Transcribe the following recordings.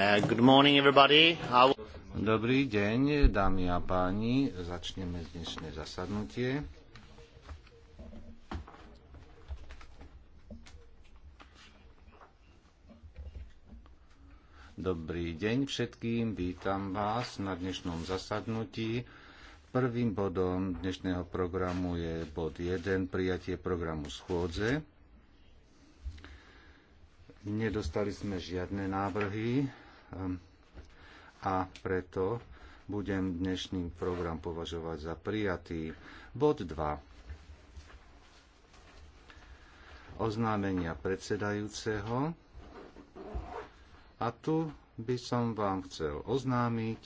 Uh, Dobrý deň, dámy a páni. Začneme dnešné zasadnutie. Dobrý deň všetkým, vítam vás na dnešnom zasadnutí. Prvým bodom dnešného programu je bod 1, prijatie programu schôdze. Nedostali sme žiadne návrhy Ehm, a preto budem dnešný program považovať za prijatý. Bod 2. Oznámenia predsedajúceho. A tu by som vám chcel oznámiť,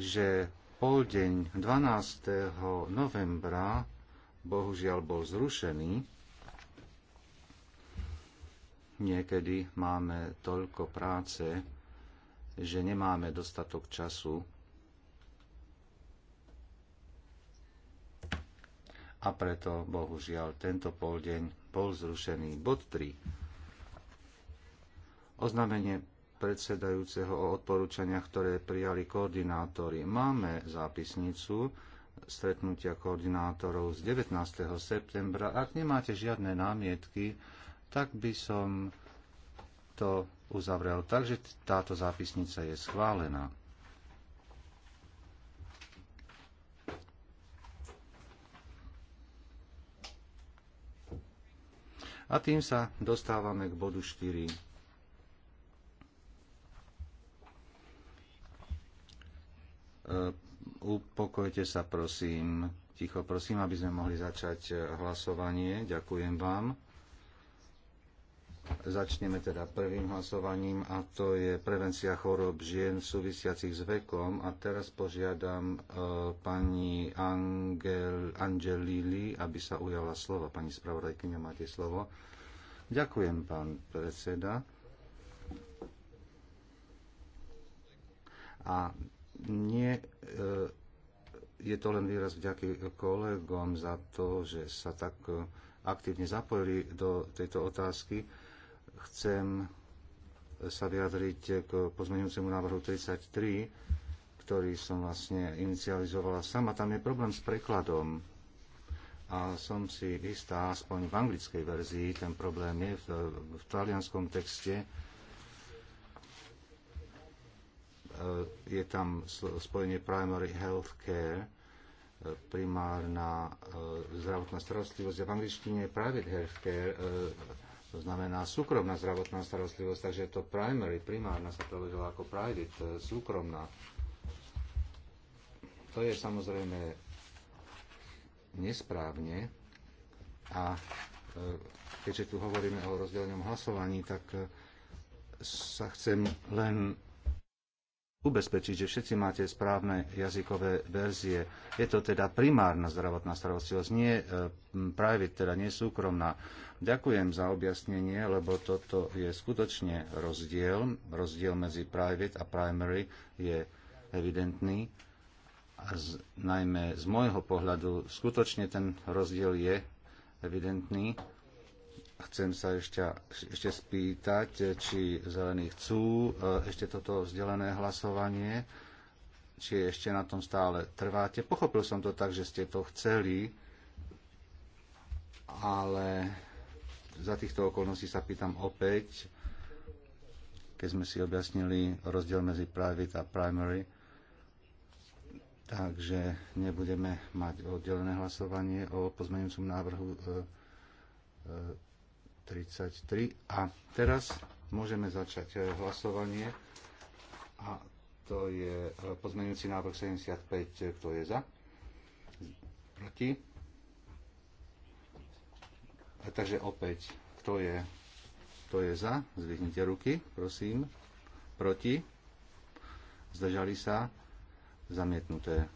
že poldeň 12. novembra bohužiaľ bol zrušený. Niekedy máme toľko práce, že nemáme dostatok času a preto, bohužiaľ, tento poldeň bol zrušený. Bod 3. Oznámenie predsedajúceho o odporúčaniach, ktoré prijali koordinátori. Máme zápisnicu stretnutia koordinátorov z 19. septembra. Ak nemáte žiadne námietky, tak by som to uzavrel. Takže táto zápisnica je schválená. A tým sa dostávame k bodu 4. E, upokojte sa, prosím. Ticho, prosím, aby sme mohli začať e, hlasovanie. Ďakujem vám. Začneme teda prvým hlasovaním a to je prevencia chorób žien súvisiacich s vekom. A teraz požiadam e, pani Angel, Angelili, aby sa ujala slova. Pani spravodajkyňa, máte slovo. Ďakujem, pán predseda. A nie, e, je to len výraz vďaky kolegom za to, že sa tak e, aktívne zapojili do tejto otázky chcem sa vyjadriť k pozmeňujúcemu návrhu 33, ktorý som vlastne inicializovala sama. Tam je problém s prekladom a som si istá, aspoň v anglickej verzii ten problém je v, v talianskom texte. E, je tam spojenie primary health care, e, primárna e, zdravotná starostlivosť a v angličtine private health care to znamená súkromná zdravotná starostlivosť, takže je to primary, primárna sa preložila ako private, e, súkromná. To je samozrejme nesprávne a e, keďže tu hovoríme o rozdelenom hlasovaní, tak e, sa chcem len ubezpečiť, že všetci máte správne jazykové verzie. Je to teda primárna zdravotná starostlivosť, nie private, teda nie súkromná. Ďakujem za objasnenie, lebo toto je skutočne rozdiel. Rozdiel medzi private a primary je evidentný. A z, najmä z môjho pohľadu skutočne ten rozdiel je evidentný. Chcem sa ešte, ešte spýtať, či zelení chcú e, ešte toto vzdelené hlasovanie, či ešte na tom stále trváte. Pochopil som to tak, že ste to chceli, ale za týchto okolností sa pýtam opäť, keď sme si objasnili rozdiel medzi private a primary, takže nebudeme mať oddelené hlasovanie o pozmeňujúcom návrhu 33. E, e, a teraz môžeme začať e, hlasovanie. A to je pozmeňujúci návrh 75. Kto je za? Proti? E, takže opäť, kto je, kto je za, zvyknite ruky, prosím. Proti? Zdržali sa? Zamietnuté.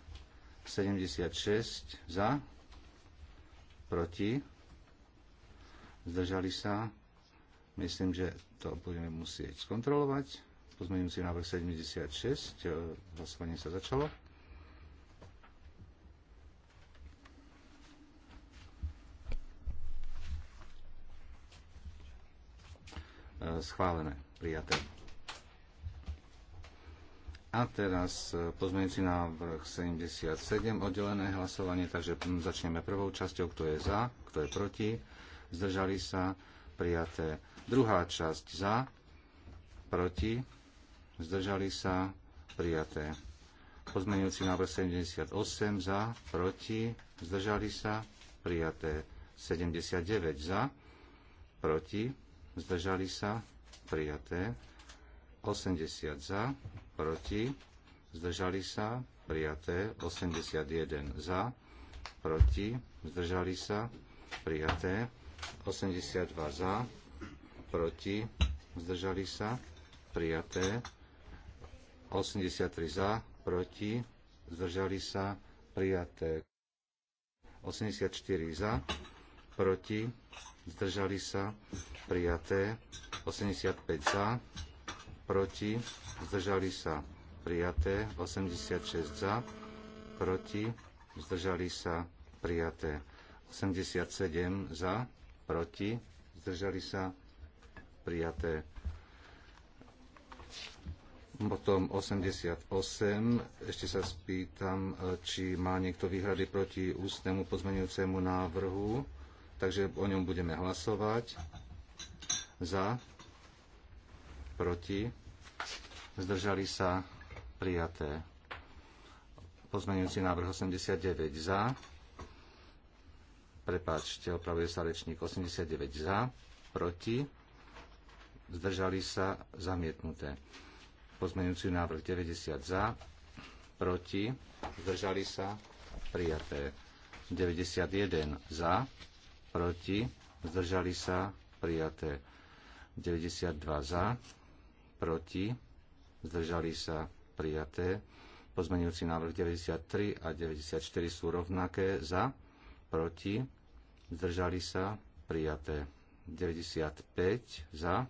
76 za, proti, zdržali sa. Myslím, že to budeme musieť skontrolovať. Pozmením si návrh 76, e, hlasovanie sa začalo. schválené, prijaté. A teraz e, pozmeňujúci návrh 77, oddelené hlasovanie, takže začneme prvou časťou, kto je za, kto je proti, zdržali sa, prijaté. Druhá časť za, proti, zdržali sa, prijaté. Pozmeňujúci návrh 78 za, proti, zdržali sa, prijaté. 79 za, proti, zdržali sa, prijaté. 80 za, proti, zdržali sa, prijaté. 81 za, proti, zdržali sa, prijaté. 82 za, proti, zdržali sa, prijaté. 83 za, proti, zdržali sa, prijaté. 84 za, proti, zdržali sa, prijaté. 85 za, proti, zdržali sa, prijaté. 86 za, proti, zdržali sa, prijaté. 87 za, proti, zdržali sa, prijaté. Potom 88. Ešte sa spýtam, či má niekto výhrady proti ústnemu pozmenujúcemu návrhu takže o ňom budeme hlasovať. Za, proti, zdržali sa prijaté. Pozmenujúci návrh 89 za, prepáčte, opravuje sa rečník 89 za, proti, zdržali sa zamietnuté. Pozmenujúci návrh 90 za, proti, zdržali sa prijaté. 91 za, proti, zdržali sa, prijaté. 92 za, proti, zdržali sa, prijaté. Pozmenujúci návrh 93 a 94 sú rovnaké za, proti, zdržali sa, prijaté. 95 za,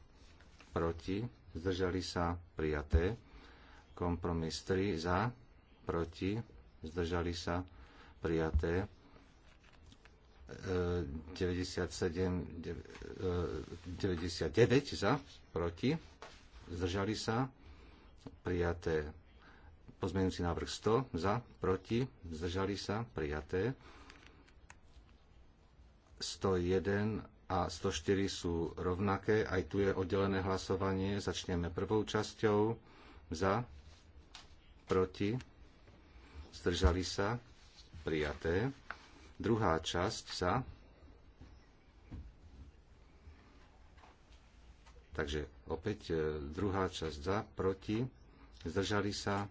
proti, zdržali sa, prijaté. Kompromis 3 za, proti, zdržali sa, prijaté 97, 99 e, za, proti, zdržali sa, prijaté. Pozmenujúci návrh 100 za, proti, zdržali sa, prijaté. 101 a 104 sú rovnaké. Aj tu je oddelené hlasovanie. Začneme prvou časťou. Za, proti, zdržali sa, prijaté. Druhá časť sa. Takže opäť e, druhá časť za, proti, zdržali sa.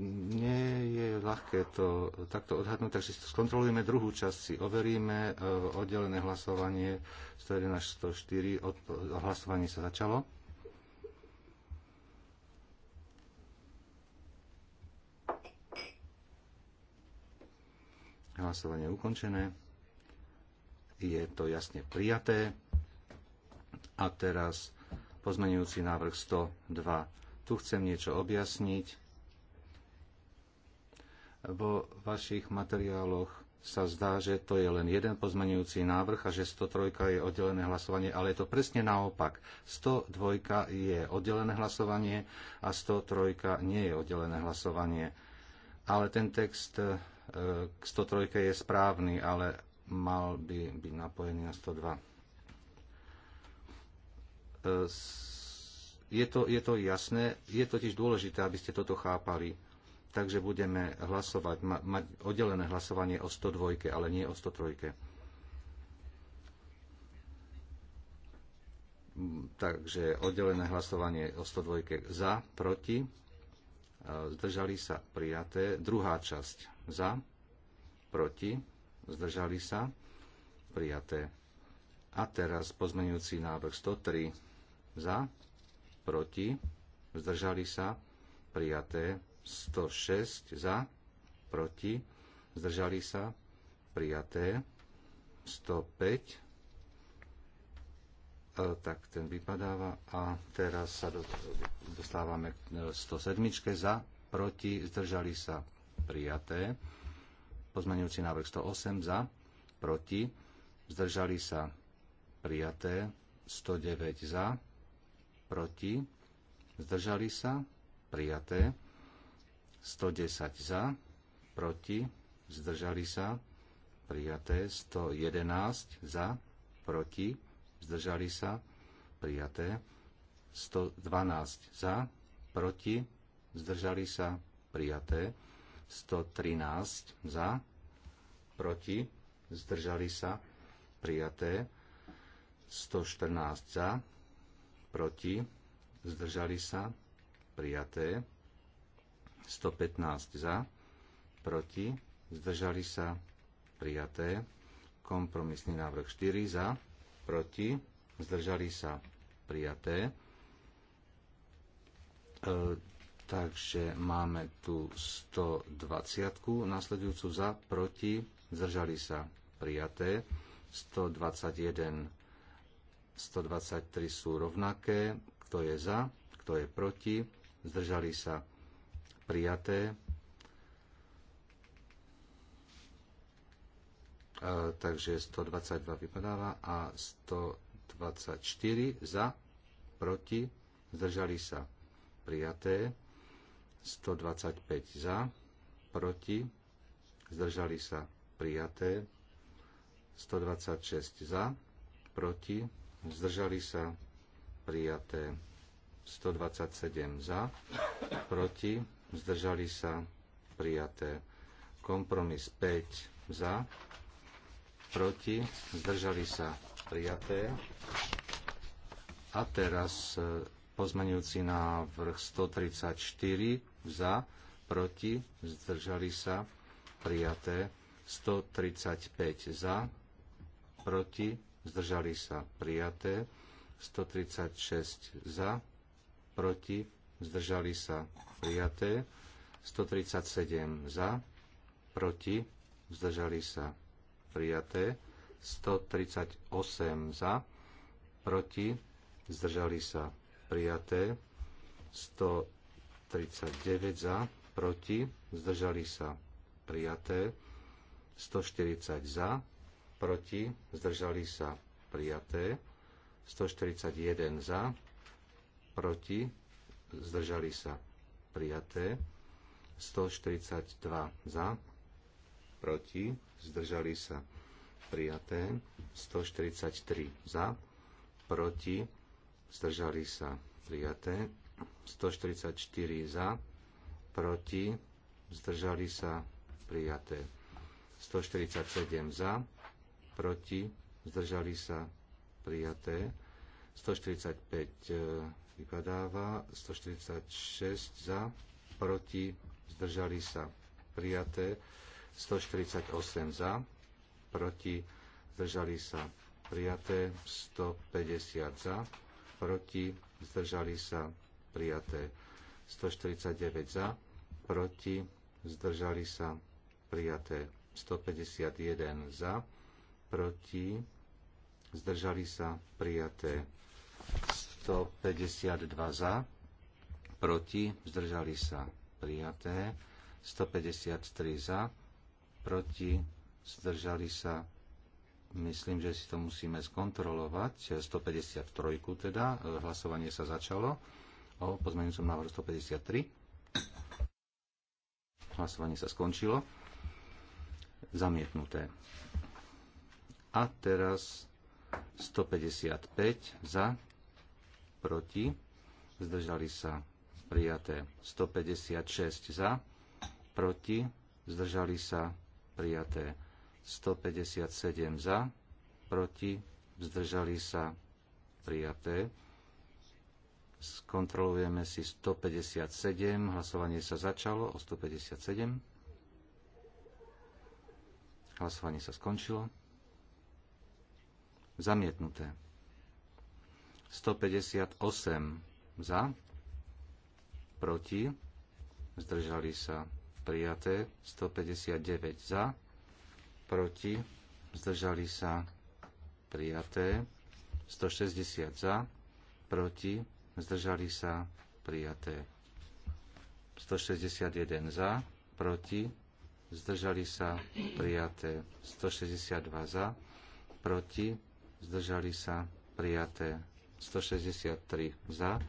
Nie je ľahké to takto odhadnúť, takže skontrolujeme druhú časť, si overíme e, oddelené hlasovanie 111 104, hlasovanie sa začalo. Hlasovanie ukončené. Je to jasne prijaté. A teraz pozmenujúci návrh 102. Tu chcem niečo objasniť. Vo vašich materiáloch sa zdá, že to je len jeden pozmenujúci návrh a že 103 je oddelené hlasovanie, ale je to presne naopak. 102 je oddelené hlasovanie a 103 nie je oddelené hlasovanie. Ale ten text k 103 je správny, ale mal by byť napojený na 102. E, je to, je to jasné, je totiž dôležité, aby ste toto chápali. Takže budeme hlasovať, ma, mať oddelené hlasovanie o 102, ale nie o 103. Takže oddelené hlasovanie o 102 za, proti, zdržali sa prijaté. Druhá časť za, proti, zdržali sa, prijaté. A teraz pozmenujúci návrh 103 za, proti, zdržali sa, prijaté. 106 za, proti, zdržali sa, prijaté. 105 e, tak ten vypadáva a teraz sa dostávame k 107 e, za, proti, zdržali sa, prijaté. Pozmenujúci návrh 108 za, proti, zdržali sa prijaté, 109 za, proti, zdržali sa prijaté, 110 za, proti, zdržali sa prijaté, 111 za, proti, zdržali sa prijaté, 112 za, proti, zdržali sa prijaté, 113 za, proti, zdržali sa, prijaté. 114 za, proti, zdržali sa, prijaté. 115 za, proti, zdržali sa, prijaté. Kompromisný návrh 4 za, proti, zdržali sa, prijaté. E, Takže máme tu 120, nasledujúcu za, proti, zdržali sa prijaté, 121, 123 sú rovnaké, kto je za, kto je proti, zdržali sa prijaté. E, takže 122 vypadáva a 124 za, proti, zdržali sa prijaté. 125 za, proti, zdržali sa prijaté, 126 za, proti, zdržali sa prijaté, 127 za, proti, zdržali sa prijaté, kompromis 5 za, proti, zdržali sa prijaté. A teraz eh, pozmenujúci návrh 134 za, proti, zdržali sa, prijaté. 135 za, proti, zdržali sa, prijaté. 136 za, proti, zdržali sa, prijaté. 137 za, proti, zdržali sa, prijaté. 138 za, proti, zdržali sa, prijaté. 100 39 za, proti, zdržali sa prijaté, 140 za, proti, zdržali sa prijaté, 141 za, proti, zdržali sa prijaté, 142 za, proti, zdržali sa prijaté, 143 za, proti, zdržali sa prijaté, 144 za, proti, zdržali sa prijaté. 147 za, proti, zdržali sa prijaté. 145 e, vypadáva, 146 za, proti, zdržali sa prijaté. 148 za, proti, zdržali sa prijaté. 150 za, proti, zdržali sa prijaté prijaté. 149 za, proti, zdržali sa, prijaté. 151 za, proti, zdržali sa, prijaté. 152 za, proti, zdržali sa, prijaté. 153 za, proti, zdržali sa, myslím, že si to musíme skontrolovať, 153 teda, hlasovanie sa začalo o pozmeňujúcom návrhu 153. Hlasovanie sa skončilo. Zamietnuté. A teraz 155 za, proti, zdržali sa prijaté. 156 za, proti, zdržali sa prijaté. 157 za, proti, zdržali sa prijaté. Skontrolujeme si 157. Hlasovanie sa začalo o 157. Hlasovanie sa skončilo. Zamietnuté. 158 za, proti, zdržali sa prijaté, 159 za, proti, zdržali sa prijaté, 160 za, proti, zdržali sa, prijaté. 161 za, proti, zdržali sa, prijaté. 162 za, proti, zdržali sa, prijaté. 163 za,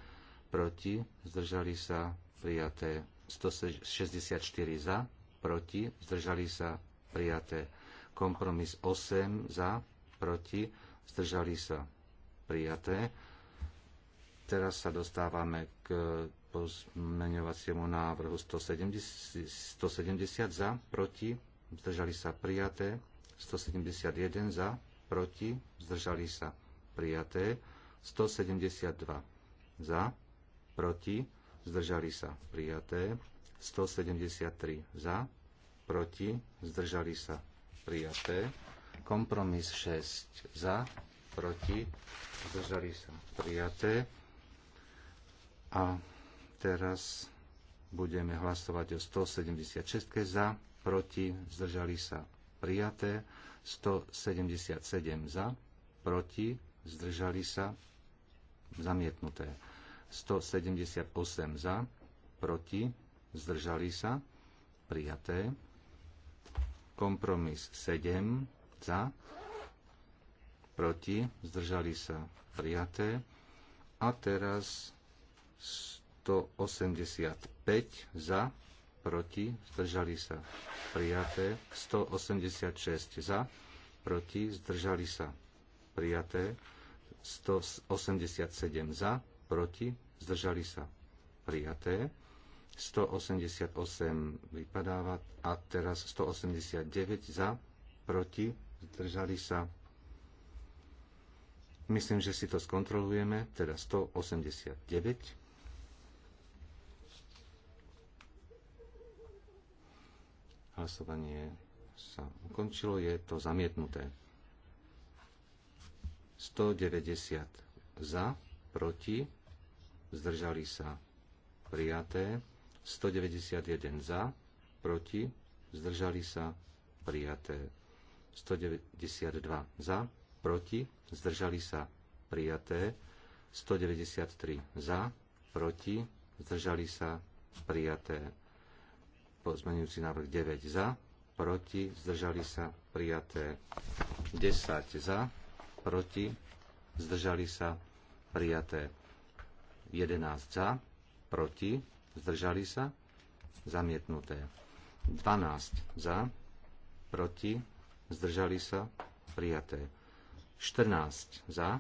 proti, zdržali sa, prijaté. 164 za, proti, zdržali sa, prijaté. Kompromis 8 za, proti, zdržali sa, prijaté. Teraz sa dostávame k pozmeňovaciemu návrhu 170, 170 za, proti, zdržali sa prijaté, 171 za, proti, zdržali sa prijaté, 172 za, proti, zdržali sa prijaté, 173 za, proti, zdržali sa prijaté, kompromis 6 za, proti, zdržali sa prijaté, a teraz budeme hlasovať o 176 za, proti, zdržali sa prijaté, 177 za, proti, zdržali sa zamietnuté, 178 za, proti, zdržali sa prijaté, kompromis 7 za, proti, zdržali sa prijaté a teraz 185 za, proti, zdržali sa prijaté, 186 za, proti, zdržali sa prijaté, 187 za, proti, zdržali sa prijaté, 188 vypadáva a teraz 189 za, proti, zdržali sa. Myslím, že si to skontrolujeme, teda 189. Hlasovanie sa ukončilo, je to zamietnuté. 190 za, proti, zdržali sa prijaté. 191 za, proti, zdržali sa prijaté. 192 za, proti, zdržali sa prijaté. 193 za, proti, zdržali sa prijaté. Pozmenujúci návrh 9 za, proti, zdržali sa prijaté 10 za, proti, zdržali sa prijaté 11 za, proti, zdržali sa, zamietnuté 12 za, proti, zdržali sa, prijaté 14 za,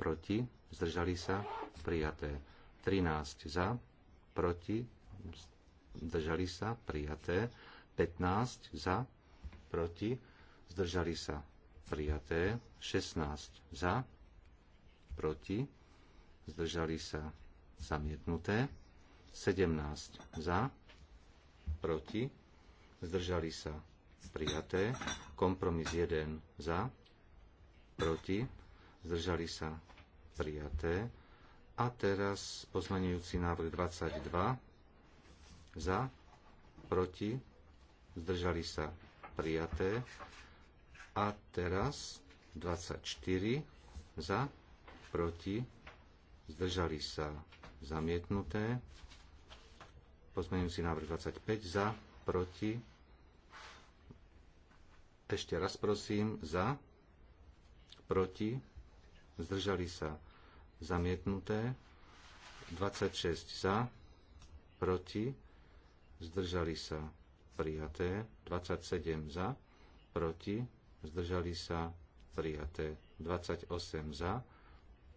proti, zdržali sa, prijaté 13 za, proti, zdržali sa, prijaté. 15 za, proti, zdržali sa, prijaté. 16 za, proti, zdržali sa, zamietnuté. 17 za, proti, zdržali sa, prijaté. Kompromis 1 za, proti, zdržali sa, prijaté. A teraz pozmenujúci návrh 22 za, proti, zdržali sa prijaté. A teraz 24 za, proti, zdržali sa zamietnuté. Pozmením si návrh 25 za, proti. Ešte raz prosím, za, proti, zdržali sa zamietnuté. 26 za, proti, zdržali sa prijaté, 27 za, proti, zdržali sa prijaté, 28 za,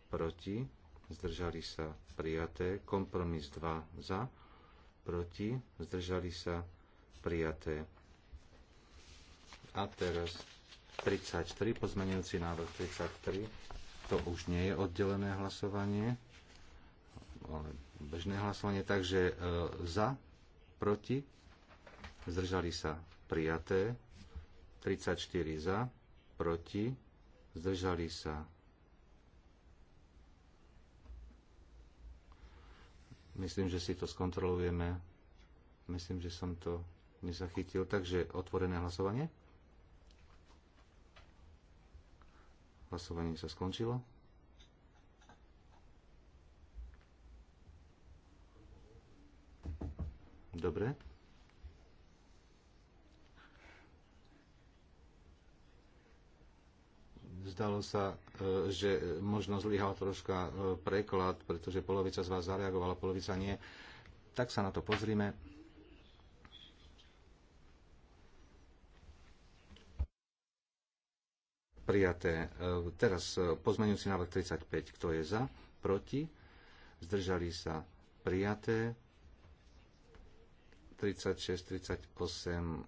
proti, zdržali sa prijaté, kompromis 2 za, proti, zdržali sa prijaté. A teraz 33, pozmenujúci návrh 33, to už nie je oddelené hlasovanie, ale bežné hlasovanie, takže e, za proti, zdržali sa prijaté, 34 za, proti, zdržali sa. Myslím, že si to skontrolujeme. Myslím, že som to nezachytil. Takže otvorené hlasovanie. Hlasovanie sa skončilo. Dobre. Zdalo sa, e, že možno zlyhal troška e, preklad, pretože polovica z vás zareagovala, polovica nie. Tak sa na to pozrime. Prijaté. E, teraz pozmenujúci návrh 35. Kto je za? Proti? Zdržali sa? Prijaté 36, 38 e,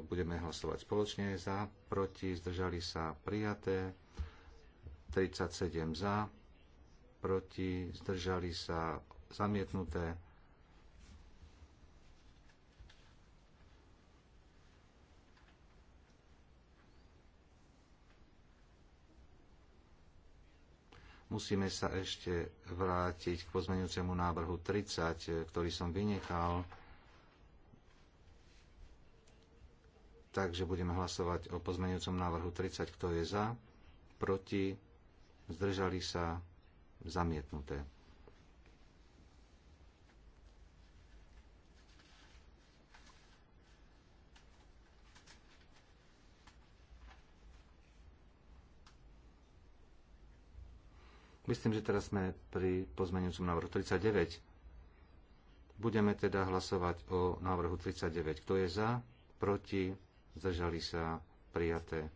budeme hlasovať spoločne za, proti, zdržali sa prijaté, 37 za, proti, zdržali sa zamietnuté. Musíme sa ešte vrátiť k pozmeňujúcemu návrhu 30, e, ktorý som vynechal. Takže budeme hlasovať o pozmeňujúcom návrhu 30. Kto je za? Proti? Zdržali sa? Zamietnuté. Myslím, že teraz sme pri pozmeňujúcom návrhu 39. Budeme teda hlasovať o návrhu 39. Kto je za? Proti? zdržali sa, prijaté.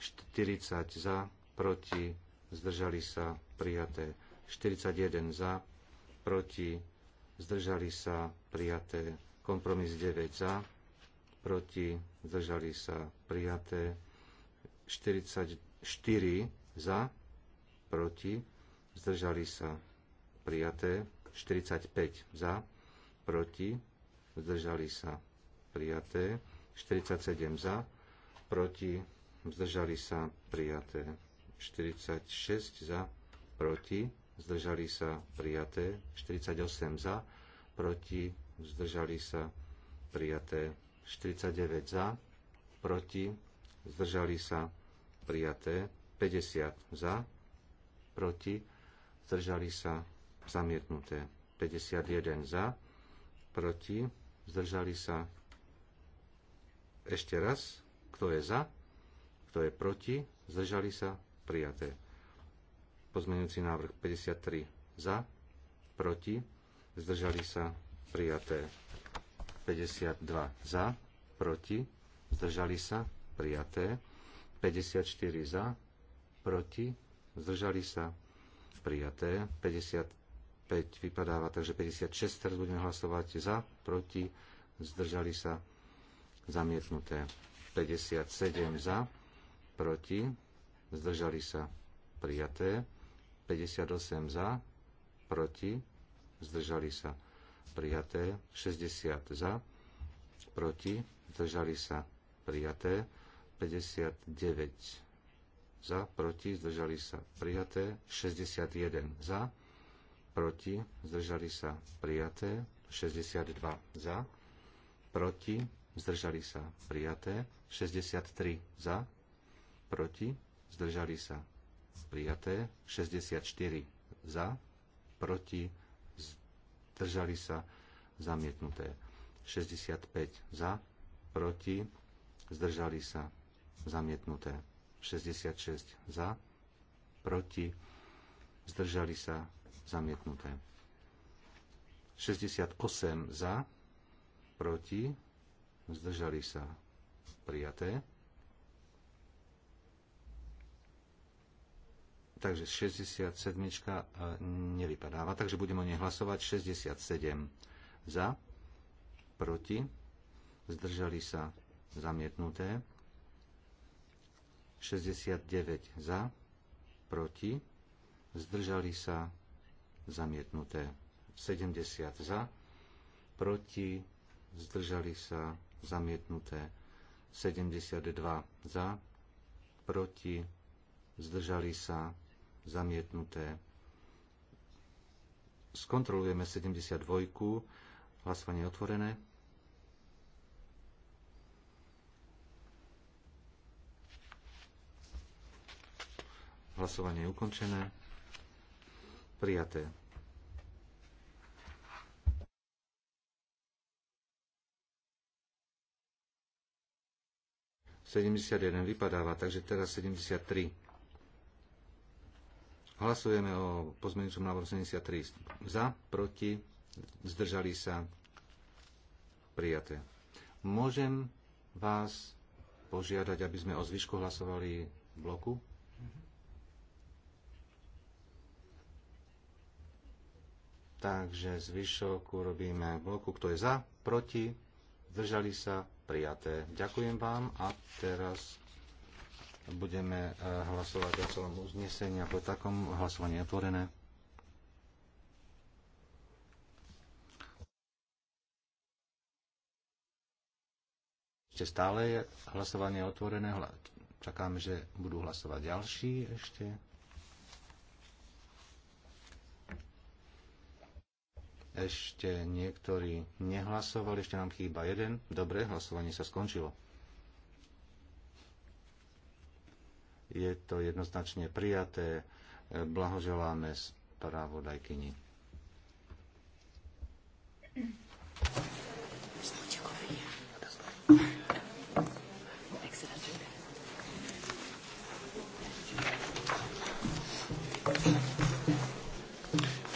40 za, proti, zdržali sa, prijaté. 41 za, proti, zdržali sa, prijaté. Kompromis 9 za, proti, zdržali sa, prijaté. 44 za, proti, zdržali sa, prijaté. 45 za, proti, zdržali sa, prijaté. 47 za, proti, zdržali sa prijaté. 46 za, proti, zdržali sa prijaté. 48 za, proti, zdržali sa prijaté. 49 za, proti, zdržali sa prijaté. 50 za, proti, zdržali sa zamietnuté. 51 za, proti, zdržali sa ešte raz, kto je za, kto je proti, zdržali sa, prijaté. Pozmenujúci návrh 53 za, proti, zdržali sa, prijaté. 52 za, proti, zdržali sa, prijaté. 54 za, proti, zdržali sa, prijaté. 55 vypadáva, takže 56 teraz budeme hlasovať za, proti, zdržali sa, zamietnuté. 57 za, proti, zdržali sa prijaté. 58 za, proti, zdržali sa prijaté. 60 za, proti, zdržali sa prijaté. 59 za, proti, zdržali sa prijaté. 61 za, proti, zdržali sa prijaté. 62 za, proti, zdržali sa prijaté, 63 za, proti, zdržali sa prijaté, 64 za, proti, zdržali sa zamietnuté, 65 za, proti, zdržali sa zamietnuté, 66 za, proti, zdržali sa zamietnuté. 68 za, proti, zdržali sa prijaté. Takže 67 e, nevypadáva, takže budeme o nej hlasovať 67 za, proti, zdržali sa zamietnuté, 69 za, proti, zdržali sa zamietnuté, 70 za, proti, zdržali sa, zamietnuté 72 za, proti, zdržali sa, zamietnuté. Skontrolujeme 72, hlasovanie otvorené. Hlasovanie je ukončené. Prijaté. 71 vypadáva, takže teraz 73. Hlasujeme o pozmeňujúcom návrhu 73. Za, proti, zdržali sa, prijaté. Môžem vás požiadať, aby sme o zvyšku hlasovali v bloku? Takže zvyšok urobíme v bloku, kto je za, proti, zdržali sa, prijaté. Ďakujem vám a teraz budeme eh, hlasovať o celom uznesení ako takom. Hlasovanie je otvorené. Ešte stále je hlasovanie otvorené. Čakáme, že budú hlasovať ďalší ešte. Ešte niektorí nehlasovali, ešte nám chýba jeden. Dobre, hlasovanie sa skončilo. Je to jednoznačne prijaté. Blahoželáme spravodajkyni. Thank you.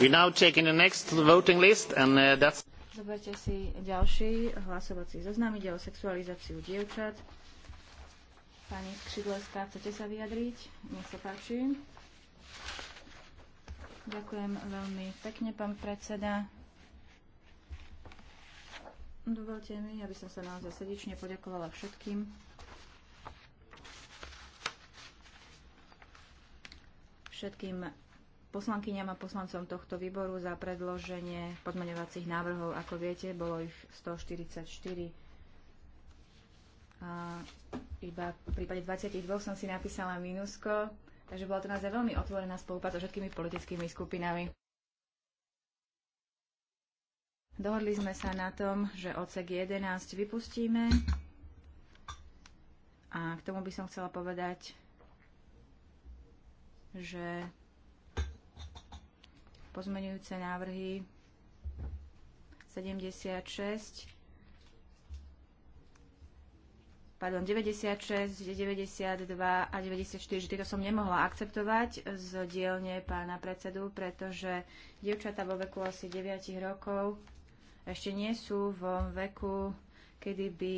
Uh, Zoberte si ďalší hlasovací zoznam. Ide o sexualizáciu dievčat. Pani Skřidleská, chcete sa vyjadriť? Nech sa páči. Ďakujem veľmi pekne, pán predseda. Dovolte mi, aby som sa naozaj srdečne poďakovala všetkým. Všetkým poslankyňam a poslancom tohto výboru za predloženie podmaňovacích návrhov. Ako viete, bolo ich 144. A iba v prípade 22 som si napísala minusko, takže bola to naozaj veľmi otvorená spolupráca so všetkými politickými skupinami. Dohodli sme sa na tom, že odsek 11 vypustíme. A k tomu by som chcela povedať, že Pozmenujúce návrhy 76, pardon, 96, 92 a 94. Tieto som nemohla akceptovať z dielne pána predsedu, pretože dievčatá vo veku asi 9 rokov ešte nie sú vo veku, kedy by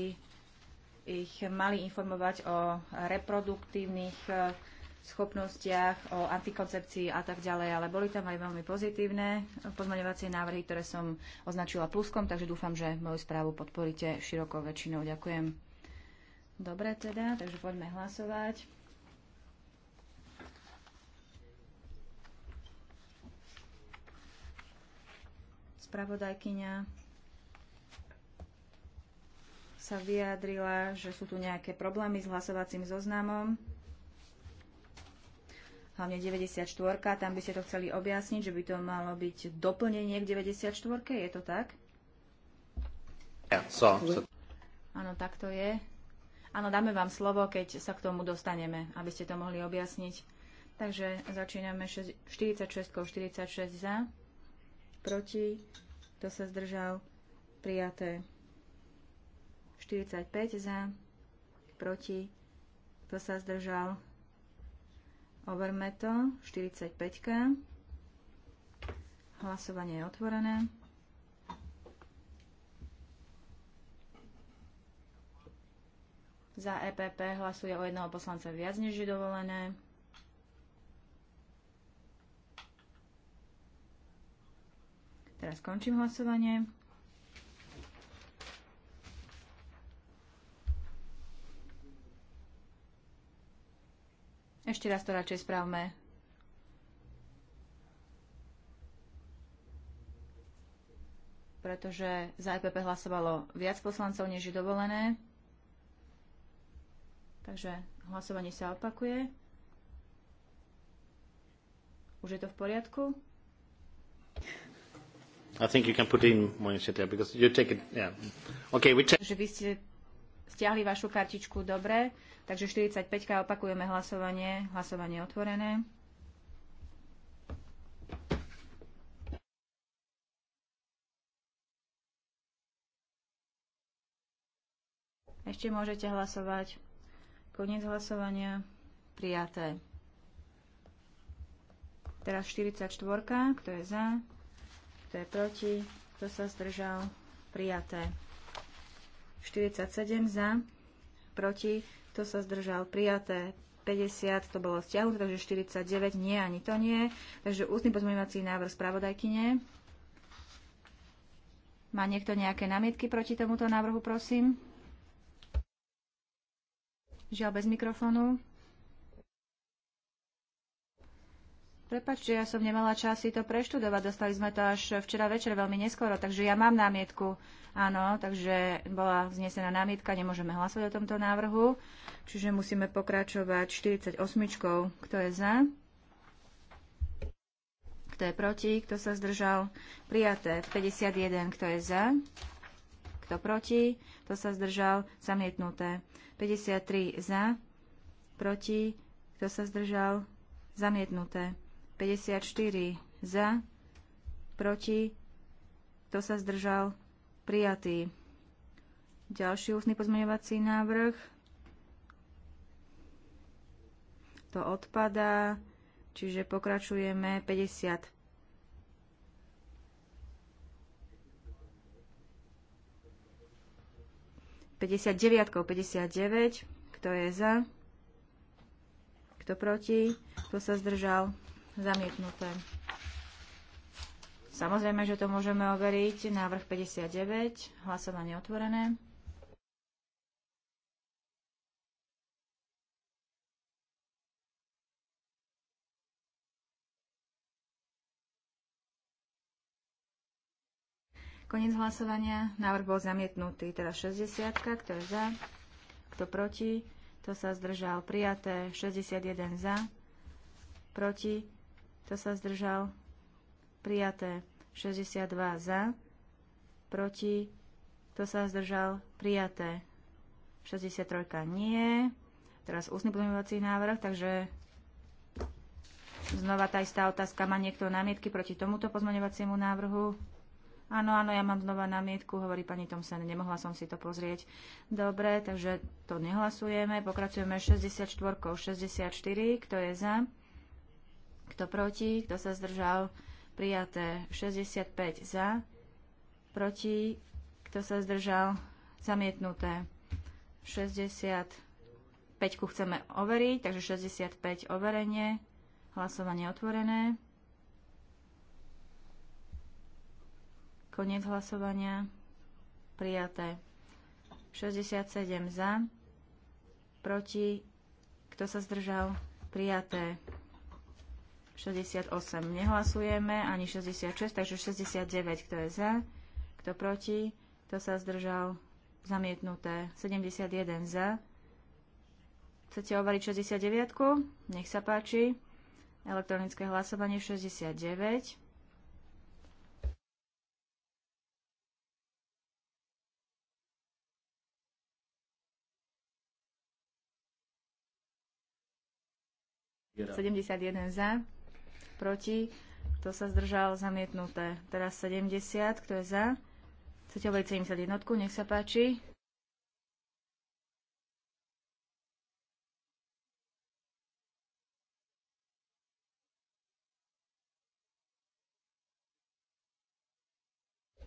ich mali informovať o reproduktívnych schopnostiach, o antikoncepcii a tak ďalej, ale boli tam aj veľmi pozitívne pozmaňovacie návrhy, ktoré som označila pluskom, takže dúfam, že moju správu podporíte širokou väčšinou. Ďakujem. Dobre teda, takže poďme hlasovať. Spravodajkyňa sa vyjadrila, že sú tu nejaké problémy s hlasovacím zoznamom hlavne 94, tam by ste to chceli objasniť, že by to malo byť doplnenie k 94, je to tak? Yeah, so, so. Áno, tak to je. Áno, dáme vám slovo, keď sa k tomu dostaneme, aby ste to mohli objasniť. Takže začíname 46, 46 za, proti, kto sa zdržal, prijaté. 45 za, proti, kto sa zdržal, Overme to. 45. Hlasovanie je otvorené. Za EPP hlasuje o jedného poslanca viac než je dovolené. Teraz končím hlasovanie. Ešte raz to radšej správme. Pretože za EPP hlasovalo viac poslancov, než je dovolené. Takže hlasovanie sa opakuje. Už je to v poriadku? I think you can put in more because you take it, yeah. Okay, we Takže vy ste stiahli vašu kartičku, dobre. Takže 45 opakujeme hlasovanie. Hlasovanie otvorené. Ešte môžete hlasovať. Koniec hlasovania. Prijaté. Teraz 44. Kto je za? Kto je proti? Kto sa zdržal? Prijaté. 47 za, proti, kto sa zdržal, prijaté 50, to bolo stiahnuté, takže 49 nie, ani to nie. Takže ústny pozmeňovací návrh spravodajkyne. Má niekto nejaké námietky proti tomuto návrhu, prosím? Žiaľ bez mikrofónu. Prepačte, ja som nemala čas si to preštudovať. Dostali sme to až včera večer veľmi neskoro, takže ja mám námietku. Áno, takže bola znesená námietka, nemôžeme hlasovať o tomto návrhu. Čiže musíme pokračovať 48. Kto je za? Kto je proti? Kto sa zdržal? Prijaté. 51. Kto je za? Kto proti? Kto sa zdržal? Zamietnuté. 53 za. Proti? Kto sa zdržal? Zamietnuté. 54 za, proti, kto sa zdržal, prijatý. Ďalší ústny pozmeňovací návrh. To odpadá, čiže pokračujeme 55. Päťdesiat deviatkou, päťdesiat deväť. Kto je za? Kto proti? Kto sa zdržal? Zamietnuté. Samozrejme, že to môžeme overiť. Návrh 59, hlasovanie otvorené. Koniec hlasovania. Návrh bol zamietnutý. Teda 60, kto je za, kto proti, kto sa zdržal. Prijaté 61 za, proti, kto sa zdržal? Prijaté. 62 za. Proti. Kto sa zdržal? Prijaté. 63 nie. Teraz ústny pozmeňovací návrh, takže znova tá istá otázka. Má niekto námietky proti tomuto pozmeňovaciemu návrhu? Áno, áno, ja mám znova námietku, hovorí pani Tomsen, nemohla som si to pozrieť. Dobre, takže to nehlasujeme. Pokračujeme 64, 64, kto je za? Kto proti? Kto sa zdržal? Prijaté 65 za. Proti? Kto sa zdržal? Zamietnuté 65 chceme overiť, takže 65 overenie, hlasovanie otvorené. Koniec hlasovania. Prijaté. 67 za. Proti. Kto sa zdržal? Prijaté. 68 nehlasujeme, ani 66, takže 69, kto je za, kto proti, kto sa zdržal, zamietnuté, 71 za. Chcete overiť 69? Nech sa páči. Elektronické hlasovanie 69. Yeah. 71 za proti, kto sa zdržal, zamietnuté. Teraz 70, kto je za? Chcete 70 71, nech sa páči.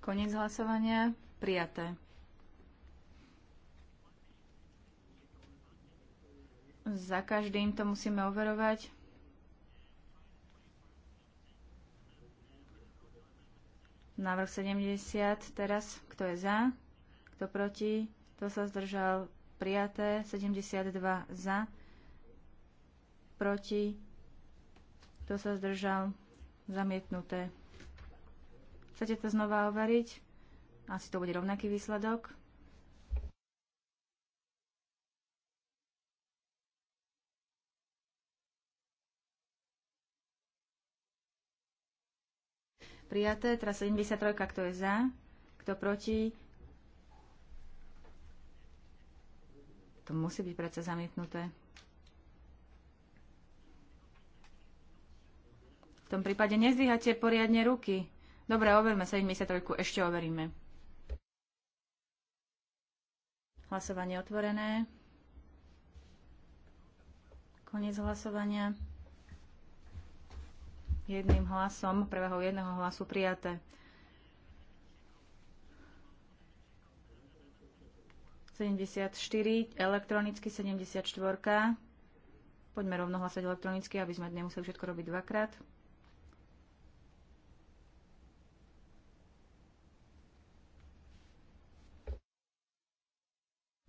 Koniec hlasovania. Prijaté. Za každým to musíme overovať. Návrh 70 teraz. Kto je za? Kto proti? Kto sa zdržal? Prijaté. 72 za. Proti? Kto sa zdržal? Zamietnuté. Chcete to znova overiť? Asi to bude rovnaký výsledok. prijaté. Teraz 73, kto je za, kto proti. To musí byť predsa zamietnuté. V tom prípade nezdvíhate poriadne ruky. Dobre, overme 73, ešte overíme. Hlasovanie otvorené. Koniec hlasovania jedným hlasom, prevahou jedného hlasu prijaté. elektronicky 74. Poďme rovno hlasať elektronicky, aby sme nemuseli všetko robiť dvakrát.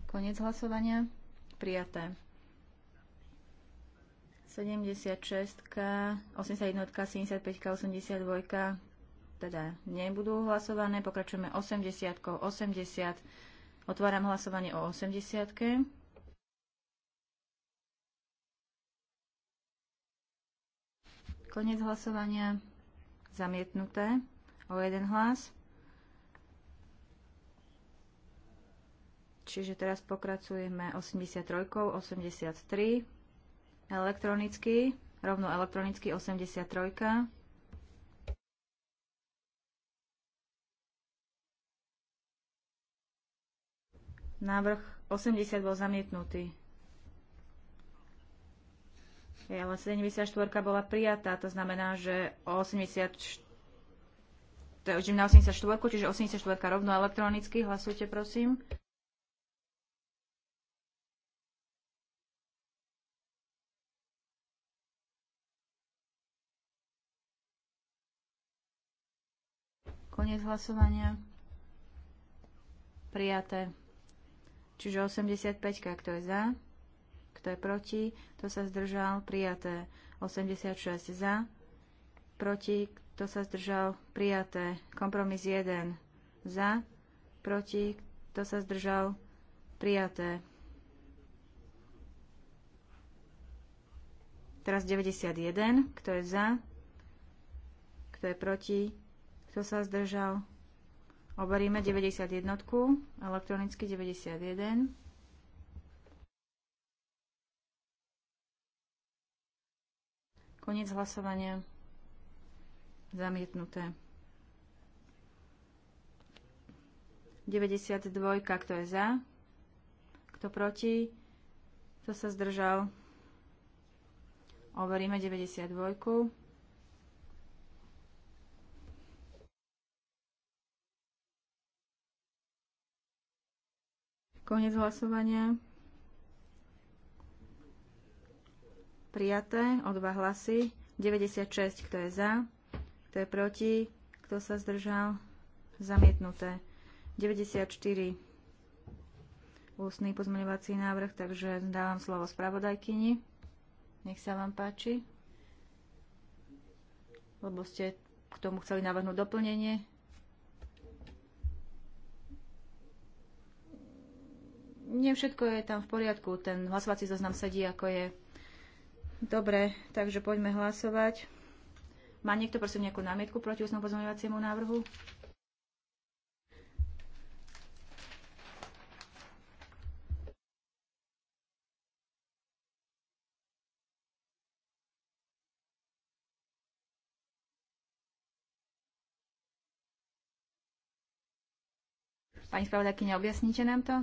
Konec hlasovania. Prijaté. 76, 81, 75, 82 teda nebudú hlasované. Pokračujeme 80, 80. Otváram hlasovanie o 80. Konec hlasovania zamietnuté o jeden hlas. Čiže teraz pokracujeme 83, 83. Elektronicky, rovno elektronicky 83. Návrh 80 bol zamietnutý. Je, ale 74 bola prijatá, to znamená, že 84, to je na 84, čiže 84 rovno elektronicky, hlasujte prosím. Koniec hlasovania. Prijaté. Čiže 85, kto je za, kto je proti, kto sa zdržal, prijaté. 86 za, proti, kto sa zdržal, prijaté. Kompromis 1 za, proti, kto sa zdržal, prijaté. Teraz 91, kto je za, kto je proti, kto sa zdržal? Overíme 91, elektronicky 91. Koniec hlasovania. Zamietnuté. 92, kto je za? Kto proti? Kto sa zdržal? Overíme 92. Koniec hlasovania. Prijaté o dva hlasy. 96, kto je za, kto je proti, kto sa zdržal, zamietnuté. 94 ústny pozmeňovací návrh, takže dávam slovo spravodajkyni. Nech sa vám páči. Lebo ste k tomu chceli navrhnúť doplnenie. nie všetko je tam v poriadku. Ten hlasovací zoznam sedí, ako je. Dobre, takže poďme hlasovať. Má niekto prosím nejakú námietku proti ústnom pozmeňovaciemu návrhu? Pani spravodajkyňa, objasníte nám to?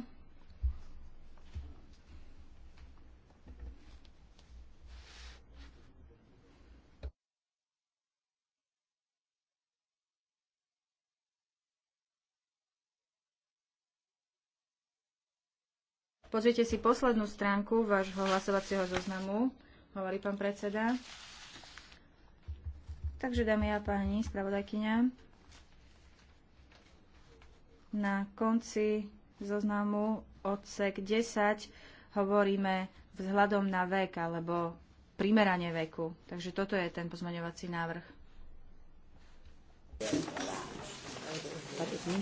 Pozrite si poslednú stránku vášho hlasovacieho zoznamu, hovorí pán predseda. Takže, dámy a páni, spravodajkyňa, na konci zoznamu odsek 10 hovoríme vzhľadom na vek alebo primeranie veku. Takže toto je ten pozmaňovací návrh. But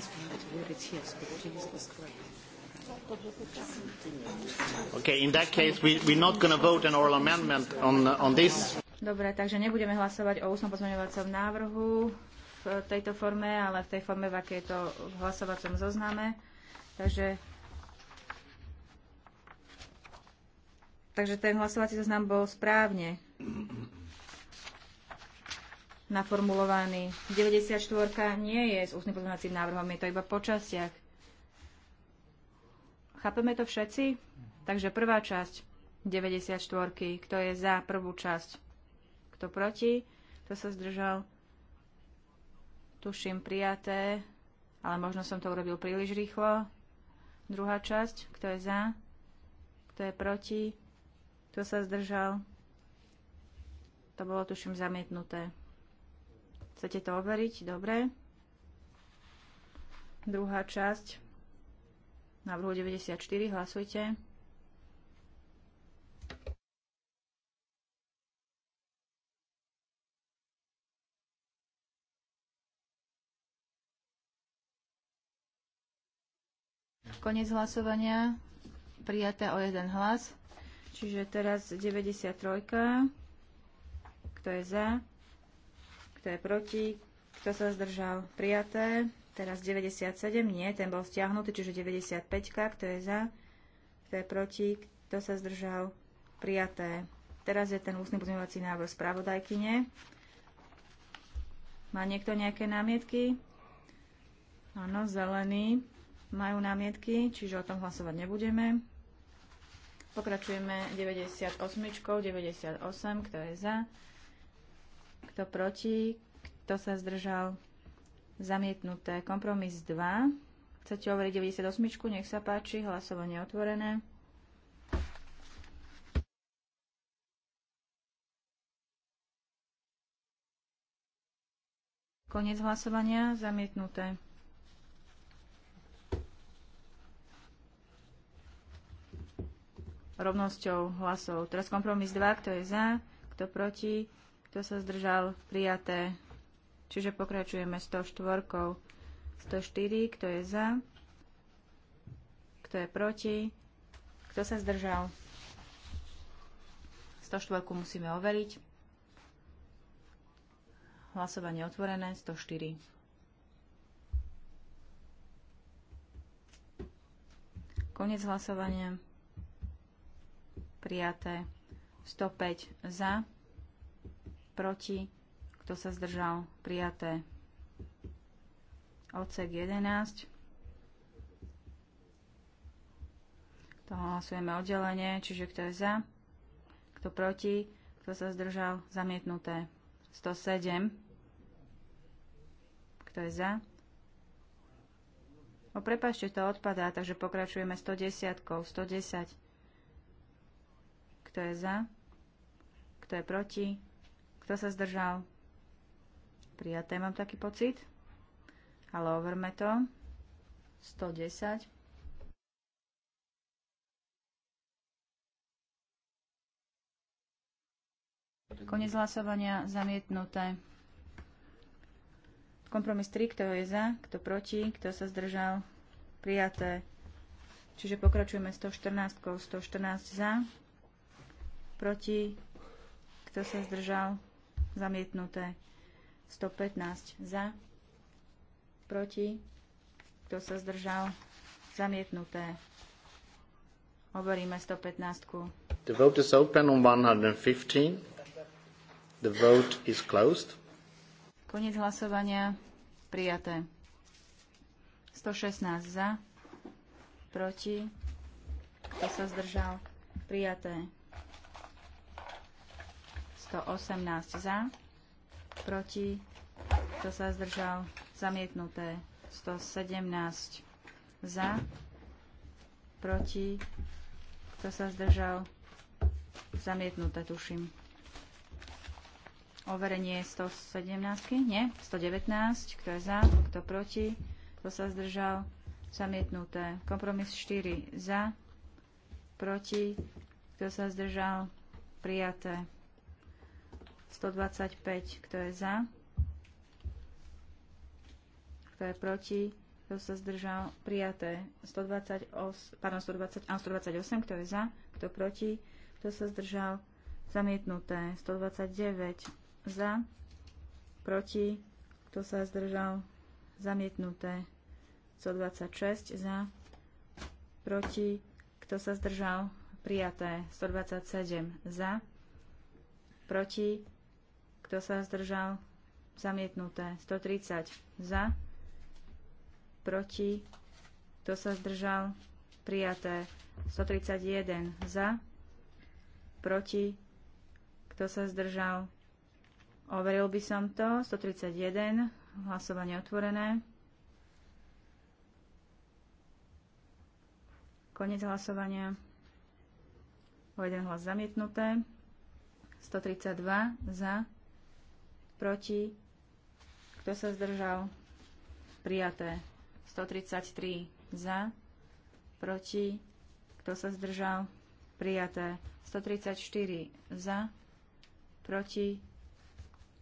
Okay, in that case we, we're not going to vote an oral amendment on, on this. Dobre, takže nebudeme hlasovať o ústnom pozmeňovacom návrhu v tejto forme, ale v tej forme, v akej je to v hlasovacom zozname. Takže, takže ten hlasovací zoznam bol správne naformulovaný. 94 nie je s ústnym pozmeňovacím návrhom, je to iba po častiach. Chápeme to všetci? Takže prvá časť 94. Kto je za prvú časť? Kto proti? Kto sa zdržal? Tuším prijaté, ale možno som to urobil príliš rýchlo. Druhá časť. Kto je za? Kto je proti? Kto sa zdržal? To bolo, tuším, zamietnuté. Chcete to overiť? Dobre. Druhá časť Návrhu 94. Hlasujte. Konec hlasovania. Prijaté o jeden hlas. Čiže teraz 93. Kto je za? Kto je proti? Kto sa zdržal? Prijaté. Teraz 97, nie, ten bol stiahnutý, čiže 95, kto je za, kto je proti, kto sa zdržal, prijaté. Teraz je ten ústny pozmeňovací návrh spravodajkyne. Má niekto nejaké námietky? Áno, zelení majú námietky, čiže o tom hlasovať nebudeme. Pokračujeme 98, 98, kto je za, kto proti, kto sa zdržal, Zamietnuté. Kompromis 2. Chcete overiť 98? Nech sa páči. Hlasovanie otvorené. Konec hlasovania. Zamietnuté. Rovnosťou hlasov. Teraz kompromis 2. Kto je za? Kto proti? Kto sa zdržal? Prijaté. Čiže pokračujeme 104. 104, kto je za, kto je proti, kto sa zdržal. 104 musíme overiť. Hlasovanie otvorené, 104. Konec hlasovania. Prijaté. 105 za, proti, kto sa zdržal? Prijaté. Odsek 11. To hlasujeme oddelenie, čiže kto je za, kto proti, kto sa zdržal, zamietnuté. 107. Kto je za? O prepašte, to odpadá, takže pokračujeme 110. 110. Kto je za? Kto je proti? Kto sa zdržal? Prijaté mám taký pocit. Ale overme to. 110. Konec hlasovania zamietnuté. Kompromis 3, kto je za, kto proti, kto sa zdržal, prijaté. Čiže pokračujeme 114, 114 za, proti, kto sa zdržal, zamietnuté. 115 za, proti, kto sa zdržal, zamietnuté. Hovoríme 115. The vote is open on 115. The vote is closed. Koniec hlasovania. Prijaté. 116 za, proti, kto sa zdržal, prijaté. 118 za, proti, kto sa zdržal, zamietnuté 117 za, proti, kto sa zdržal, zamietnuté tuším. Overenie 117, nie, 119, kto je za, kto proti, kto sa zdržal, zamietnuté. Kompromis 4 za, proti, kto sa zdržal, prijaté. 125, kto je za, kto je proti, kto sa zdržal, prijaté 128, pardon, 120, 128, kto je za, kto proti, kto sa zdržal, zamietnuté 129, za, proti, kto sa zdržal, zamietnuté 126, za, proti, kto sa zdržal, prijaté 127, za, proti, kto sa zdržal? Zamietnuté. 130 za. Proti. Kto sa zdržal? Prijaté. 131 za. Proti. Kto sa zdržal? Overil by som to. 131. Hlasovanie otvorené. Konec hlasovania. O jeden hlas zamietnuté. 132 za proti, kto sa zdržal, prijaté. 133 za, proti, kto sa zdržal, prijaté. 134 za, proti,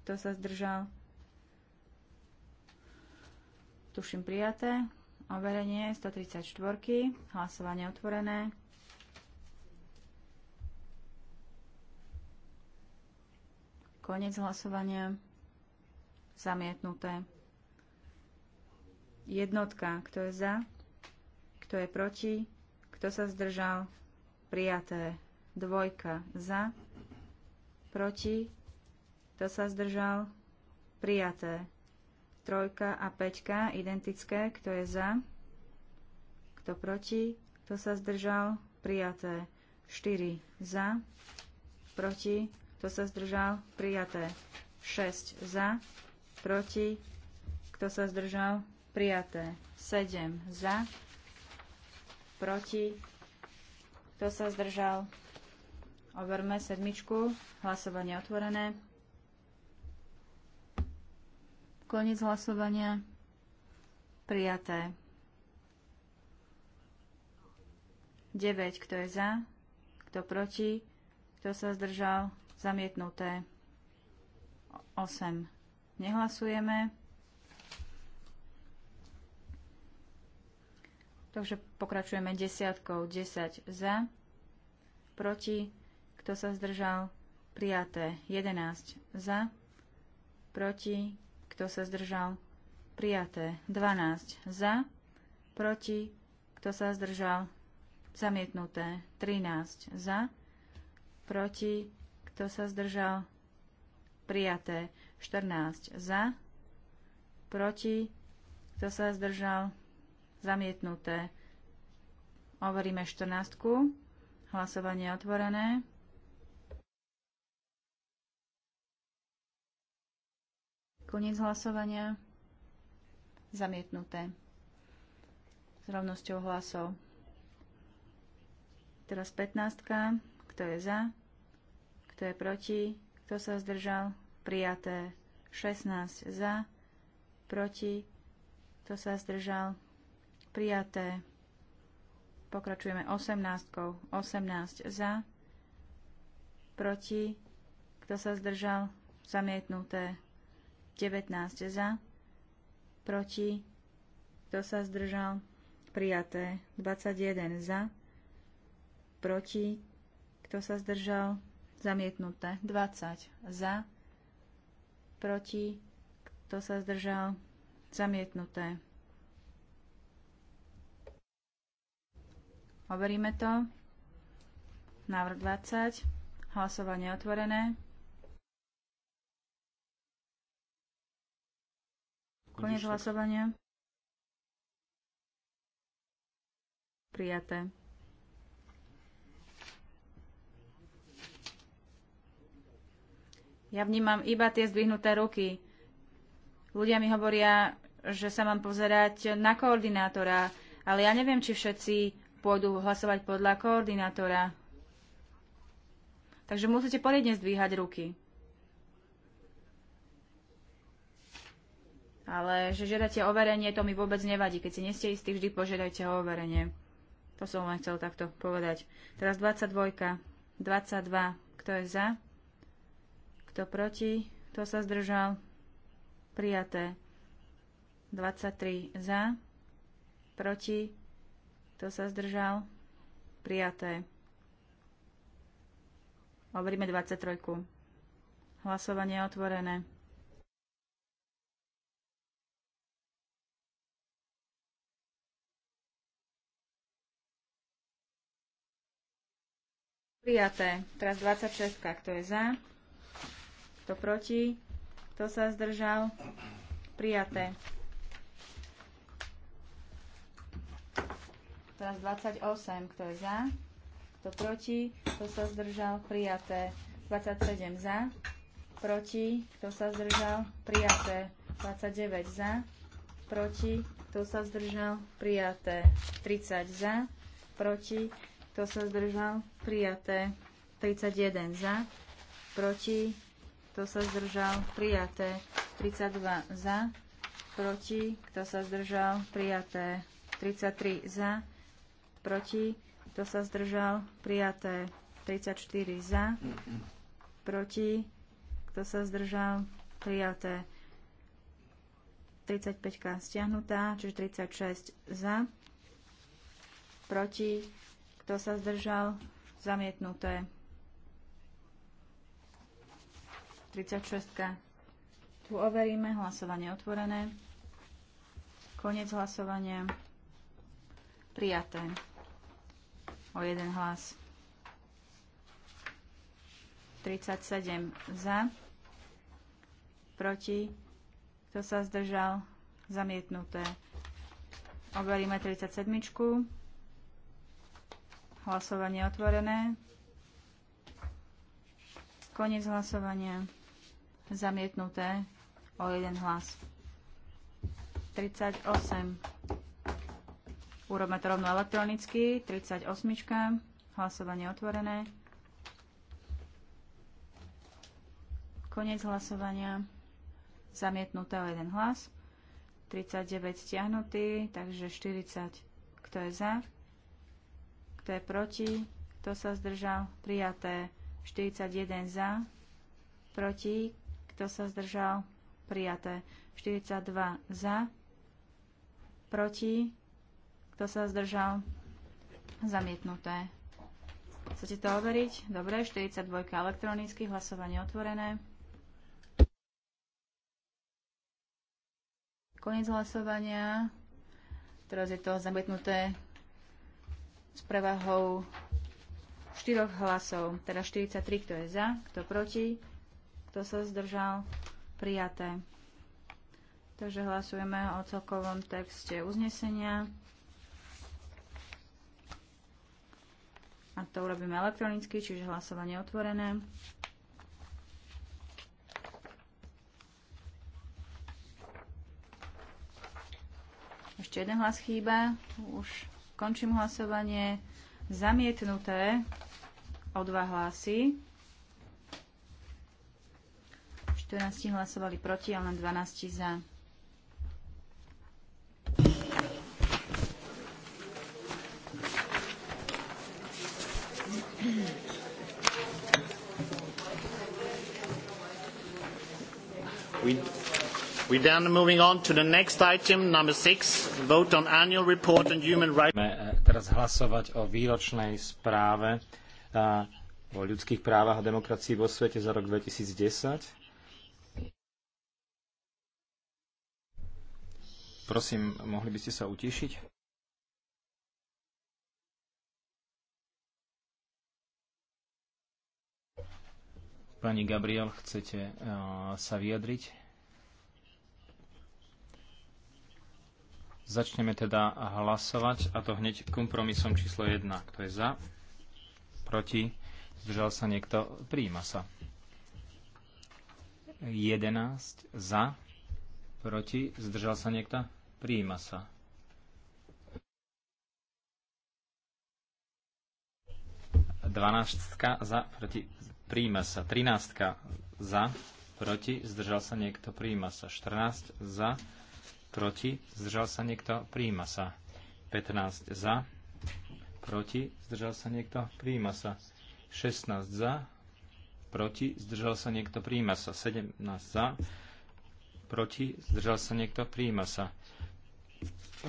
kto sa zdržal, tuším prijaté. Overenie 134, hlasovanie otvorené. Konec hlasovania. Zamietnuté. Jednotka. Kto je za? Kto je proti? Kto sa zdržal? Prijaté. Dvojka. Za? Proti? Kto sa zdržal? Prijaté. Trojka a peťka identické. Kto je za? Kto proti? Kto sa zdržal? Prijaté. 4 za, proti, kto sa zdržal? Prijaté. 6 za. Proti. Kto sa zdržal? Prijaté. 7 za. Proti. Kto sa zdržal? Overme sedmičku. Hlasovanie otvorené. Koniec hlasovania. Prijaté. 9. Kto je za? Kto proti? Kto sa zdržal? Zamietnuté. 8. Nehlasujeme. Takže pokračujeme desiatkou. 10 za, proti, kto sa zdržal, prijaté. 11 za, proti, kto sa zdržal, prijaté. 12 za, proti, kto sa zdržal, zamietnuté. 13 za, proti, kto sa zdržal? Prijaté. 14 za. Proti. Kto sa zdržal? Zamietnuté. Overíme 14. Hlasovanie otvorené. Koniec hlasovania. Zamietnuté. S rovnosťou hlasov. Teraz 15. Kto je za? Kto je proti? Kto sa zdržal? Prijaté. 16 za. Proti? Kto sa zdržal? Prijaté. Pokračujeme 18. 18 za. Proti? Kto sa zdržal? Zamietnuté. 19 za. Proti? Kto sa zdržal? Prijaté. 21 za. Proti? Kto sa zdržal? zamietnuté. 20 za, proti, kto sa zdržal, zamietnuté. Overíme to. Návrh 20. Hlasovanie otvorené. Konec hlasovania. Prijaté. Ja vnímam iba tie zdvihnuté ruky. Ľudia mi hovoria, že sa mám pozerať na koordinátora, ale ja neviem, či všetci pôjdu hlasovať podľa koordinátora. Takže musíte poriadne zdvíhať ruky. Ale že žiadate overenie, to mi vôbec nevadí. Keď si neste istí, vždy požiadajte o overenie. To som len chcel takto povedať. Teraz 22. 22. Kto je za? Kto proti? Kto sa zdržal? Prijaté. 23 za. Proti? Kto sa zdržal? Prijaté. Overíme 23. Hlasovanie je otvorené. Prijaté. Teraz 26. Kto je za? Kto proti? Kto sa zdržal? Prijaté. Teraz 28. Kto je za? Kto proti? Kto sa zdržal? Prijaté. 27 za. Proti? Kto sa zdržal? Prijaté. 29 za. Proti? Kto sa zdržal? Prijaté. 30 za. Proti? Kto sa zdržal? Prijaté. 31 za. Proti? kto sa zdržal, prijaté. 32 za, proti, kto sa zdržal, prijaté. 33 za, proti, kto sa zdržal, prijaté. 34 za, proti, kto sa zdržal, prijaté. 35 stiahnutá, čiže 36 za, proti, kto sa zdržal, zamietnuté. 36. Tu overíme. Hlasovanie otvorené. Koniec hlasovania. Prijaté. O jeden hlas. 37 za. Proti. Kto sa zdržal? Zamietnuté. Overíme 37. Hlasovanie otvorené. Koniec hlasovania. Zamietnuté o jeden hlas. 38. Urobme to rovno elektronicky. 38. Hlasovanie otvorené. Konec hlasovania. Zamietnuté o jeden hlas. 39 stiahnutý, takže 40. Kto je za? Kto je proti? Kto sa zdržal? Prijaté. 41 za. Proti. Kto sa zdržal? Prijaté. 42 za. Proti. Kto sa zdržal? Zamietnuté. Chcete to overiť? Dobre, 42 elektronicky, hlasovanie otvorené. Koniec hlasovania. Teraz je to zamietnuté s prevahou 4 hlasov, teda 43, kto je za, kto proti kto sa zdržal? Prijaté. Takže hlasujeme o celkovom texte uznesenia. A to urobíme elektronicky, čiže hlasovanie otvorené. Ešte jeden hlas chýba. Už končím hlasovanie. Zamietnuté o dva hlasy. 14 hlasovali proti a len 12 za. We, we then moving on to the next item, number six, vote on annual report human rights. Eh, teraz hlasovať o výročnej správe eh, o ľudských právach a demokracii vo svete za rok 2010. Prosím, mohli by ste sa utišiť? Pani Gabriel, chcete eh, sa vyjadriť? Začneme teda hlasovať, a to hneď kompromisom číslo 1. Kto je za? Proti? Zdržal sa niekto? Prijíma sa. 11 za. Proti? Zdržal sa niekto? Prijíma sa. Dvanáctka za, proti, príjma sa. Trináctka za, proti, zdržal sa niekto, príjma sa. 14 za, proti, zdržal sa niekto, príjma sa. 15 za, proti, zdržal sa niekto, príjma sa. 16 za, proti, zdržal sa niekto, príjma sa. 17 za, proti, zdržal sa niekto, prijíma sa.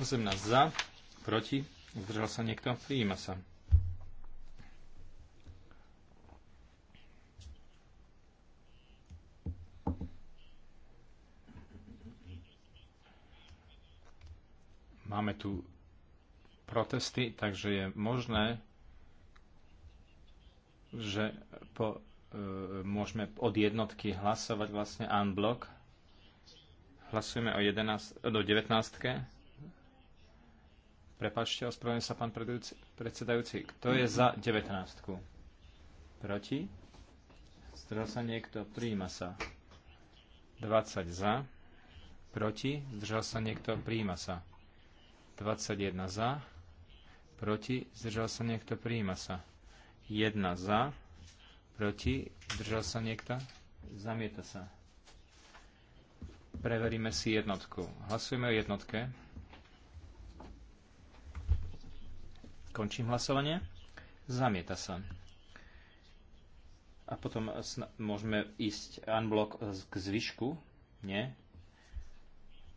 18 za, proti, zdržal sa niekto, prijíma sa. Máme tu protesty, takže je možné, že po, e, môžeme od jednotky hlasovať vlastne unblock. Hlasujeme o 11, do 19. Prepačte, ospravedlňujem sa, pán predsedajúci. Kto je za 19? Proti? zdržal sa niekto? Príjima sa. 20 za. Proti? Zdržal sa niekto? Príjima sa. 21 za. Proti? Zdržal sa niekto? Príjima sa. 1 za. Proti? Zdržal sa niekto? Zamieta sa. Preveríme si jednotku. Hlasujeme o jednotke. Končím hlasovanie. Zamieta sa. A potom môžeme ísť unblock k zvyšku. Nie.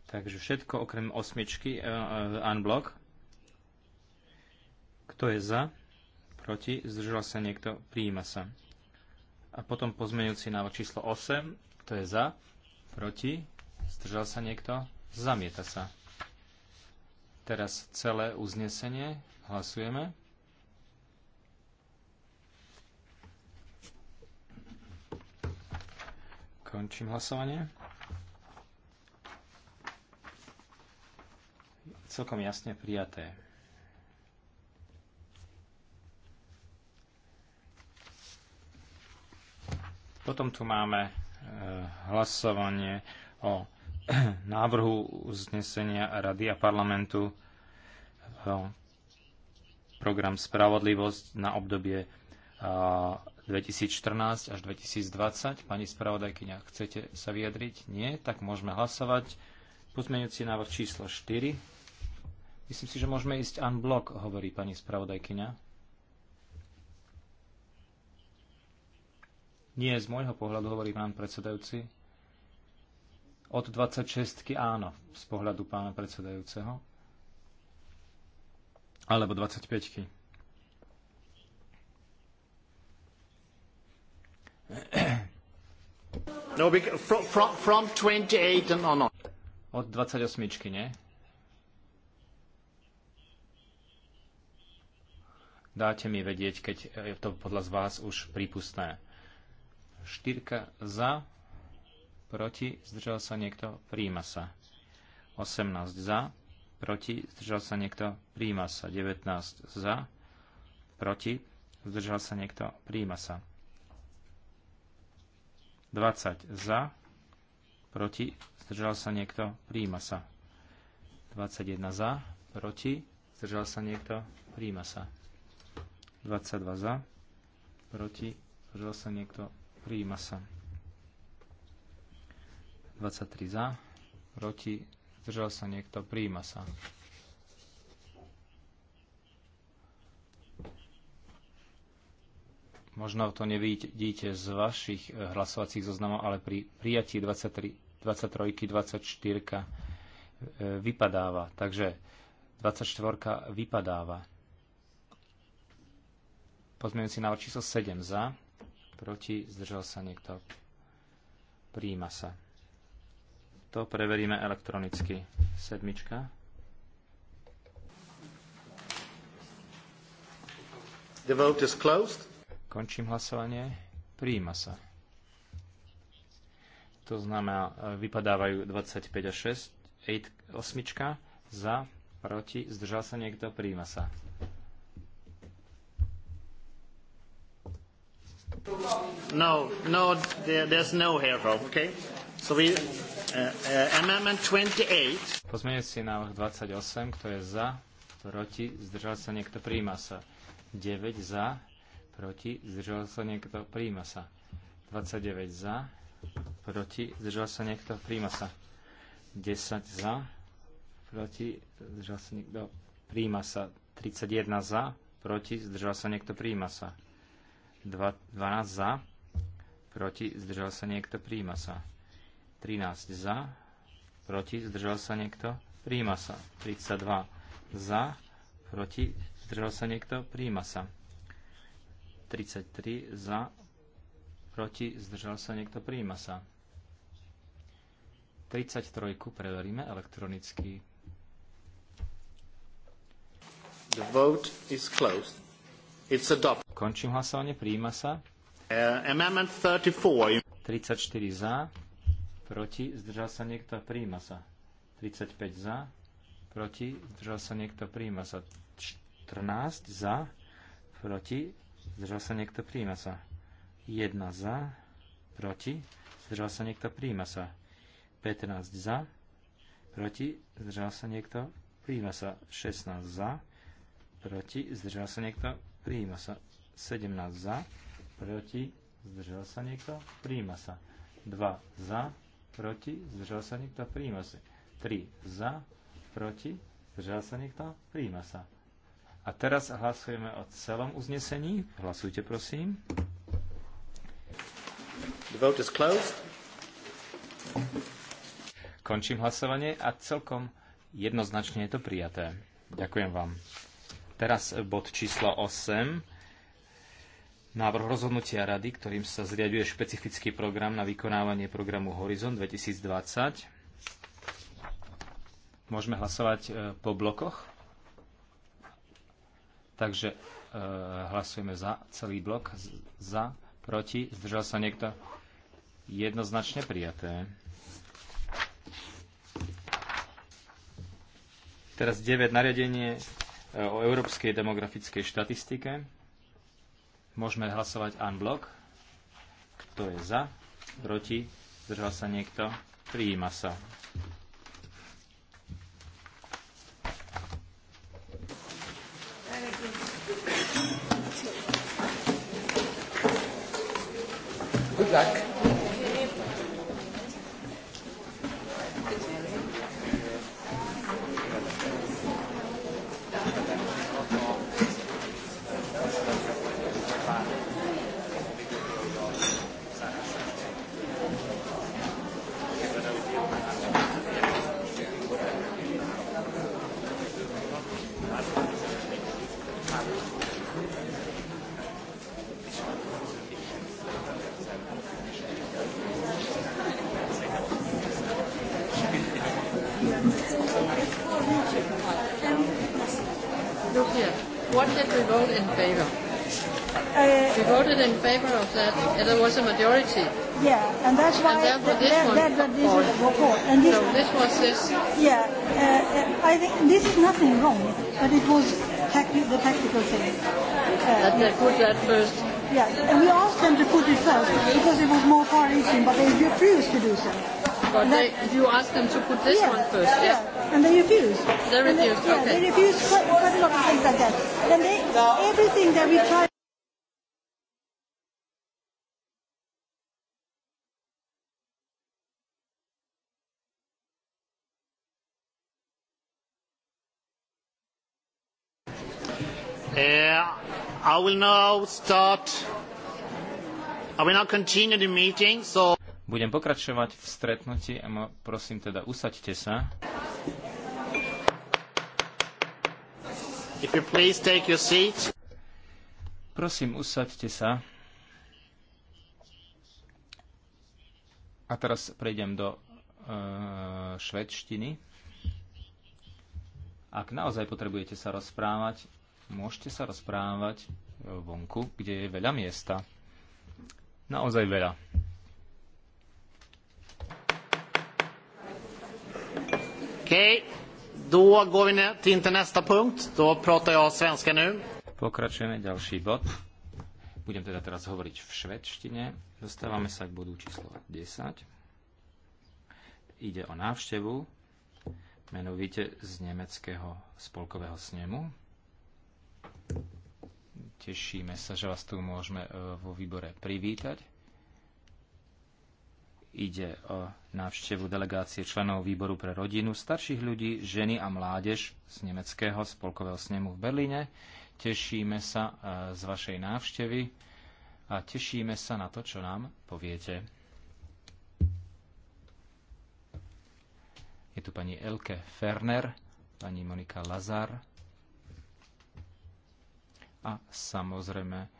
Takže všetko okrem osmičky e, e, unblock. Kto je za? Proti? Zdržal sa niekto? Prijíma sa. A potom pozmeňujúci návod číslo 8. Kto je za? Proti? Zdržal sa niekto? Zamieta sa. Teraz celé uznesenie. Hlasujeme. Končím hlasovanie. Celkom jasne prijaté. Potom tu máme e, hlasovanie o návrhu uznesenia Rady a parlamentu eh, program Spravodlivosť na obdobie 2014 eh, až 2020. Pani spravodajkyňa, chcete sa vyjadriť? Nie? Tak môžeme hlasovať. Pozmeňujúci návrh číslo 4. Myslím si, že môžeme ísť unblock, hovorí pani spravodajkyňa. Nie, z môjho pohľadu hovorí pán predsedajúci. Od 26 áno, z pohľadu pána predsedajúceho. Alebo 25 -ky. No, from, from, from 28 no, no. Od 28, nie? Dáte mi vedieť, keď je to podľa z vás už prípustné. Štyrka za, proti, zdržal sa niekto, príjma sa. 18 za, proti, zdržal sa niekto, príjma sa. 19 za, proti, zdržal sa niekto, príjma sa. 20 za, proti, zdržal sa niekto, príjma sa. 21 za, proti, zdržal sa niekto, príjma sa. 22 za, proti, zdržal sa niekto, príjma sa. 23 za, proti, zdržal sa niekto, príjima sa. Možno to nevidíte z vašich eh, hlasovacích zoznamov, ale pri prijatí 23, 23 24 vypadáva. Takže 24 vypadáva. si návrh číslo 7 za, proti, zdržal sa niekto, príjima sa. To preveríme elektronicky. Sedmička. The vote is closed. Končím hlasovanie. Prijíma sa. To znamená, e, vypadávajú 25 a 6, 8, za, proti, zdržal sa niekto, prijíma sa. No, no, there, there's no here, okay? So we Uh, uh, Amendment 28. Pozmeňujúci návrh 28, kto je za, proti, zdržal sa niekto, príjma sa. 9 za, proti, zdržal sa niekto, príjma sa. 29 za, proti, zdržal sa niekto, príjma sa. 10 za, proti, zdržal sa niekto, príjma sa. 31 za, proti, zdržal sa niekto, príjma sa. 12 za, proti, zdržal sa niekto, príjma sa. 13 za, proti, zdržal sa niekto, príjma sa. 32 za, proti, zdržal sa niekto, príjma sa. 33 za, proti, zdržal sa niekto, príjma sa. 33 preveríme elektronicky. The vote is closed. It's adopted. Končím hlasovanie, príjma sa. Uh, amendment 34. 34 za, proti, zdržal sa niekto, príjma sa. 35 za, proti, zdržal sa niekto, príjma sa. 14 za, proti, zdržal sa niekto, príjma sa. 1 za, proti, zdržal sa niekto, príjma sa. 15 za, proti, zdržal sa niekto, príjma sa. 16 za, proti, zdržal sa niekto, príjma sa. 17 za, proti, zdržal sa niekto, príjma sa. 2 za, proti, zdržal sa niekto, príjma sa. 3 za, proti, zdržal sa niekto, príjma sa. A teraz hlasujeme o celom uznesení. Hlasujte, prosím. The vote is closed. Končím hlasovanie a celkom jednoznačne je to prijaté. Ďakujem vám. Teraz bod číslo 8 návrh rozhodnutia rady, ktorým sa zriaduje špecifický program na vykonávanie programu Horizon 2020. Môžeme hlasovať e, po blokoch. Takže e, hlasujeme za celý blok. Za, proti, zdržal sa niekto. Jednoznačne prijaté. Teraz 9 nariadenie e, o európskej demografickej štatistike. Môžeme hlasovať blok: Kto je za? Proti? Zdržal sa niekto? Prijíma sa. Good luck. Look here. What did we vote in favor? Uh, we voted in favor of that. And there was a majority. Yeah, and that's why and that, this that, one that, that this is report. And this, so this was this. Yeah, uh, I think this is nothing wrong, but it was tacti- the tactical thing. Uh, that they put that first. Yeah, and we asked them to put it first because it was more far-reaching, but they refused to do so. But they, you ask them to put this yeah, one first, yeah? yeah? And they refuse. They refuse, Yeah, they, okay. they refuse quite, quite a lot of things like that. And they, no. everything that we try. Uh, I will now start. I will now continue the meeting. So. Budem pokračovať v stretnutí a prosím teda usaďte sa. If you please take your seat. Prosím, usaďte sa. A teraz prejdem do uh, švedštiny. Ak naozaj potrebujete sa rozprávať, môžete sa rozprávať eh, vonku, kde je veľa miesta. Naozaj veľa. Okej, då går vi till nästa punkt. Då pratar jag svenska nu. Pokračujeme ďalší bod. Budem teda teraz hovoriť v švedštine. Dostávame sa k bodu číslo 10. Ide o návštevu, menovite z nemeckého spolkového snemu. Tešíme sa, že vás tu môžeme e, vo výbore privítať. Ide o návštevu delegácie členov výboru pre rodinu, starších ľudí, ženy a mládež z nemeckého spolkového snemu v Berlíne. Tešíme sa e, z vašej návštevy a tešíme sa na to, čo nám poviete. Je tu pani Elke Ferner, pani Monika Lazar a samozrejme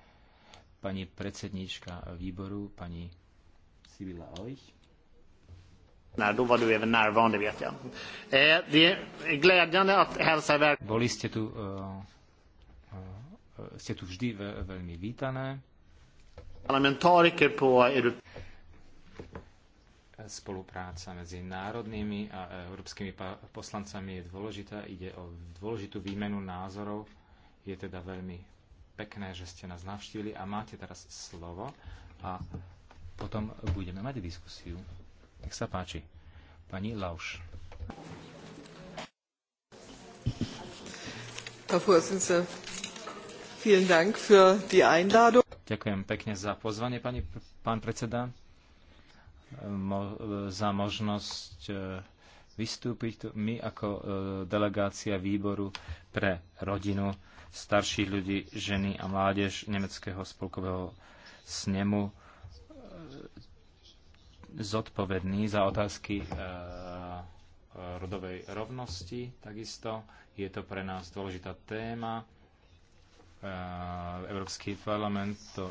pani predsedníčka výboru, pani civila euch. Eh, Boli ste tu, eh, eh, ste tu vždy veľmi vítané. Spolupráca medzi národnými a európskymi poslancami je dôležitá. Ide o dôležitú výmenu názorov. Je teda veľmi pekné, že ste nás navštívili a máte teraz slovo. A potom budeme mať diskusiu. Nech sa páči. Pani Lauš. Ďakujem pekne za pozvanie, pani, pán predseda, mo, za možnosť e, vystúpiť. My ako e, delegácia výboru pre rodinu starších ľudí, ženy a mládež Nemeckého spolkového snemu zodpovedný za otázky eh, eh, rodovej rovnosti. Takisto je to pre nás dôležitá téma. Eh, Európsky parlament to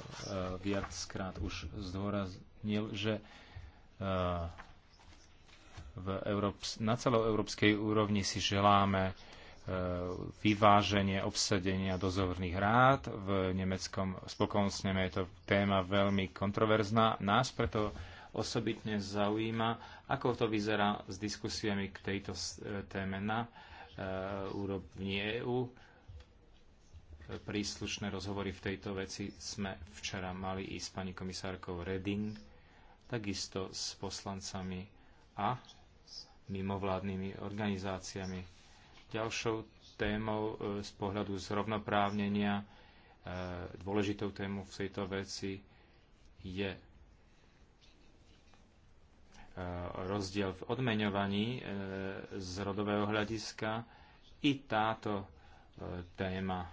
viackrát už zdôraznil, že v Európs- na celoeurópskej úrovni si želáme vyváženie obsadenia dozorných rád. V nemeckom spokojnosti je to téma veľmi kontroverzná. Nás preto osobitne zaujíma, ako to vyzerá s diskusiami k tejto téme na e, úrovni EÚ. Príslušné rozhovory v tejto veci sme včera mali i s pani komisárkou Reding, takisto s poslancami a mimovládnymi organizáciami. Ďalšou témou e, z pohľadu zrovnoprávnenia, e, dôležitou tému v tejto veci je E, rozdiel v odmeňovaní e, z rodového hľadiska. I táto e, téma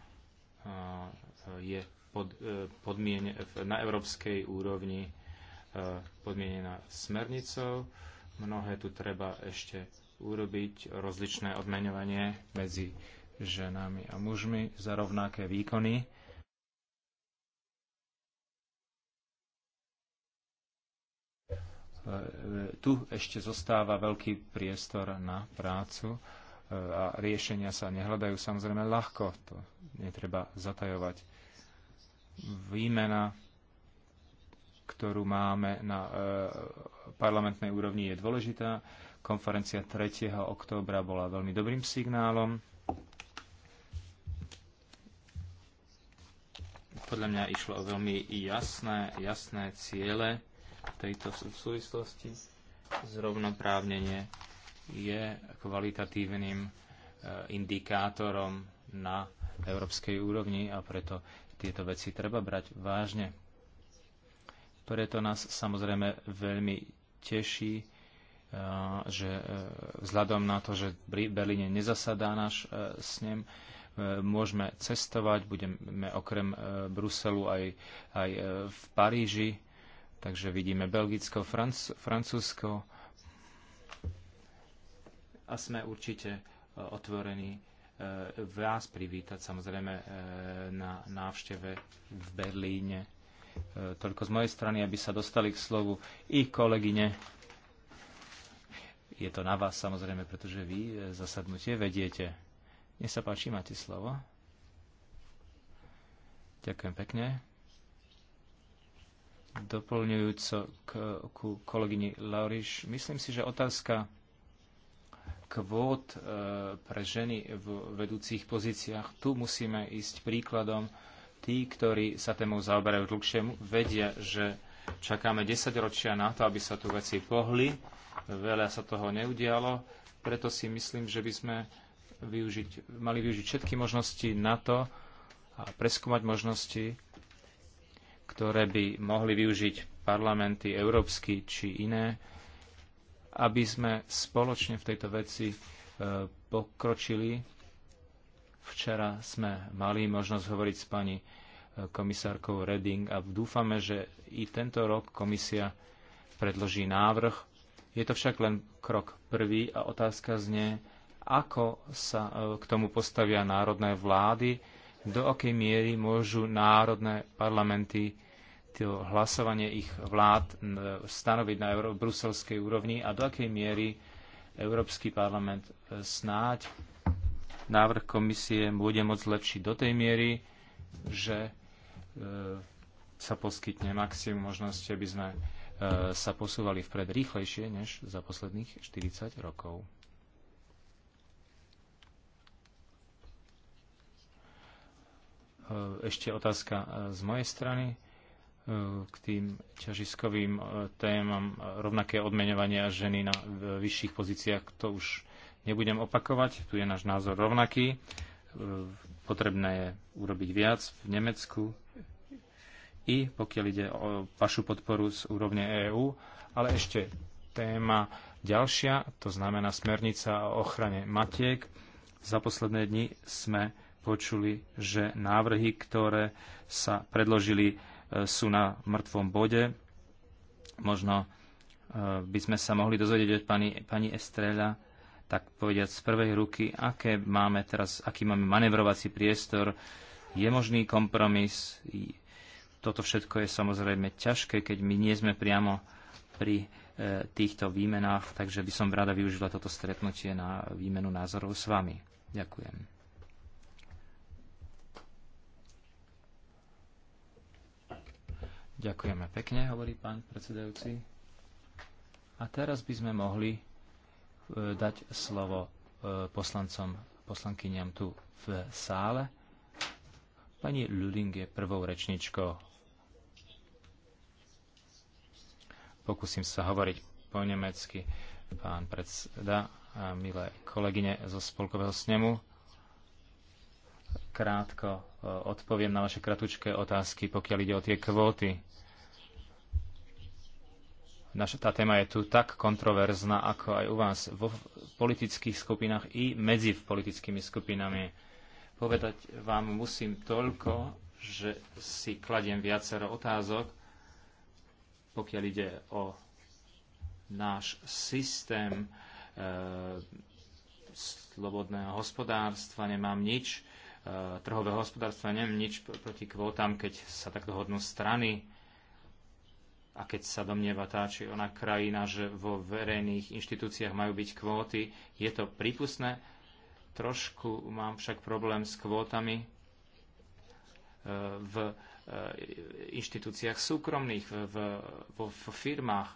je pod, podmien- na európskej úrovni podmienená smernicou. Mnohé tu treba ešte urobiť rozličné odmeňovanie medzi ženami a mužmi za rovnaké výkony E, tu ešte zostáva veľký priestor na prácu e, a riešenia sa nehľadajú samozrejme ľahko, to netreba zatajovať. Výmena, ktorú máme na e, parlamentnej úrovni, je dôležitá. Konferencia 3. októbra bola veľmi dobrým signálom. Podľa mňa išlo o veľmi jasné, jasné ciele tejto súvislosti. Zrovnoprávnenie je kvalitatívnym e, indikátorom na európskej úrovni a preto tieto veci treba brať vážne. Preto nás samozrejme veľmi teší, e, že e, vzhľadom na to, že v Berlíne nezasadá náš snem, môžeme cestovať, budeme okrem Bruselu aj, aj v Paríži Takže vidíme Belgicko, Franc- Francúzsko a sme určite e, otvorení e, vás privítať samozrejme e, na návšteve v Berlíne. Toľko z mojej strany, aby sa dostali k slovu i kolegyne. Je to na vás samozrejme, pretože vy zasadnutie vediete. Nech sa páči, máte slovo. Ďakujem pekne. Doplňujúco k, ku kolegyni Lauriš, myslím si, že otázka kvót e, pre ženy v vedúcich pozíciách, tu musíme ísť príkladom. Tí, ktorí sa témou zaoberajú dlhšie, vedia, že čakáme 10 ročia na to, aby sa tu veci pohli. Veľa sa toho neudialo, preto si myslím, že by sme využiť, mali využiť všetky možnosti na to a preskúmať možnosti, ktoré by mohli využiť parlamenty európsky či iné, aby sme spoločne v tejto veci e, pokročili. Včera sme mali možnosť hovoriť s pani e, komisárkou Reding a dúfame, že i tento rok komisia predloží návrh. Je to však len krok prvý a otázka znie, ako sa e, k tomu postavia národné vlády, do akej miery môžu národné parlamenty to hlasovanie ich vlád stanoviť na euro- bruselskej úrovni a do akej miery Európsky parlament e, snáď návrh komisie bude môcť zlepšiť do tej miery, že e, sa poskytne maximum možnosti, aby sme e, sa posúvali vpred rýchlejšie než za posledných 40 rokov. Ešte otázka z mojej strany k tým ťažiskovým e, témam e, rovnaké odmeňovanie a ženy na vyšších pozíciách. To už nebudem opakovať, tu je náš názor rovnaký. E, potrebné je urobiť viac v Nemecku i pokiaľ ide o vašu podporu z úrovne EÚ, ale ešte téma ďalšia, to znamená smernica o ochrane matiek. Za posledné dni sme počuli, že návrhy, ktoré sa predložili sú na mŕtvom bode. Možno e, by sme sa mohli dozvedieť od pani, pani Estrela, tak povediať z prvej ruky, aké máme teraz, aký máme manevrovací priestor, je možný kompromis. Toto všetko je samozrejme ťažké, keď my nie sme priamo pri e, týchto výmenách, takže by som rada využila toto stretnutie na výmenu názorov s vami. Ďakujem. Ďakujeme pekne, hovorí pán predsedajúci. A teraz by sme mohli e, dať slovo e, poslancom, poslankyňam tu v sále. Pani Luling je prvou rečničkou. Pokúsim sa hovoriť po nemecky, pán predseda a milé kolegyne zo Spolkového snemu. Krátko e, odpoviem na vaše kratučké otázky, pokiaľ ide o tie kvóty Naša, tá téma je tu tak kontroverzná, ako aj u vás vo politických skupinách i medzi politickými skupinami. Povedať vám musím toľko, že si kladiem viacero otázok, pokiaľ ide o náš systém e, slobodného hospodárstva, nemám nič, e, trhového hospodárstva, nemám nič proti kvótam, keď sa tak dohodnú strany a keď sa domnieva tá či ona krajina, že vo verejných inštitúciách majú byť kvóty, je to prípustné. Trošku mám však problém s kvótami e, v e, inštitúciách súkromných, v, vo, v firmách.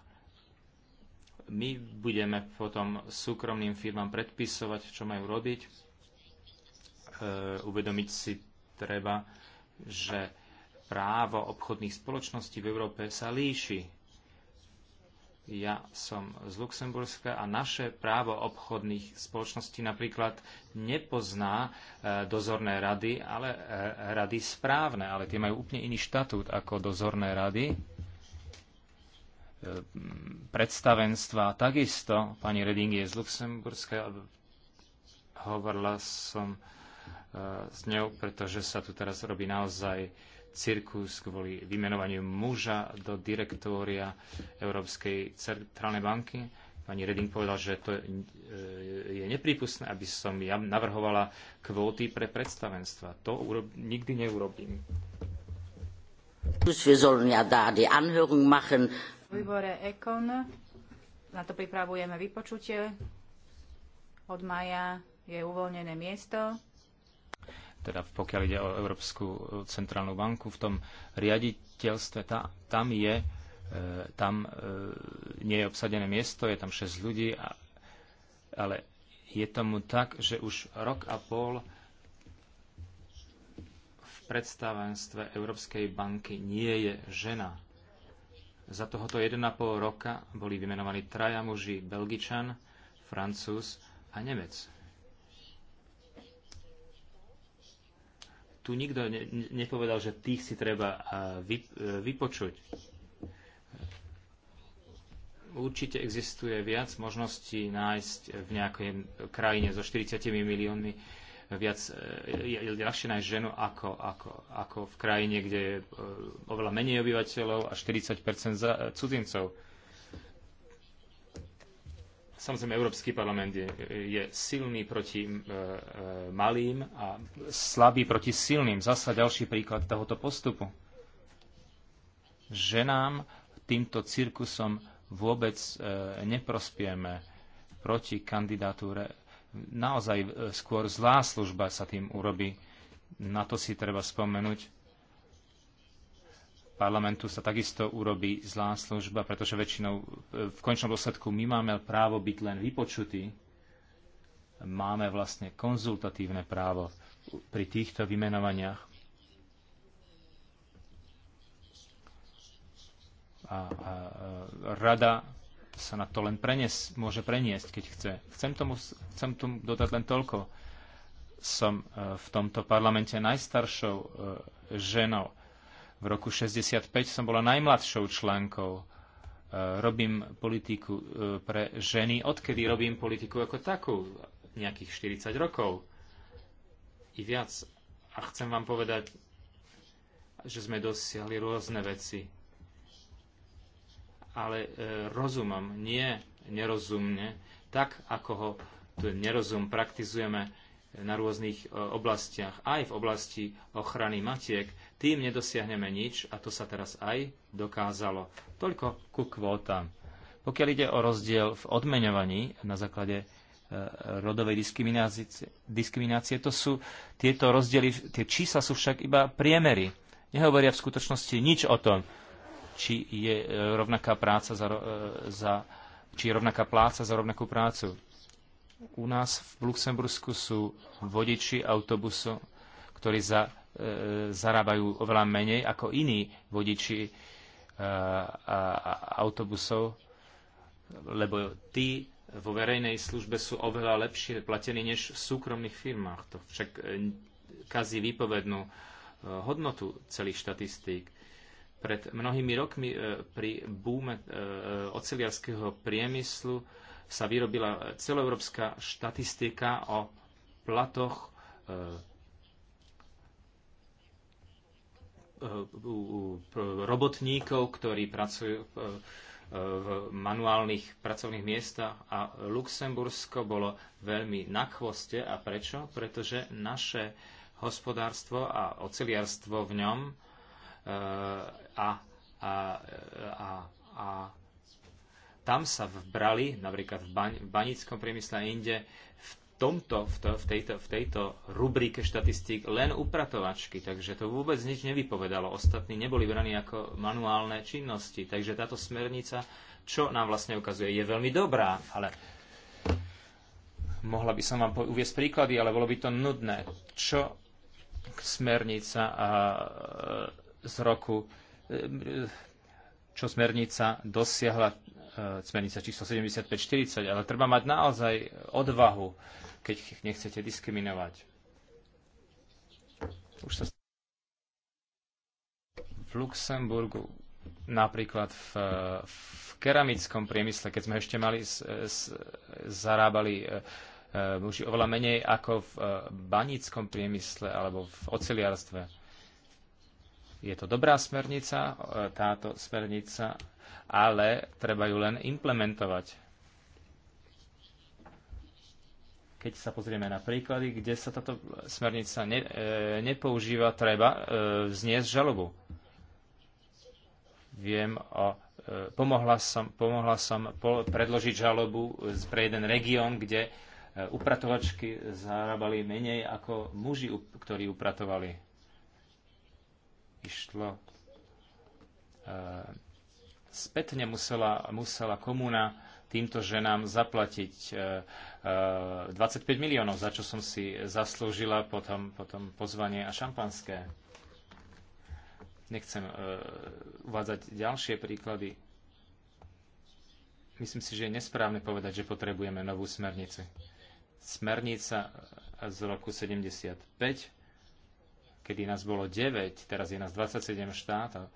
My budeme potom súkromným firmám predpisovať, čo majú robiť. E, uvedomiť si treba, že právo obchodných spoločností v Európe sa líši. Ja som z Luxemburska a naše právo obchodných spoločností napríklad nepozná e, dozorné rady, ale e, rady správne, ale tie majú úplne iný štatút ako dozorné rady e, predstavenstva. Takisto pani Reding je z Luxemburska. Hovorila som s ňou, pretože sa tu teraz robí naozaj cirkus kvôli vymenovaniu muža do direktória Európskej centrálnej banky. Pani Reding povedal, že to e, je neprípustné, aby som ja navrhovala kvóty pre predstavenstva. To nikdy neurobím. V výbore Ekon na to pripravujeme vypočutie. Od maja je uvoľnené miesto teda pokiaľ ide o Európsku centrálnu banku, v tom riaditeľstve tá, tam je e, tam e, nie je obsadené miesto, je tam 6 ľudí, a, ale je tomu tak, že už rok a pol v predstavenstve Európskej banky nie je žena. Za tohoto 1,5 roka boli vymenovaní traja muži, Belgičan, Francúz a Nemec tu nikto ne, nepovedal, že tých si treba vy, e, vypočuť. Určite existuje viac možností nájsť v nejakej krajine so 40 miliónmi viac, e, je ľahšie nájsť ženu ako, ako, ako v krajine, kde je e, oveľa menej obyvateľov a 40 za, cudzincov. Samozrejme, Európsky parlament je, je silný proti e, e, malým a slabý proti silným. Zasa ďalší príklad tohoto postupu. Že nám týmto cirkusom vôbec e, neprospieme proti kandidatúre. Naozaj e, skôr zlá služba sa tým urobí. Na to si treba spomenúť parlamentu sa takisto urobí zlá služba, pretože väčšinou e, v končnom dôsledku my máme právo byť len vypočutí, máme vlastne konzultatívne právo pri týchto vymenovaniach. A, a e, rada sa na to len prenies, môže preniesť, keď chce. Chcem tomu, chcem tomu dodať len toľko. Som e, v tomto parlamente najstaršou ženou v roku 65 som bola najmladšou členkou. E, robím politiku e, pre ženy. Odkedy robím politiku ako takú? Nejakých 40 rokov. I viac. A chcem vám povedať, že sme dosiahli rôzne veci. Ale e, rozumom, nie nerozumne, tak ako ho tu nerozum praktizujeme na rôznych oblastiach, aj v oblasti ochrany matiek, tým nedosiahneme nič a to sa teraz aj dokázalo. Toľko ku kvótam. Pokiaľ ide o rozdiel v odmeňovaní na základe e, rodovej diskriminácie, diskriminácie, to sú tieto rozdiely, tie čísla sú však iba priemery. Nehovoria v skutočnosti nič o tom, či je e, rovnaká práca za, e, za či je rovnaká pláca za rovnakú prácu. U nás v Luxembursku sú vodiči autobusu, ktorí za E, zarábajú oveľa menej ako iní vodiči e, autobusov, lebo tí vo verejnej službe sú oveľa lepšie platení než v súkromných firmách. To však e, kazí výpovednú hodnotu celých štatistík. Pred mnohými rokmi pri búme oceliarského priemyslu sa vyrobila celoeurópska štatistika o platoch u robotníkov, ktorí pracujú e, e, v manuálnych pracovných miestach a Luxembursko bolo veľmi na chvoste. A prečo? Pretože naše hospodárstvo a oceliarstvo v ňom e, a, a, a, a tam sa vbrali, napríklad v, baň, v banickom priemysle a inde, tomto, v, to, v, tejto, v tejto rubrike štatistík len upratovačky, takže to vôbec nič nevypovedalo. Ostatní neboli braní ako manuálne činnosti, takže táto smernica, čo nám vlastne ukazuje, je veľmi dobrá, ale mohla by som vám uviesť príklady, ale bolo by to nudné. Čo smernica a, z roku e, čo smernica dosiahla e, smernica číslo 7540, ale treba mať naozaj odvahu keď ich nechcete diskriminovať. Už sa v Luxemburgu, napríklad v, v keramickom priemysle, keď sme ešte mali, s, s, zarábali e, muži e, oveľa menej ako v e, baníckom priemysle alebo v oceliarstve. Je to dobrá smernica, e, táto smernica, ale treba ju len implementovať Keď sa pozrieme na príklady, kde sa táto smernica ne, e, nepoužíva, treba e, vzniesť žalobu. Viem o e, Pomohla som, pomohla som po, predložiť žalobu pre jeden región, kde e, upratovačky zarábali menej ako muži, ktorí upratovali. Išlo. E, spätne musela, musela komúna týmto ženám zaplatiť 25 e, e, miliónov, za čo som si zaslúžila potom, potom pozvanie a šampanské. Nechcem e, uvádzať ďalšie príklady. Myslím si, že je nesprávne povedať, že potrebujeme novú smernicu. Smernica z roku 75, kedy nás bolo 9, teraz je nás 27 štátov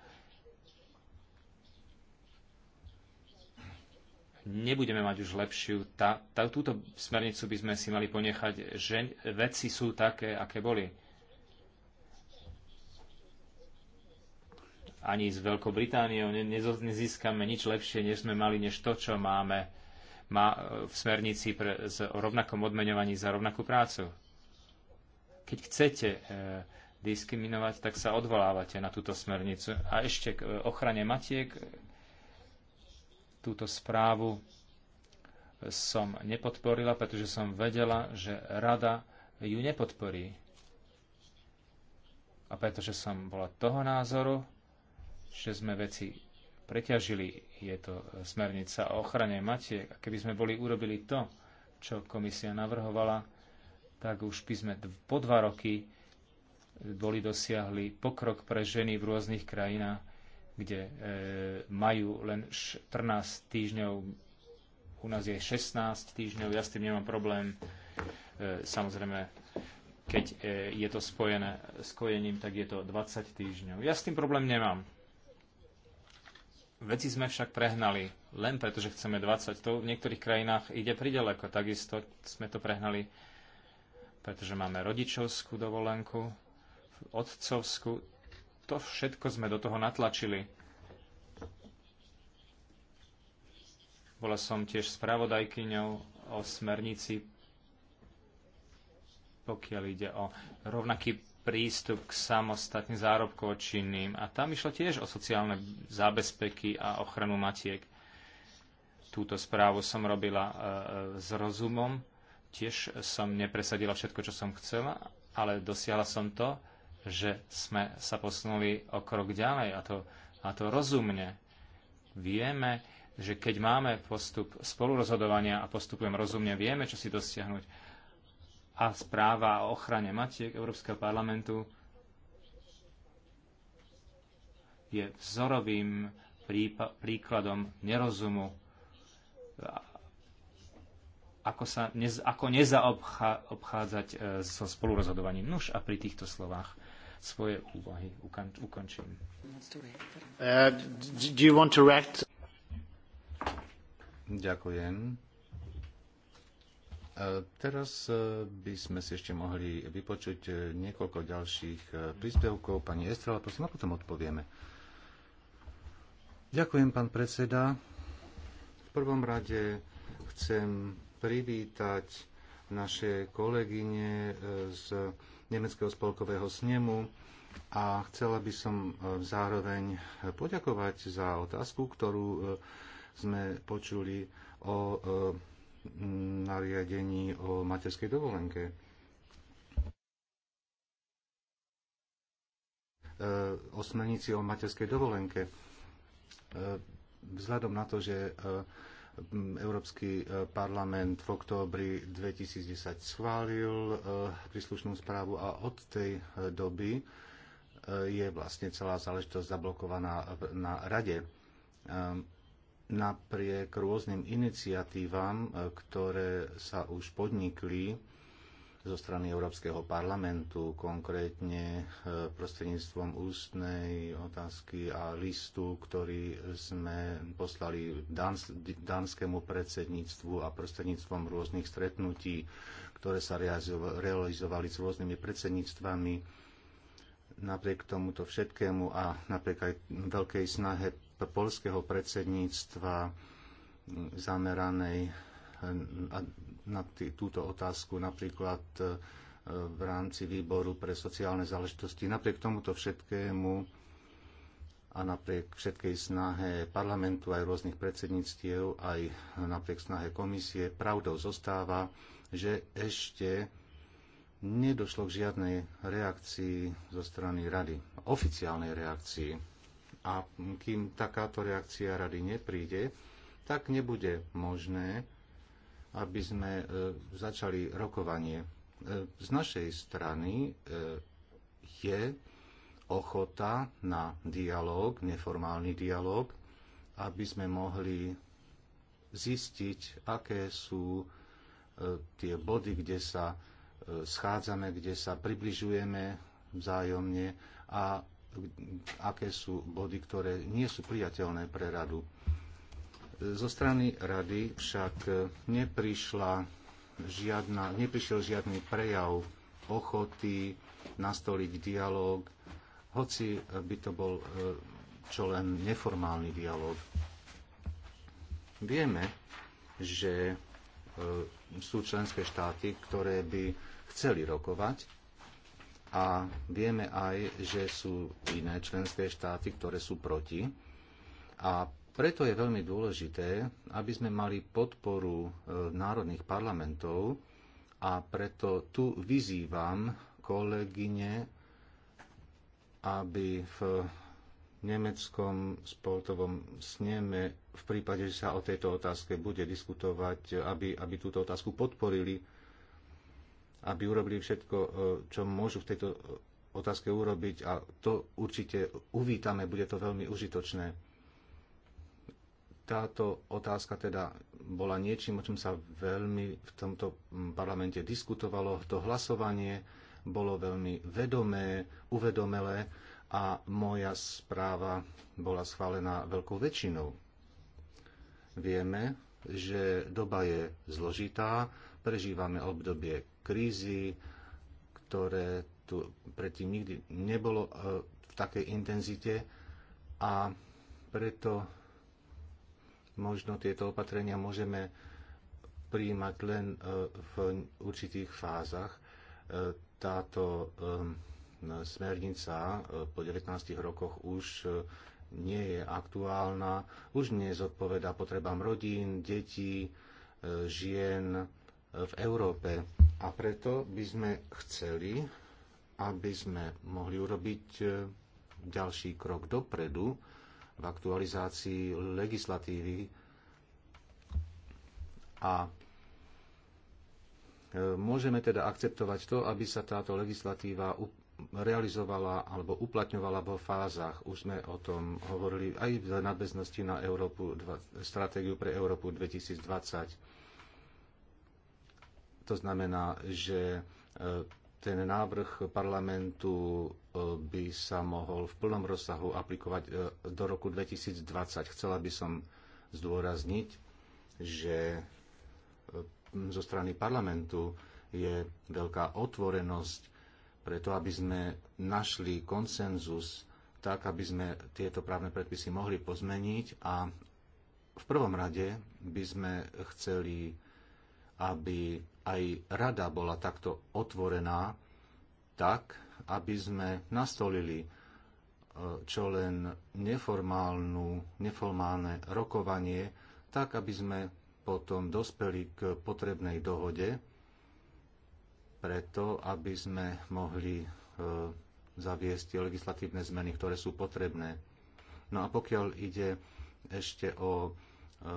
nebudeme mať už lepšiu. Tá, tá, túto smernicu by sme si mali ponechať, že veci sú také, aké boli. Ani s Veľkou Britániou nezískame nič lepšie, než sme mali, než to, čo máme má e, v smernici pre, z, o rovnakom odmeňovaní za rovnakú prácu. Keď chcete e, diskriminovať, tak sa odvolávate na túto smernicu. A ešte k e, ochrane matiek Túto správu som nepodporila, pretože som vedela, že rada ju nepodporí. A pretože som bola toho názoru, že sme veci preťažili, je to smernica o ochrane matiek. A keby sme boli urobili to, čo komisia navrhovala, tak už by sme po dva roky boli dosiahli pokrok pre ženy v rôznych krajinách kde e, majú len 14 týždňov, u nás je 16 týždňov, ja s tým nemám problém. E, samozrejme, keď e, je to spojené s kojením, tak je to 20 týždňov. Ja s tým problém nemám. Veci sme však prehnali, len preto, že chceme 20. To v niektorých krajinách ide prideleko. Takisto sme to prehnali, pretože máme rodičovskú dovolenku, otcovskú to všetko sme do toho natlačili. Bola som tiež spravodajkyňou o smernici, pokiaľ ide o rovnaký prístup k samostatne zárobkov činným. A tam išlo tiež o sociálne zábezpeky a ochranu matiek. Túto správu som robila e, e s rozumom. Tiež som nepresadila všetko, čo som chcela, ale dosiahla som to, že sme sa posunuli o krok ďalej a to, a to rozumne. Vieme, že keď máme postup spolurozhodovania a postupujem rozumne, vieme, čo si dosiahnuť. A správa o ochrane matiek Európskeho parlamentu je vzorovým príkladom nerozumu, ako, sa, nez, ako nezaobchádzať e, so spolurozhodovaním. Nuž a pri týchto slovách svoje úvahy ukončím. Uh, do you want to react? Ďakujem. Uh, teraz uh, by sme si ešte mohli vypočuť uh, niekoľko ďalších príspevkov. Pani Estrela, prosím, a potom odpovieme. Ďakujem, pán predseda. V prvom rade chcem privítať naše kolegyne z Nemeckého spolkového snemu a chcela by som e, zároveň poďakovať za otázku, ktorú e, sme počuli o e, nariadení o materskej dovolenke. O smernici o materskej dovolenke. Vzhľadom na to, že Mm, Európsky e, parlament v októbri 2010 schválil e, príslušnú správu a od tej e, doby je vlastne celá záležitosť zablokovaná na rade. Ehm, napriek rôznym iniciatívam, ktoré sa už podnikli, zo strany Európskeho parlamentu, konkrétne e, prostredníctvom ústnej otázky a listu, ktorý sme poslali Dans, dánskému predsedníctvu a prostredníctvom rôznych stretnutí, ktoré sa realizovali s rôznymi predsedníctvami. Napriek tomuto všetkému a napriek aj veľkej snahe polského predsedníctva zameranej e, na tý, túto otázku napríklad e, v rámci výboru pre sociálne záležitosti. Napriek tomuto všetkému a napriek všetkej snahe parlamentu aj rôznych predsedníctiev, aj napriek snahe komisie, pravdou zostáva, že ešte nedošlo k žiadnej reakcii zo strany rady, oficiálnej reakcii. A kým takáto reakcia rady nepríde, tak nebude možné aby sme e, začali rokovanie. E, z našej strany e, je ochota na dialog, neformálny dialog, aby sme mohli zistiť, aké sú tie body, kde sa schádzame, kde sa približujeme vzájomne a aké sú body, ktoré nie sú priateľné pre radu. Zo strany rady však neprišla žiadna, neprišiel žiadny prejav ochoty nastoliť dialog, hoci by to bol e, čo len neformálny dialog. Vieme, že e, sú členské štáty, ktoré by chceli rokovať a vieme aj, že sú iné členské štáty, ktoré sú proti a preto je veľmi dôležité, aby sme mali podporu e, národných parlamentov a preto tu vyzývam kolegyne, aby v nemeckom spoltovom sneme v prípade, že sa o tejto otázke bude diskutovať, aby, aby túto otázku podporili, aby urobili všetko, e, čo môžu v tejto otázke urobiť a to určite uvítame, bude to veľmi užitočné táto otázka teda bola niečím, o čom sa veľmi v tomto parlamente diskutovalo. To hlasovanie bolo veľmi vedomé, uvedomelé a moja správa bola schválená veľkou väčšinou. Vieme, že doba je zložitá, prežívame obdobie krízy, ktoré tu predtým nikdy nebolo eh, v takej intenzite a preto možno tieto opatrenia môžeme prijímať len e, v určitých fázach. E, táto e, smernica po 19 rokoch už nie je aktuálna, už nezodpovedá potrebám rodín, detí, žien v Európe. A preto by sme chceli, aby sme mohli urobiť ďalší krok dopredu, v aktualizácii legislatívy a e, môžeme teda akceptovať to, aby sa táto legislatíva realizovala alebo uplatňovala vo fázach. Už sme o tom hovorili aj v nadväznosti na Európu, stratégiu pre Európu 2020. To znamená, že e, ten návrh parlamentu by sa mohol v plnom rozsahu aplikovať e, do roku 2020. Chcela by som zdôrazniť, že e, zo strany parlamentu je veľká otvorenosť preto, aby sme našli konsenzus tak, aby sme tieto právne predpisy mohli pozmeniť a v prvom rade by sme chceli, aby aj rada bola takto otvorená, tak, aby sme nastolili e, čo len neformálnu, neformálne rokovanie, tak aby sme potom dospeli k potrebnej dohode, preto aby sme mohli e, zaviesť tie legislatívne zmeny, ktoré sú potrebné. No a pokiaľ ide ešte o e,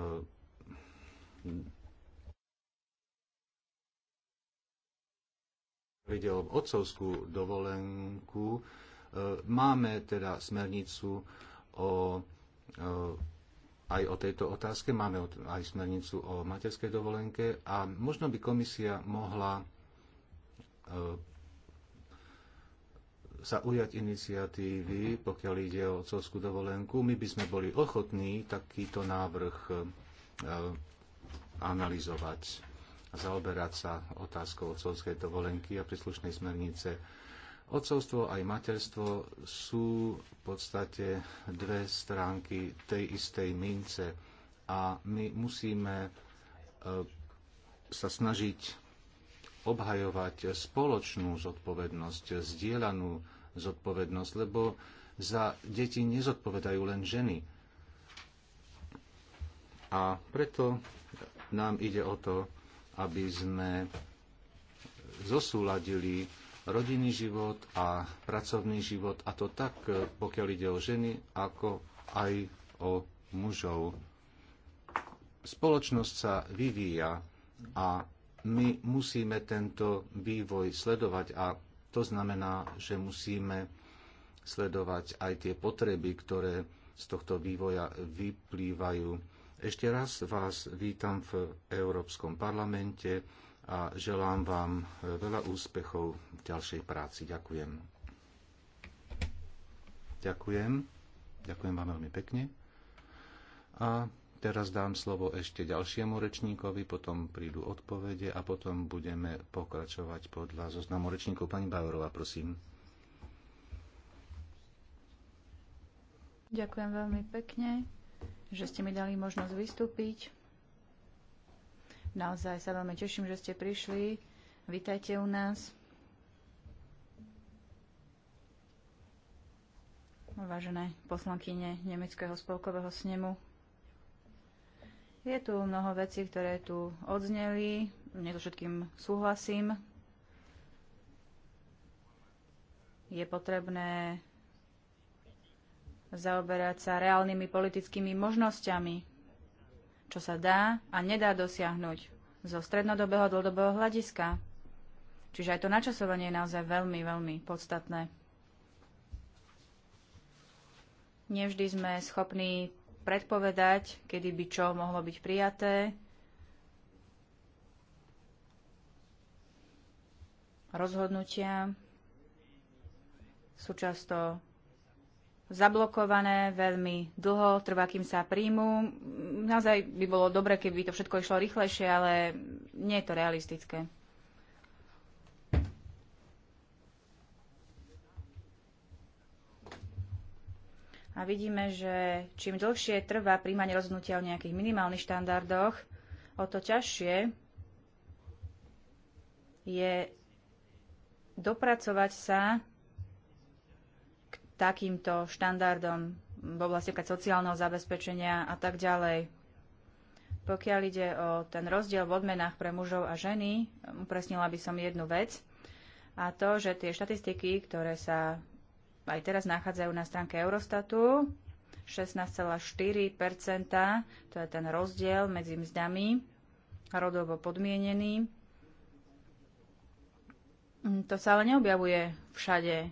ide o otcovskú dovolenku, e, máme teda smernicu o, e, aj o tejto otázke, máme aj smernicu o materskej dovolenke a možno by komisia mohla e, sa ujať iniciatívy, pokiaľ ide o otcovskú dovolenku. My by sme boli ochotní takýto návrh analyzovať zaoberať sa otázkou otcovskej dovolenky a príslušnej smernice. Otcovstvo aj materstvo sú v podstate dve stránky tej istej mince a my musíme e, sa snažiť obhajovať spoločnú zodpovednosť, zdieľanú zodpovednosť, lebo za deti nezodpovedajú len ženy. A preto nám ide o to, aby sme zosúladili rodinný život a pracovný život, a to tak, e, pokiaľ ide o ženy, ako aj o mužov. Spoločnosť sa vyvíja a my musíme tento vývoj sledovať a to znamená, že musíme sledovať aj tie potreby, ktoré z tohto vývoja vyplývajú ešte raz vás vítam v Európskom parlamente a želám vám eh, veľa úspechov v ďalšej práci. Ďakujem. Ďakujem. Ďakujem vám veľmi pekne. A teraz dám slovo ešte ďalšiemu rečníkovi, potom prídu odpovede a potom budeme pokračovať podľa zoznamu rečníkov. Pani Bajorová, prosím. Ďakujem veľmi pekne že ste mi dali možnosť vystúpiť. Naozaj sa veľmi teším, že ste prišli. Vítajte u nás. Vážené poslankyne Nemeckého spolkového snemu, je tu mnoho vecí, ktoré tu odzneli. Mne so všetkým súhlasím. Je potrebné zaoberať sa reálnymi politickými možnosťami, čo sa dá a nedá dosiahnuť zo strednodobého dlhodobého hľadiska. Čiže aj to načasovanie je naozaj veľmi, veľmi podstatné. Nevždy sme schopní predpovedať, kedy by čo mohlo byť prijaté. Rozhodnutia sú často zablokované veľmi dlho, trvá, kým sa príjmu. Naozaj by bolo dobre, keby to všetko išlo rýchlejšie, ale nie je to realistické. A vidíme, že čím dlhšie trvá príjmanie rozhodnutia o nejakých minimálnych štandardoch, o to ťažšie je dopracovať sa takýmto štandardom v oblasti sociálneho zabezpečenia a tak ďalej. Pokiaľ ide o ten rozdiel v odmenách pre mužov a ženy, upresnila by som jednu vec a to, že tie štatistiky, ktoré sa aj teraz nachádzajú na stránke Eurostatu, 16,4 to je ten rozdiel medzi mzdami rodovo podmienený. To sa ale neobjavuje všade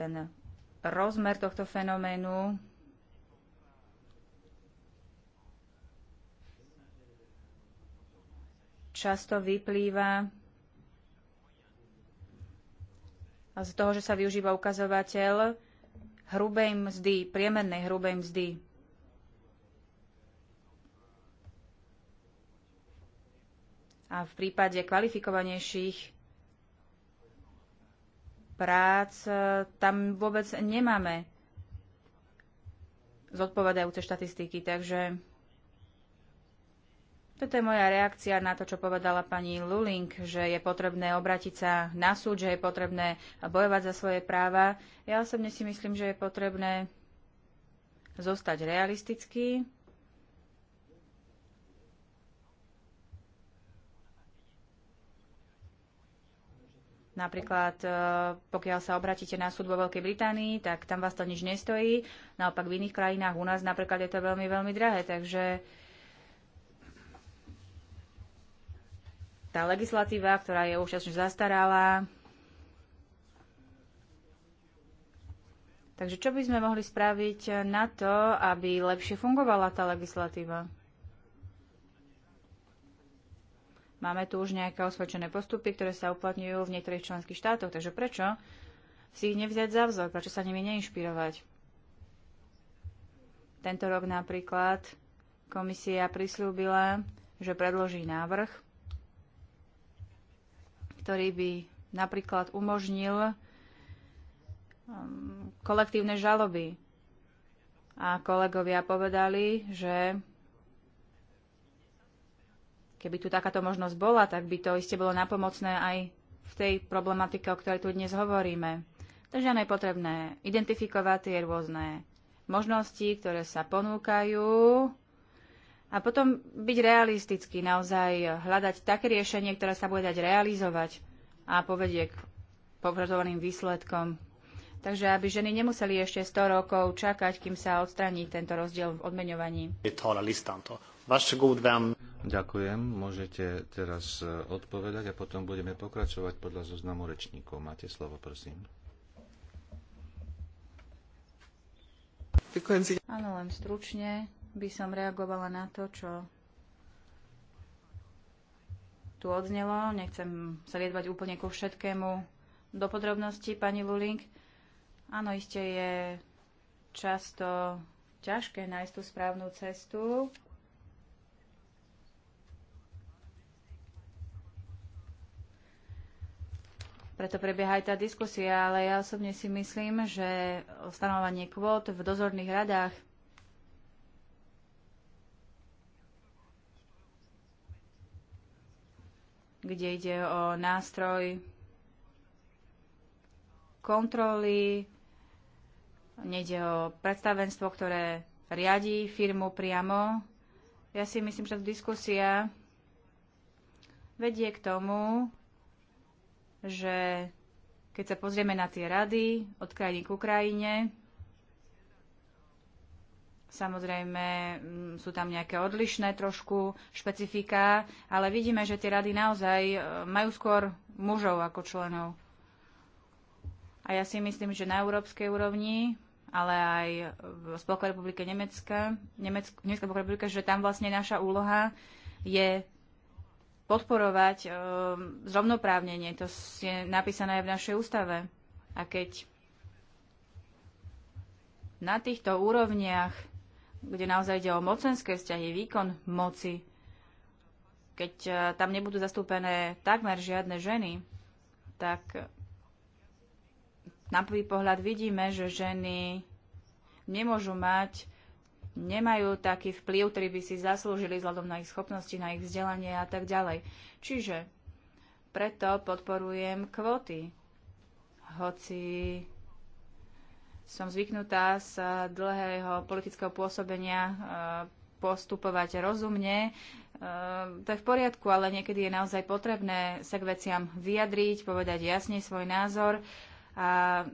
ten rozmer tohto fenoménu často vyplýva z toho, že sa využíva ukazovateľ hrubej mzdy, priemernej hrubej mzdy. A v prípade kvalifikovanejších prác, e, tam vôbec nemáme zodpovedajúce štatistiky, takže toto je moja reakcia na to, čo povedala pani Luling, že je potrebné obratiť sa na súd, že je potrebné bojovať za svoje práva. Ja osobne si myslím, že je potrebné zostať realistický, Napríklad, e, pokiaľ sa obratíte na súd vo Veľkej Británii, tak tam vás to nič nestojí. Naopak v iných krajinách, u nás napríklad je to veľmi, veľmi drahé. Takže tá legislatíva, ktorá je už časne Takže čo by sme mohli spraviť na to, aby lepšie fungovala tá legislatíva? Máme tu už nejaké osvedčené postupy, ktoré sa uplatňujú v niektorých členských štátoch, takže prečo si ich nevziať za vzor, prečo sa nimi neinšpirovať? Tento rok napríklad komisia prislúbila, že predloží návrh, ktorý by napríklad umožnil um, kolektívne žaloby. A kolegovia povedali, že Keby tu takáto možnosť bola, tak by to iste bolo napomocné aj v tej problematike, o ktorej tu dnes hovoríme. Takže je potrebné identifikovať tie rôzne možnosti, ktoré sa ponúkajú a potom byť realistický, naozaj hľadať také riešenie, ktoré sa bude dať realizovať a povedie k požadovaným výsledkom takže aby ženy nemuseli ešte 100 rokov čakať, kým sa odstraní tento rozdiel v odmeňovaní. Ďakujem, môžete teraz e, odpovedať a potom budeme pokračovať podľa zoznamu rečníkov. Máte slovo, prosím. Áno, len stručne by som reagovala na to, čo tu odznelo. Nechcem sa viedbať úplne ku všetkému do podrobnosti, pani Luling. Áno, iste je často ťažké nájsť tú správnu cestu. Preto prebieha aj tá diskusia, ale ja osobne si myslím, že stanovanie kvót v dozorných radách kde ide o nástroj kontroly Nejde o predstavenstvo, ktoré riadi firmu priamo. Ja si myslím, že diskusia vedie k tomu, že keď sa pozrieme na tie rady od krajiny k Ukrajine, Samozrejme, mm, sú tam nejaké odlišné trošku špecifika, ale vidíme, že tie rady naozaj e, majú skôr mužov ako členov. A ja si myslím, že na európskej úrovni ale aj v Spolkovej republike Nemecka, Nemecka, Nemecká republika, že tam vlastne naša úloha je podporovať um, zrovnoprávnenie. To je napísané aj v našej ústave. A keď na týchto úrovniach, kde naozaj ide o mocenské vzťahy, výkon moci, keď eh, tam nebudú zastúpené takmer žiadne ženy, tak na prvý pohľad vidíme, že ženy nemôžu mať, nemajú taký vplyv, ktorý by si zaslúžili vzhľadom na ich schopnosti, na ich vzdelanie a tak ďalej. Čiže preto podporujem kvóty. Hoci som zvyknutá z dlhého politického pôsobenia e, postupovať rozumne, e, to je v poriadku, ale niekedy je naozaj potrebné sa k veciam vyjadriť, povedať jasne svoj názor a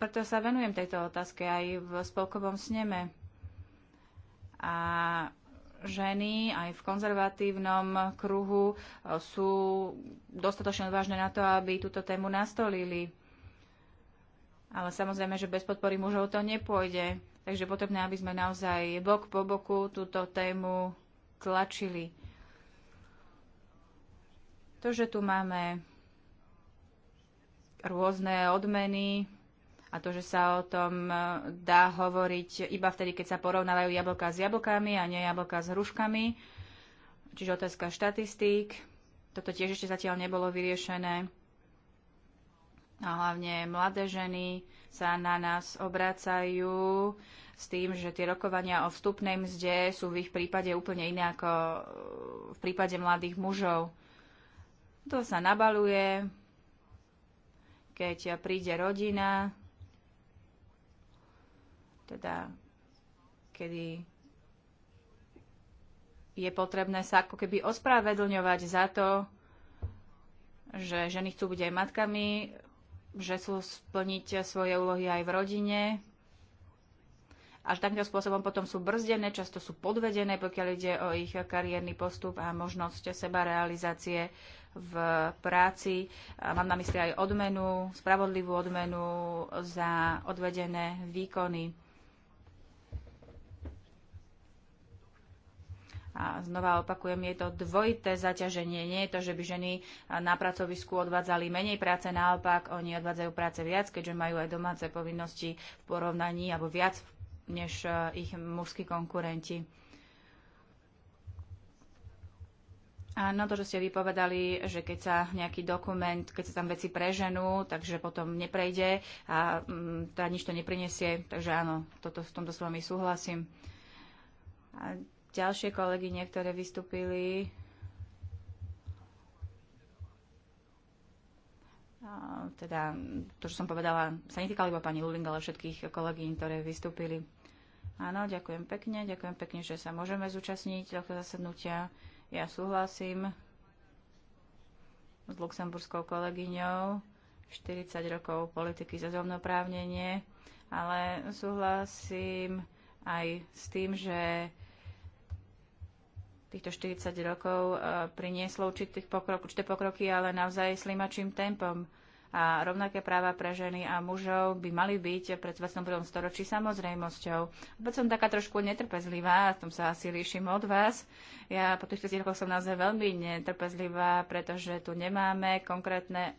preto sa venujem tejto otázke aj v spolkovom sneme. A ženy aj v konzervatívnom kruhu e, sú dostatočne odvážne na to, aby túto tému nastolili. Ale samozrejme, že bez podpory mužov to nepôjde. Takže potrebné, aby sme naozaj bok po boku túto tému tlačili. To, že tu máme rôzne odmeny a to, že sa o tom e, dá hovoriť iba vtedy, keď sa porovnávajú jablka s jablkami a nie jablka s hruškami. Čiže otázka štatistík. Toto tiež ešte zatiaľ nebolo vyriešené. A hlavne mladé ženy sa na nás obracajú s tým, že tie rokovania o vstupnej mzde sú v ich prípade úplne iné ako e, v prípade mladých mužov. To sa nabaluje, keď príde rodina, teda kedy je potrebné sa ako keby ospravedlňovať za to, že ženy chcú byť aj matkami, že sú splniť svoje úlohy aj v rodine. Až takýmto spôsobom potom sú brzdené, často sú podvedené, pokiaľ ide o ich kariérny postup a možnosť seba realizácie v práci. Mám na mysli aj odmenu, spravodlivú odmenu za odvedené výkony. A znova opakujem, je to dvojité zaťaženie. Nie je to, že by ženy na pracovisku odvádzali menej práce, naopak oni odvádzajú práce viac, keďže majú aj domáce povinnosti v porovnaní alebo viac než eh, ich mužskí konkurenti. Áno, to, že ste vypovedali, že keď sa nejaký dokument, keď sa tam veci preženú, takže potom neprejde a tá mm, teda nič to neprinesie. Takže áno, toto, v tomto s vami súhlasím. A ďalšie kolegy, niektoré vystúpili. teda to, čo som povedala, sa netýkalo iba pani Luling, ale všetkých kolegyň, ktoré vystúpili. Áno, ďakujem pekne, ďakujem pekne, že sa môžeme zúčastniť tohto zasadnutia. Ja súhlasím s luxemburskou kolegyňou 40 rokov politiky za zrovnoprávnenie, ale súhlasím aj s tým, že týchto 40 rokov eh, prinieslo určitých pokrok, určité pokroky, ale naozaj slimačím tempom a rovnaké práva pre ženy a mužov by mali byť pred 21. storočí samozrejmosťou. Opäť som taká trošku netrpezlivá, v tom sa asi líšim od vás. Ja po týchto rokoch som naozaj veľmi netrpezlivá, pretože tu nemáme konkrétne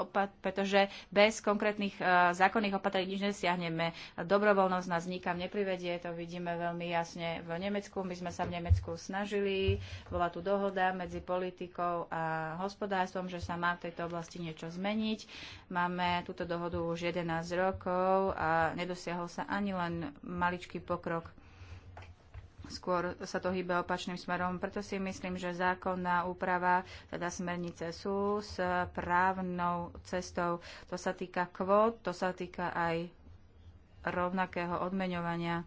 opat- pretože bez konkrétnych uh, zákonných opatrení nič nesiahneme. Dobrovoľnosť nás nikam neprivedie, to vidíme veľmi jasne v Nemecku. My sme sa v Nemecku snažili, bola tu dohoda medzi politikou a hospodárstvom, že sa má v tejto oblasti niečo zmeniť. Máme túto dohodu už 11 rokov a nedosiahol sa ani len maličký pokrok skôr sa to hýbe opačným smerom. Preto si myslím, že zákonná úprava, teda smernice sú s právnou cestou. To sa týka kvót, to sa týka aj rovnakého odmeňovania.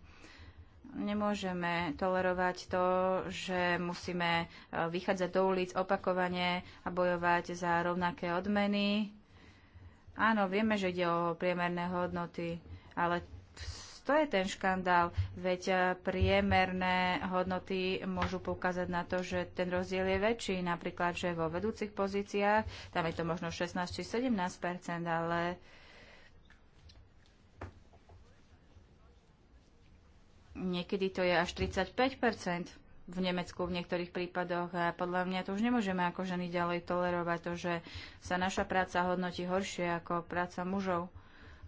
Nemôžeme tolerovať to, že musíme e, vychádzať do ulic opakovane a bojovať za rovnaké odmeny. Áno, vieme, že ide o priemerné hodnoty, ale to je ten škandál, veď eh, priemerné hodnoty môžu poukázať na to, že ten rozdiel je väčší, napríklad, že vo vedúcich pozíciách, tam je to možno 16 či 17 ale niekedy to je až 35 v Nemecku v niektorých prípadoch a podľa mňa to už nemôžeme ako ženy ďalej tolerovať to, že sa naša práca hodnotí horšie ako práca mužov.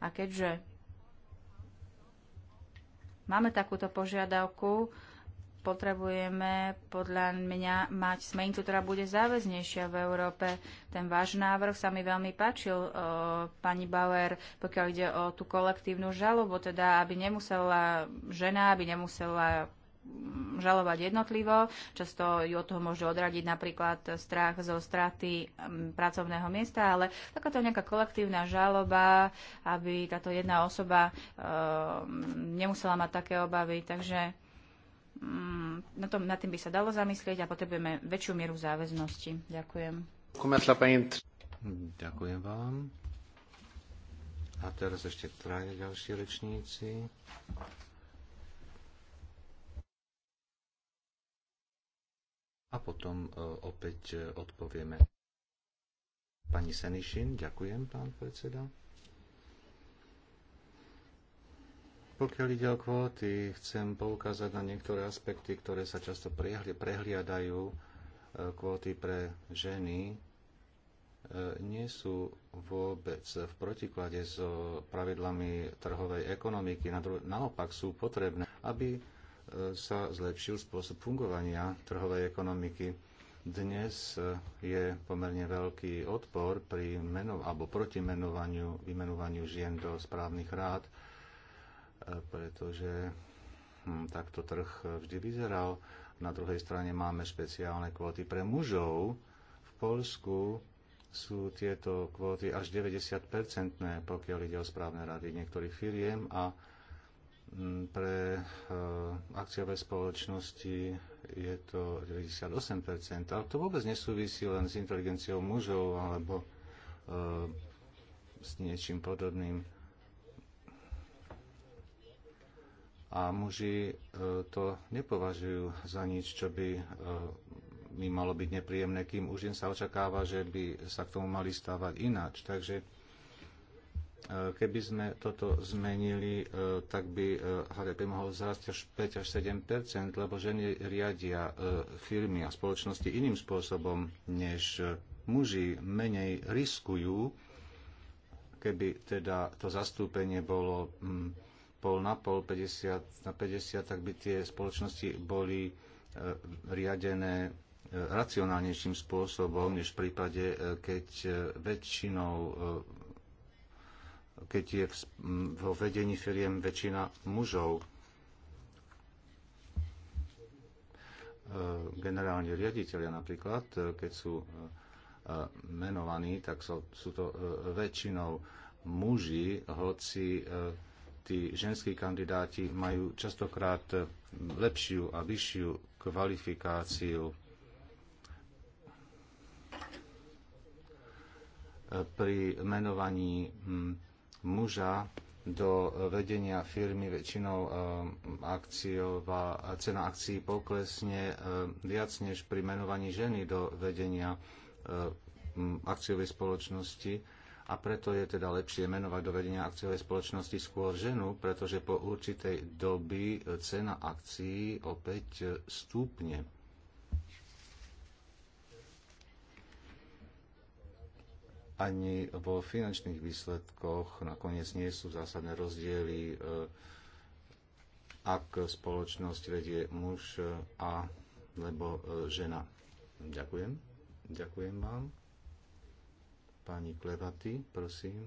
A keďže máme takúto požiadavku, potrebujeme podľa mňa mať smeň, ktorá bude záväznejšia v Európe. Ten váš návrh sa mi veľmi páčil, o, pani Bauer, pokiaľ ide o tú kolektívnu žalobu, teda aby nemusela žena, aby nemusela Mm, žalovať jednotlivo. Často ju od toho môže odradiť napríklad strach zo straty mm, pracovného miesta, ale takáto nejaká kolektívna žaloba, aby táto jedna osoba e, nemusela mať také obavy. Takže mm, na, tom, na tým by sa dalo zamyslieť a potrebujeme väčšiu mieru záväznosti. Ďakujem. Ďakujem vám. A teraz ešte traja ďalší rečníci. a potom e, opäť e, odpovieme. Pani Senišin, ďakujem, pán predseda. Pokiaľ ide o kvóty, chcem poukázať na niektoré aspekty, ktoré sa často prehli, prehliadajú. E, kvóty pre ženy nie sú vôbec v protiklade s pravidlami trhovej ekonomiky. Naopak sú potrebné, aby sa zlepšil spôsob fungovania trhovej ekonomiky. Dnes eh, je pomerne veľký odpor pri menov, alebo proti menovaniu, vymenovaniu žien do správnych rád, eh, pretože hm, takto trh eh, vždy vyzeral. Na druhej strane máme špeciálne kvóty pre mužov. V Polsku sú tieto kvóty až 90-percentné, pokiaľ ide o správne rady niektorých firiem a pre eh, akciové spoločnosti je to 98%, ale to vôbec nesúvisí len s inteligenciou mužov alebo eh, s niečím podobným. A muži eh, to nepovažujú za nič, čo by mi malo byť nepríjemné, kým už jen sa očakáva, že by sa k tomu mali stávať ináč. Takže Keby sme toto zmenili, e, tak by e, HDP mohol zrásť až 5 až 7 lebo ženy riadia e, firmy a spoločnosti iným spôsobom, než muži menej riskujú, keby teda to zastúpenie bolo mm, pol na pol, 50 na 50, tak by tie spoločnosti boli riadené racionálnejším spôsobom, než v prípade, keď väčšinou keď je vo vedení firiem väčšina mužov. E, generálni riaditeľia napríklad, e, keď sú e, menovaní, tak sú to väčšinou muži, hoci tí ženskí kandidáti majú častokrát lepšiu a vyššiu kvalifikáciu. Pri menovaní muža do vedenia firmy väčšinou eh, akciová, cena akcií poklesne eh, viac než pri menovaní ženy do vedenia eh, akciovej spoločnosti a preto je teda lepšie menovať do vedenia akciovej spoločnosti skôr ženu, pretože po určitej doby cena akcií opäť stúpne. ani vo finančných výsledkoch nakoniec nie sú zásadné rozdiely, e, ak spoločnosť vedie muž e, a lebo e, žena. Ďakujem. Ďakujem vám. Pani Klevaty, prosím.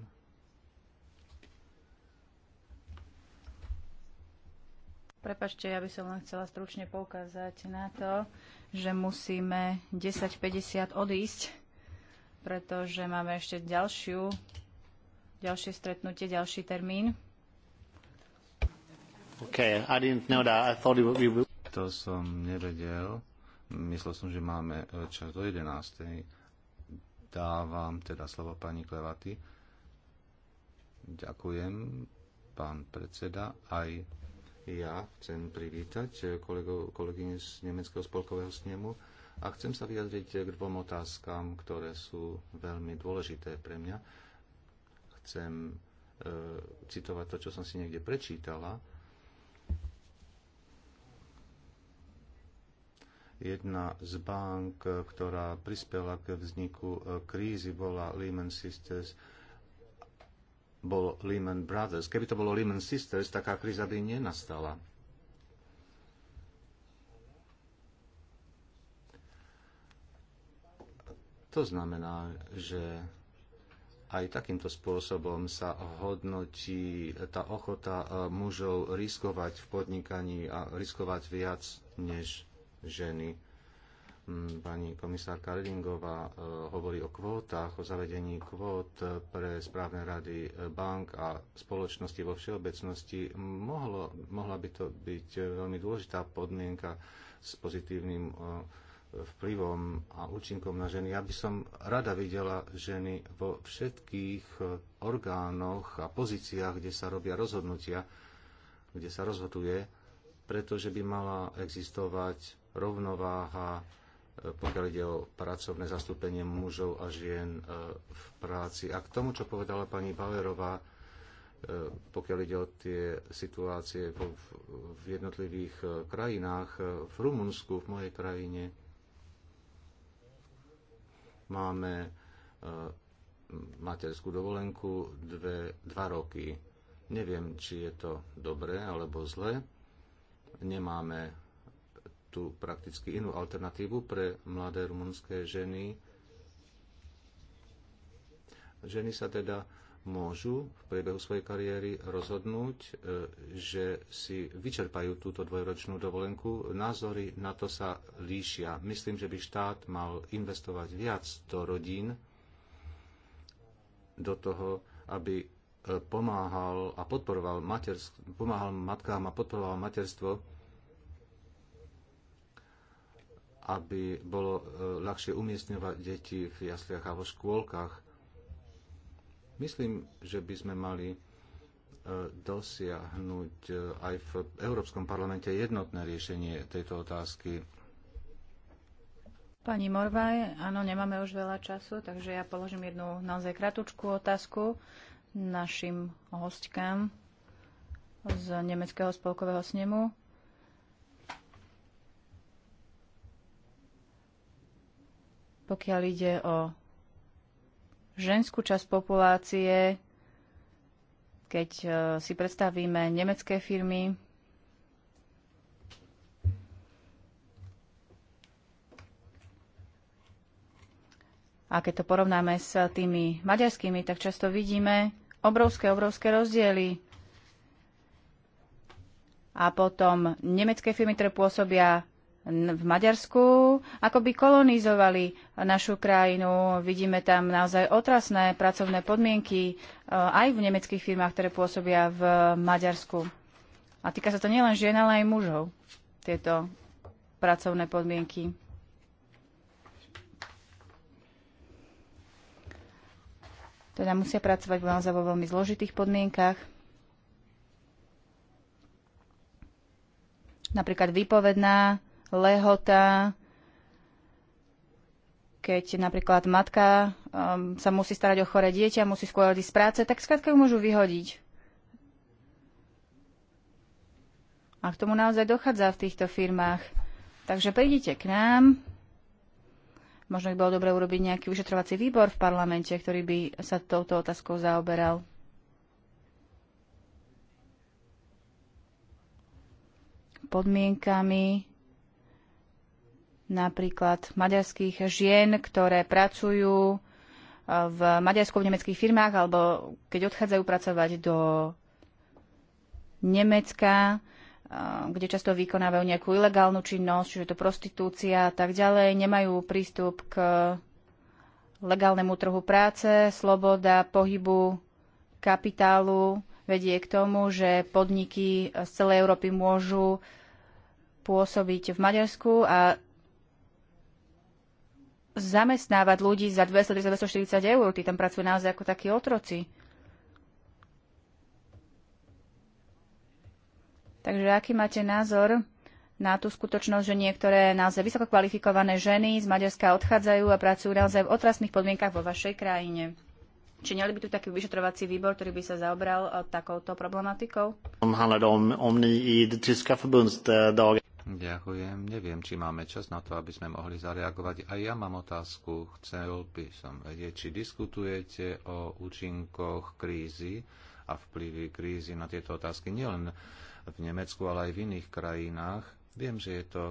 Prepačte, ja by som len chcela stručne poukázať na to, že musíme 10.50 odísť pretože máme ešte ďalšiu, ďalšie stretnutie, ďalší termín. Okay, I didn't know that. I thought it would be... To som nevedel. Myslel som, že máme čas do 11. Dávam teda slovo pani Klevaty. Ďakujem, pán predseda. Aj ja chcem privítať eh, kolegov, kolegyne z Nemeckého spolkového snemu a chcem sa vyjadriť k dvom otázkam, ktoré sú veľmi dôležité pre mňa. Chcem e, citovať to, čo som si niekde prečítala. Jedna z bank, ktorá prispela k vzniku e, krízy, bola Lehman Sisters bolo Lehman Brothers. Keby to bolo Lehman Sisters, taká kríza by nenastala. To znamená, že aj takýmto spôsobom sa hodnotí tá ochota e, mužov riskovať v podnikaní a riskovať viac než ženy. Mm, pani komisárka Redingová e, hovorí o kvótach, o zavedení kvót e, pre správne rady bank a spoločnosti vo všeobecnosti. Mohlo, mohla by to byť veľmi dôležitá podmienka s pozitívnym vplyvom a účinkom na ženy. Ja by som rada videla ženy vo všetkých e, orgánoch a pozíciách, kde sa robia rozhodnutia, kde sa rozhoduje, pretože by mala existovať rovnováha, e, pokiaľ ide o pracovné zastúpenie mužov a žien e, v práci. A k tomu, čo povedala pani Bauerová, pokiaľ ide o tie situácie v jednotlivých krajinách, v Rumunsku, v mojej krajine, máme e, materskú dovolenku dve, dva roky. Neviem, či je to dobré alebo zlé. Nemáme tu prakticky inú alternatívu pre mladé rumunské ženy. Ženy sa teda môžu v priebehu svojej kariéry rozhodnúť, e, že si vyčerpajú túto dvojročnú dovolenku. Názory na to sa líšia. Myslím, že by štát mal investovať viac do rodín, do toho, aby e, pomáhal a podporoval, materstvo, pomáhal matkám a podporoval materstvo, aby bolo e, ľahšie umiestňovať deti v jasliach a vo škôlkach Myslím, že by sme mali e, dosiahnuť e, aj v Európskom parlamente jednotné riešenie tejto otázky. Pani Morvaj, áno, nemáme už veľa času, takže ja položím jednu naozaj kratučkú otázku našim hostkám z Nemeckého spolkového snemu. Pokiaľ ide o ženskú časť populácie, keď e, si predstavíme nemecké firmy, A keď to porovnáme s tými maďarskými, tak často vidíme obrovské, obrovské rozdiely. A potom nemecké firmy, ktoré pôsobia v Maďarsku, ako by kolonizovali našu krajinu. Vidíme tam naozaj otrasné pracovné podmienky e, aj v nemeckých firmách, ktoré pôsobia v Maďarsku. A týka sa to nielen žien, ale aj mužov, tieto pracovné podmienky. Teda musia pracovať naozaj vo veľmi zložitých podmienkach. Napríklad výpovedná lehota, keď napríklad matka um, sa musí starať o chore dieťa, musí skôr odísť z práce, tak skrátka ju môžu vyhodiť. A k tomu naozaj dochádza v týchto firmách. Takže prídite k nám. Možno by bolo dobre urobiť nejaký vyšetrovací výbor v parlamente, ktorý by sa touto otázkou zaoberal. Podmienkami napríklad maďarských žien, ktoré pracujú eh, v maďarsku v nemeckých firmách alebo keď odchádzajú pracovať do Nemecka, eh, kde často vykonávajú nejakú ilegálnu činnosť, čiže to prostitúcia a tak ďalej, nemajú prístup k legálnemu trhu práce, sloboda pohybu kapitálu vedie k tomu, že podniky z celej Európy môžu pôsobiť v Maďarsku a zamestnávať ľudí za 200-240 eur. Tí tam pracujú naozaj ako takí otroci. Takže aký máte názor na tú skutočnosť, že niektoré naozaj vysoko kvalifikované ženy z Maďarska odchádzajú a pracujú naozaj v otrasných podmienkach vo vašej krajine? Či neli by tu taký vyšetrovací výbor, ktorý by sa zaobral eh, takouto problematikou? Ďakujem. Neviem, či máme čas na to, aby sme mohli zareagovať. A ja mám otázku. Chcel by som vedieť, či diskutujete o účinkoch krízy a vplyvy krízy na tieto otázky nielen v Nemecku, ale aj v iných krajinách. Viem, že je to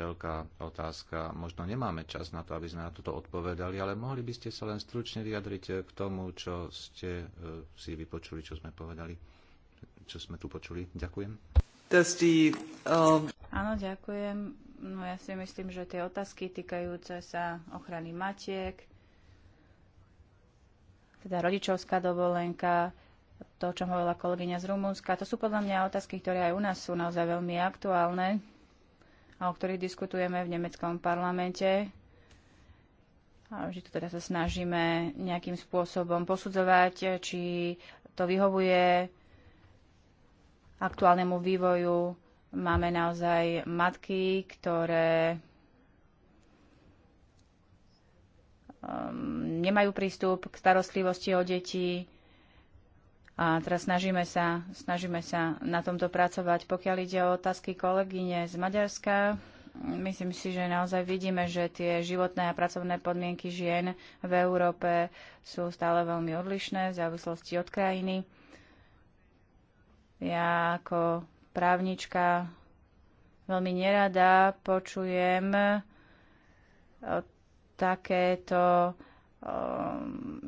veľká otázka. Možno nemáme čas na to, aby sme na toto odpovedali, ale mohli by ste sa len stručne vyjadriť k tomu, čo ste eh, si vypočuli, čo sme povedali, čo sme tu počuli. Ďakujem dass die... Um... Áno, ďakujem. No ja si myslím, že tie otázky týkajúce sa ochrany matiek, teda rodičovská dovolenka, to, čo hovorila kolegyňa z Rumunska, to sú podľa mňa otázky, ktoré aj u nás sú naozaj veľmi aktuálne a o ktorých diskutujeme v nemeckom parlamente. A že tu teda sa snažíme nejakým spôsobom posudzovať, či to vyhovuje aktuálnemu vývoju. Máme naozaj matky, ktoré um, nemajú prístup k starostlivosti o deti. A teraz snažíme sa, snažíme sa na tomto pracovať. Pokiaľ ide o otázky kolegyne z Maďarska, myslím si, že naozaj vidíme, že tie životné a pracovné podmienky žien v Európe sú stále veľmi odlišné v závislosti od krajiny. Ja ako právnička veľmi nerada počujem e, takéto e,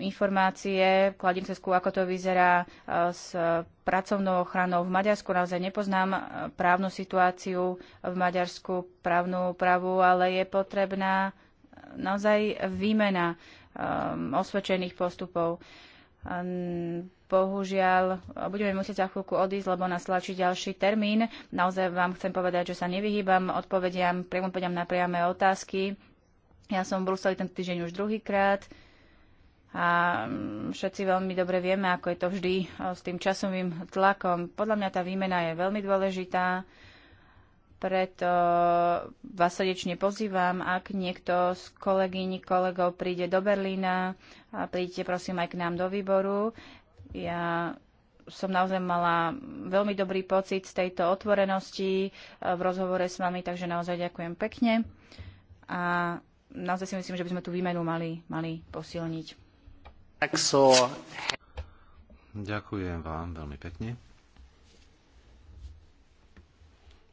informácie, kladím sa skú, ako to vyzerá e, s pracovnou ochranou v Maďarsku. Naozaj nepoznám právnu situáciu v Maďarsku, právnu úpravu, ale je potrebná naozaj výmena osvedčených postupov. Bohužiaľ, budeme musieť za chvíľku odísť, lebo nás tlačí ďalší termín. Naozaj vám chcem povedať, že sa nevyhýbam odpovediam, priamo na priame otázky. Ja som v Bruseli tento týždeň už druhýkrát a mm, všetci veľmi dobre vieme, ako je to vždy e, s tým časovým tlakom. Podľa mňa tá výmena je veľmi dôležitá, preto vás srdečne pozývam, ak niekto z kolegyň, kolegov príde do Berlína, príďte prosím aj k nám do výboru. Ja som naozaj mala veľmi dobrý pocit z tejto otvorenosti e, v rozhovore s vami, takže naozaj ďakujem pekne. A naozaj si myslím, že by sme tú výmenu mali, mali posilniť. Ďakujem vám veľmi pekne.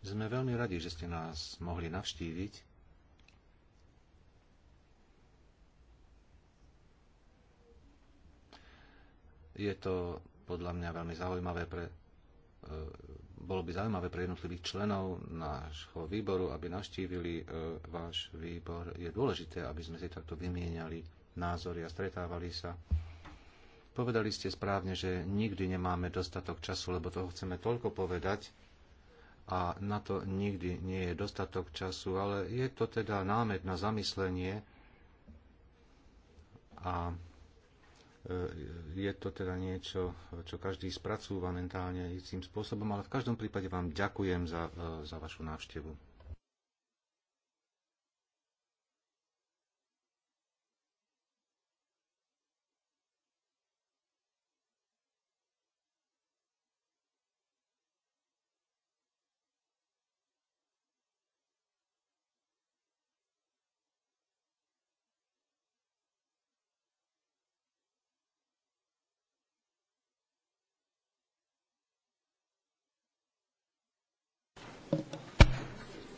Sme veľmi radi, že ste nás mohli navštíviť Je to podľa mňa veľmi zaujímavé pre e, bolo by zaujímavé pre jednotlivých členov nášho výboru, aby navštívili e, váš výbor. Je dôležité, aby sme si takto vymieniali názory a stretávali sa. Povedali ste správne, že nikdy nemáme dostatok času, lebo toho chceme toľko povedať a na to nikdy nie je dostatok času, ale je to teda námet na zamyslenie a E, je to teda niečo, čo každý spracúva mentálne istým spôsobom, ale v každom prípade vám ďakujem za, e, za vašu návštevu.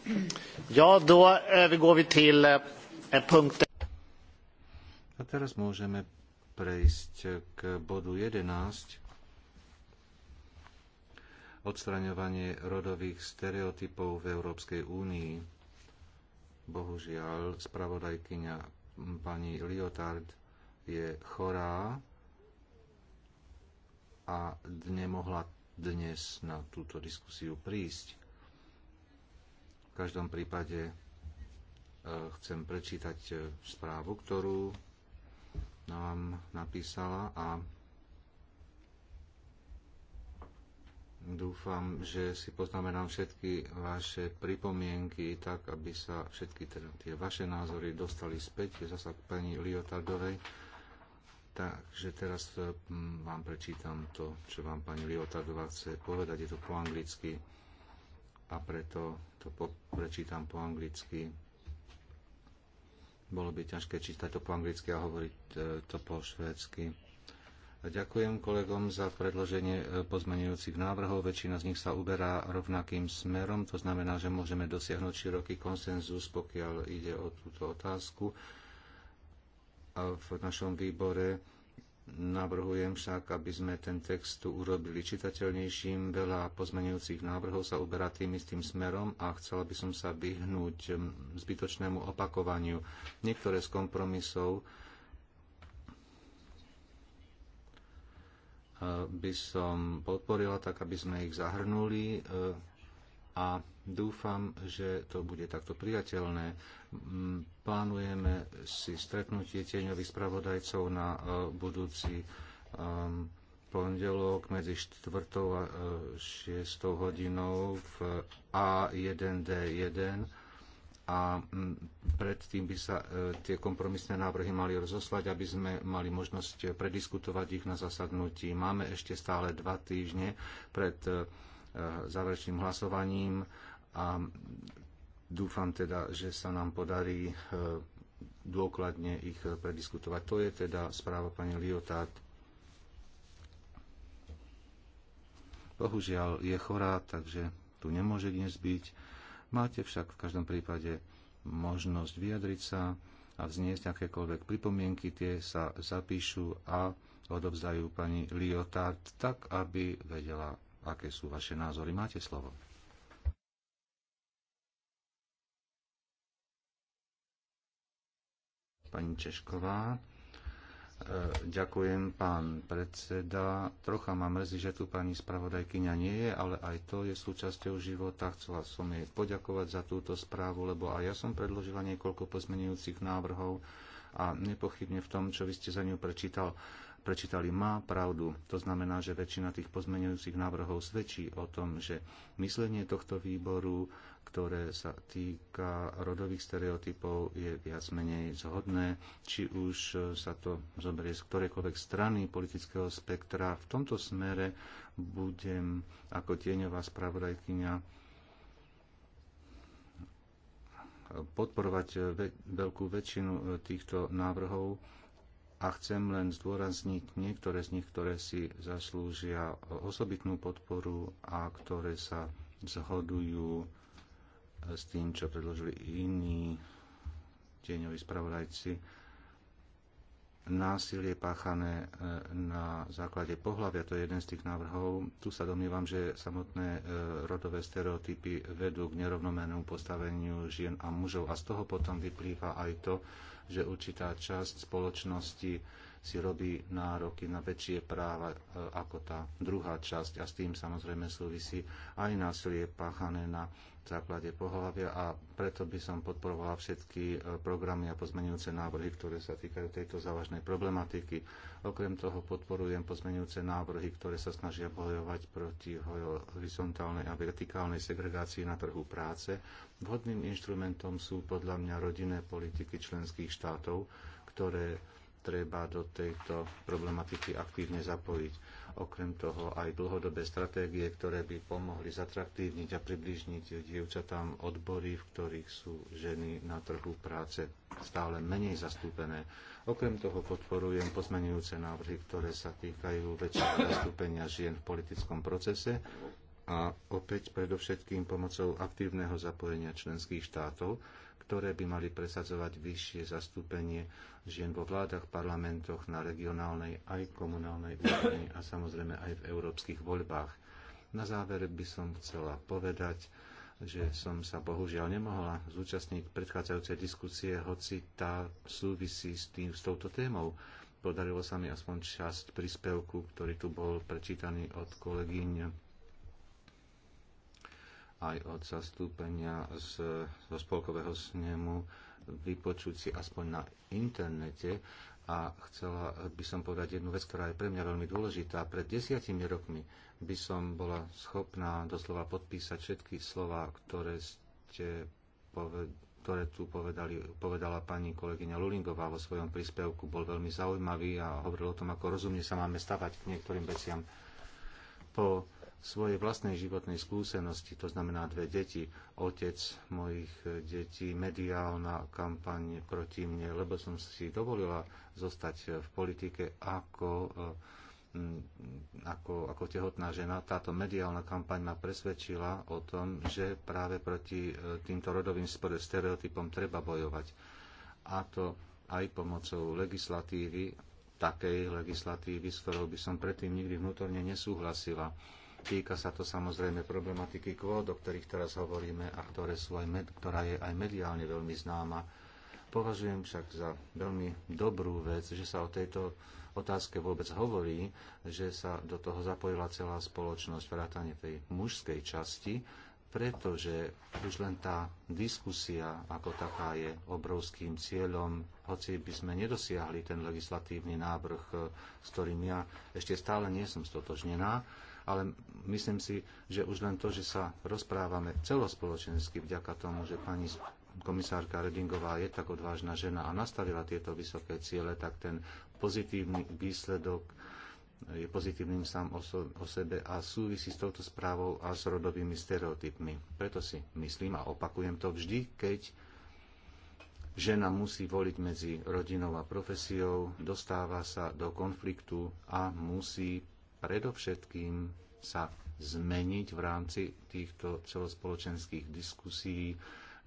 Eh, eh, eh, a teraz môžeme prejsť k bodu 11. Odstraňovanie rodových stereotypov v Európskej únii. Bohužiaľ, spravodajkyňa pani Liotard je chorá a nemohla dnes na túto diskusiu prísť každom prípade e, chcem prečítať e, správu, ktorú nám napísala a dúfam, že si poznamenám všetky vaše pripomienky tak, aby sa všetky teda tie vaše názory dostali späť zasa k pani Liotardovej. Takže teraz e, vám prečítam to, čo vám pani Liotardová chce povedať. Je to po anglicky a preto to prečítam po anglicky. Bolo by ťažké čítať to po anglicky a hovoriť e, to po švédsky. Ďakujem kolegom za predloženie e, pozmenujúcich návrhov. Väčšina z nich sa uberá rovnakým smerom. To znamená, že môžeme dosiahnuť široký konsenzus, pokiaľ ide o túto otázku. A v našom výbore Navrhujem však, aby sme ten text tu urobili čitateľnejším. Veľa pozmenujúcich návrhov sa uberá tým istým smerom a chcela by som sa vyhnúť mm, zbytočnému opakovaniu. Niektoré z kompromisov e, by som podporila, tak aby sme ich zahrnuli e, a dúfam, že to bude takto priateľné. Mm, plánujeme si stretnutie tieňových spravodajcov na e, budúci e, pondelok medzi 4. a 6. E, hodinou v A1D1 a mm, predtým by sa tie kompromisné návrhy mali rozoslať, aby sme mali možnosť prediskutovať ich na zasadnutí. Máme ešte stále dva týždne pred záverečným hlasovaním a Dúfam teda, že sa nám podarí e, dôkladne ich prediskutovať. To je teda správa pani Liotard. Bohužiaľ je chorá, takže tu nemôže dnes byť. Máte však v každom prípade možnosť vyjadriť sa a vzniesť akékoľvek pripomienky, tie sa zapíšu a odovzdajú pani Liotard tak, aby vedela, aké sú vaše názory. Máte slovo. pani Češková. E, ďakujem, pán predseda. Trocha ma mrzí, že tu pani spravodajkyňa nie je, ale aj to je súčasťou života. Chcela som jej poďakovať za túto správu, lebo aj ja som predložila niekoľko pozmenujúcich návrhov a nepochybne v tom, čo vy ste za ňu prečítal, prečítali, má pravdu. To znamená, že väčšina tých pozmenujúcich návrhov svedčí o tom, že myslenie tohto výboru ktoré sa týka rodových stereotypov, je viac menej zhodné, či už sa to zoberie z ktorejkoľvek strany politického spektra. V tomto smere budem ako tieňová spravodajkyňa podporovať veľkú väčšinu týchto návrhov a chcem len zdôrazniť niektoré z nich, ktoré si zaslúžia osobitnú podporu a ktoré sa zhodujú s tým, čo predložili iní tieňoví spravodajci. Násilie páchané e, na základe pohľavia, to je jeden z tých návrhov. Tu sa domnievam, že samotné e, rodové stereotypy vedú k nerovnomenému postaveniu žien a mužov a z toho potom vyplýva aj to, že určitá časť spoločnosti si robí nároky na väčšie práva e, ako tá druhá časť a s tým samozrejme súvisí aj násilie páchané na základe pohľavia a preto by som podporovala všetky e, programy a pozmenujúce návrhy, ktoré sa týkajú tejto závažnej problematiky. Okrem toho podporujem pozmenujúce návrhy, ktoré sa snažia bojovať proti horizontálnej a vertikálnej segregácii na trhu práce. Vhodným inštrumentom sú podľa mňa rodinné politiky členských štátov, ktoré treba do tejto problematiky aktívne zapojiť. Okrem toho aj dlhodobé stratégie, ktoré by pomohli zatraktívniť a približniť dievčatám odbory, v ktorých sú ženy na trhu práce stále menej zastúpené. Okrem toho podporujem pozmenujúce návrhy, ktoré sa týkajú väčšieho zastúpenia žien v politickom procese a opäť predovšetkým pomocou aktívneho zapojenia členských štátov ktoré by mali presadzovať vyššie zastúpenie žien vo vládach, parlamentoch, na regionálnej aj komunálnej úrovni a samozrejme aj v európskych voľbách. Na záver by som chcela povedať, že som sa bohužiaľ nemohla zúčastniť predchádzajúcej diskusie, hoci tá súvisí s, tým, s touto témou. Podarilo sa mi aspoň časť príspevku, ktorý tu bol prečítaný od kolegyň aj od zastúpenia z, zo spolkového snemu vypočuť si aspoň na internete. A chcela by som povedať jednu vec, ktorá je pre mňa veľmi dôležitá. Pred desiatimi rokmi by som bola schopná doslova podpísať všetky slova, ktoré, ste poved- ktoré tu povedali, povedala pani kolegyňa Lulingová vo svojom príspevku. Bol veľmi zaujímavý a hovoril o tom, ako rozumne sa máme stavať k niektorým veciam. Po svojej vlastnej životnej skúsenosti, to znamená dve deti, otec mojich detí, mediálna kampaň proti mne, lebo som si dovolila zostať v politike ako, eh, ako, ako tehotná žena. Táto mediálna kampaň ma presvedčila o tom, že práve proti eh, týmto rodovým stereotypom treba bojovať. A to aj pomocou legislatívy, takej legislatívy, s ktorou by som predtým nikdy vnútorne nesúhlasila Týka sa to samozrejme problematiky kvót, o ktorých teraz hovoríme a ktoré sú aj med, ktorá je aj mediálne veľmi známa. Považujem však za veľmi dobrú vec, že sa o tejto otázke vôbec hovorí, že sa do toho zapojila celá spoločnosť, vrátane tej mužskej časti, pretože už len tá diskusia ako taká je obrovským cieľom, hoci by sme nedosiahli ten legislatívny návrh, s ktorým ja ešte stále nie som stotožnená, ale myslím si, že už len to, že sa rozprávame celospoločensky vďaka tomu, že pani komisárka Redingová je tak odvážna žena a nastavila tieto vysoké ciele, tak ten pozitívny výsledok eh, je pozitívnym sám o, sebe a súvisí s touto správou a s rodovými stereotypmi. Preto si myslím a opakujem to vždy, keď žena musí voliť medzi rodinou a profesiou, dostáva sa do konfliktu a musí predovšetkým sa zmeniť v rámci týchto celospoločenských diskusí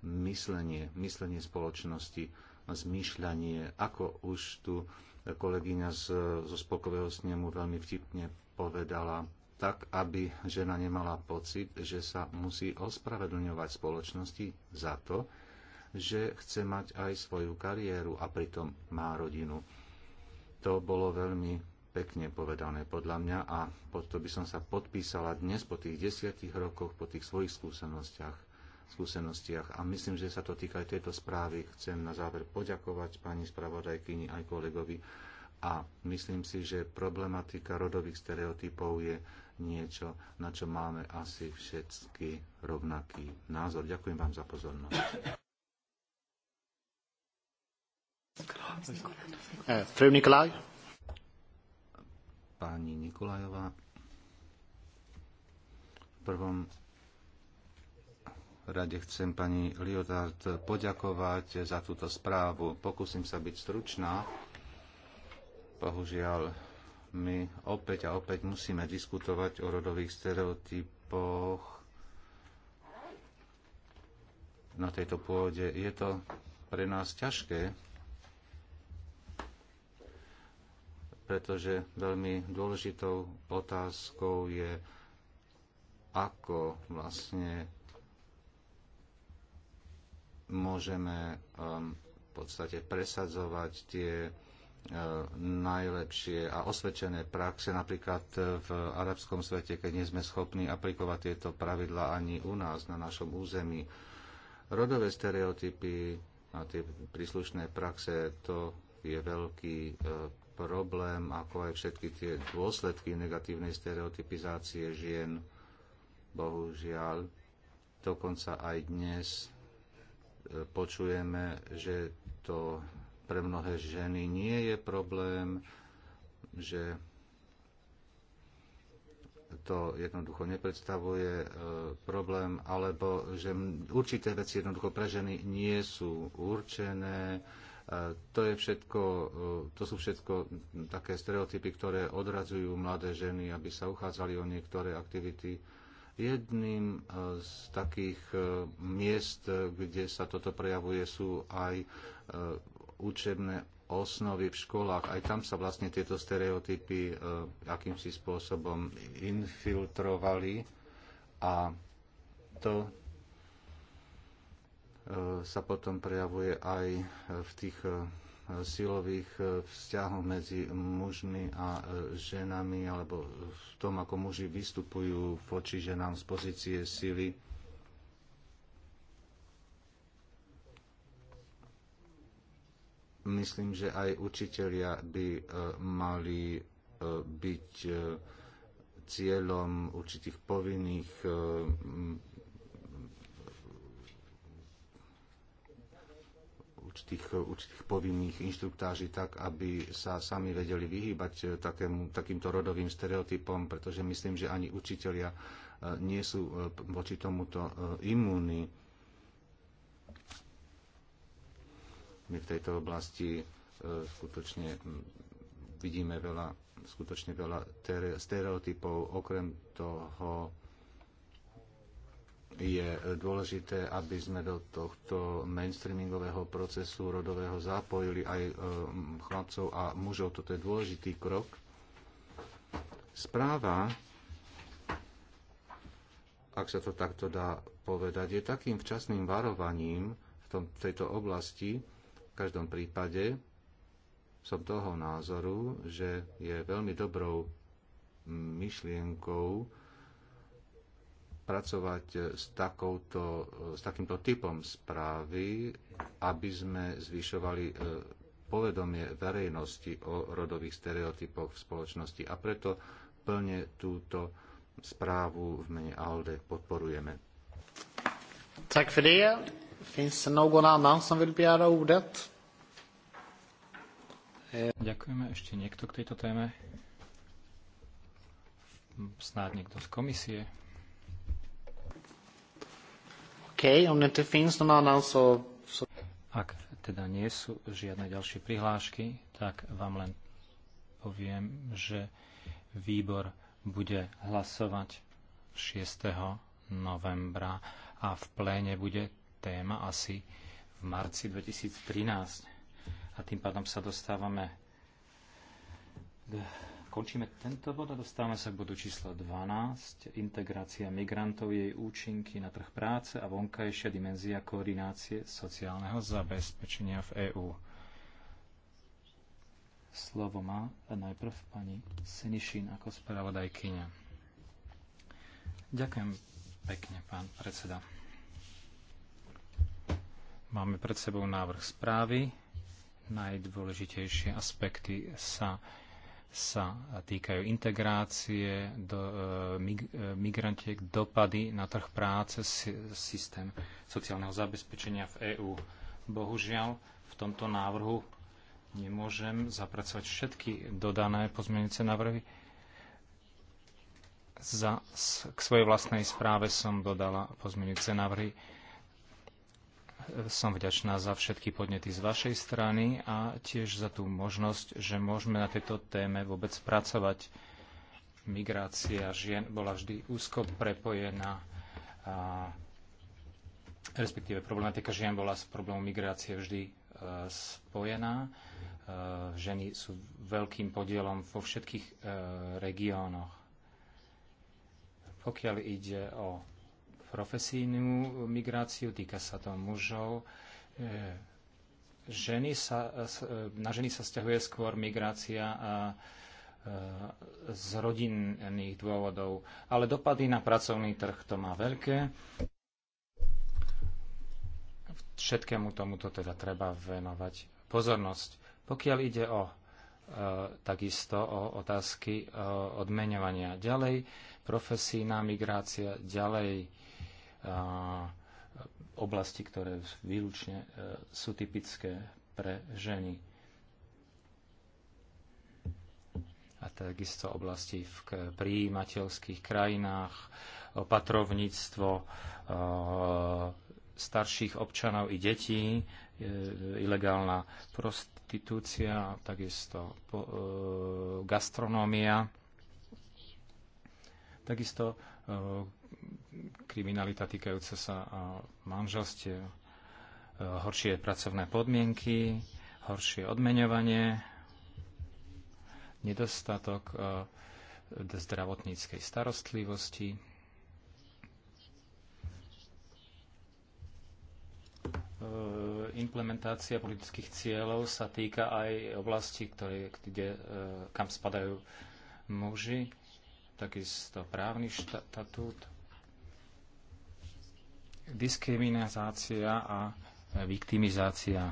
myslenie, myslenie spoločnosti, zmýšľanie, ako už tu kolegyňa z, zo spokového snemu veľmi vtipne povedala, tak, aby žena nemala pocit, že sa musí ospravedlňovať spoločnosti za to, že chce mať aj svoju kariéru a pritom má rodinu. To bolo veľmi pekne povedané podľa mňa a pod to by som sa podpísala dnes po tých desiatich rokoch, po tých svojich skúsenostiach, skúsenostiach a myslím, že sa to týka aj tejto správy. Chcem na záver poďakovať pani spravodajkyni aj kolegovi a myslím si, že problematika rodových stereotypov je niečo, na čo máme asi všetky rovnaký názor. Ďakujem vám za pozornosť. Eh, Frau Nikolaj? pani Nikolajová. V prvom rade chcem pani Liotard poďakovať za túto správu. Pokúsim sa byť stručná. Bohužiaľ, my opäť a opäť musíme diskutovať o rodových stereotypoch na tejto pôde. Je to pre nás ťažké, pretože veľmi dôležitou otázkou je, ako vlastne môžeme um, v podstate presadzovať tie uh, najlepšie a osvedčené praxe napríklad v arabskom svete, keď nie sme schopní aplikovať tieto pravidlá ani u nás, na našom území. Rodové stereotypy a tie príslušné praxe, to je veľký uh, problém, ako aj všetky tie dôsledky negatívnej stereotypizácie žien, bohužiaľ, dokonca aj dnes e, počujeme, že to pre mnohé ženy nie je problém, že to jednoducho nepredstavuje e, problém, alebo že určité veci jednoducho pre ženy nie sú určené, to, je všetko, e, to sú všetko také stereotypy, ktoré odradzujú mladé ženy, aby sa uchádzali o niektoré aktivity. Jedným e, z takých e, miest, kde sa toto prejavuje, sú aj učebné osnovy v školách. Aj tam sa vlastne tieto stereotypy akýmsi spôsobom infiltrovali a to E, sa potom prejavuje aj v tých e, silových e, vzťahov medzi mužmi a ženami, alebo v tom, ako muži vystupujú voči ženám z pozície sily. Myslím, že aj učitelia by mali byť cieľom určitých povinných určitých, určitých povinných inštruktáží tak, aby sa sami vedeli vyhýbať eh, takém, takýmto rodovým stereotypom, pretože myslím, že ani učitelia eh, nie sú eh, voči tomuto imúni. My v tejto oblasti skutočne hm, vidíme veľa, skutočne veľa stereotypov. Okrem toho je dôležité, aby sme do tohto mainstreamingového procesu rodového zapojili aj e, chlapcov a mužov. Toto je dôležitý krok. Správa, ak sa to takto dá povedať, je takým včasným varovaním v tom, tejto oblasti. V každom prípade som toho názoru, že je veľmi dobrou myšlienkou, pracovať e, s, takouto, e, s takýmto typom správy, aby sme zvyšovali e, povedomie verejnosti o rodových stereotypoch v spoločnosti. A preto plne túto správu v mene ALDE podporujeme. Tak för det. Finns det någon annan som vill begära ordet? Eh. Ďakujeme. Ešte niekto k tejto téme? Snáď niekto z komisie? Ak teda nie sú žiadne ďalšie prihlášky, tak vám len poviem, že výbor bude hlasovať 6. novembra a v pléne bude téma asi v marci 2013. A tým pádom sa dostávame Končíme tento bod a dostávame sa k bodu číslo 12. Integrácia migrantov, jej účinky na trh práce a vonkajšia dimenzia koordinácie sociálneho zabezpečenia v EÚ. Slovo má najprv pani Senišin ako spravodajkyňa. Ďakujem pekne, pán predseda. Máme pred sebou návrh správy. Najdôležitejšie aspekty sa sa týkajú integrácie do, e, mig, e, migrantiek, dopady na trh práce, systém sociálneho zabezpečenia v EÚ. Bohužiaľ, v tomto návrhu nemôžem zapracovať všetky dodané pozmeňujúce návrhy. Za, k svojej vlastnej správe som dodala pozmeňujúce návrhy som vďačná za všetky podnety z vašej strany a tiež za tú možnosť, že môžeme na tejto téme vôbec pracovať. Migrácia žien bola vždy úzko prepojená a respektíve problematika žien bola s problémom migrácie vždy e, spojená. E, ženy sú veľkým podielom vo všetkých e, regiónoch. Pokiaľ ide o profesijnú migráciu, týka sa to mužov. E, ženy sa, e, na ženy sa stiahuje skôr migrácia a e, z rodinných dôvodov, ale dopady na pracovný trh to má veľké. Všetkému tomuto teda treba venovať pozornosť. Pokiaľ ide o takisto o otázky odmeňovania. Ďalej profesijná migrácia, ďalej oblasti, ktoré výlučne e, sú typické pre ženy. A takisto oblasti v prijímateľských krajinách, opatrovníctvo e, starších občanov i detí, e, ilegálna prostitúcia, takisto gastronómia, takisto kriminalita týkajúca sa manželstiev, e, horšie pracovné podmienky, horšie odmeňovanie, nedostatok e, zdravotníckej starostlivosti. E, implementácia politických cieľov sa týka aj oblasti, ktoré, kde, kam spadajú muži, takisto právny štatút, Diskriminácia a viktimizácia.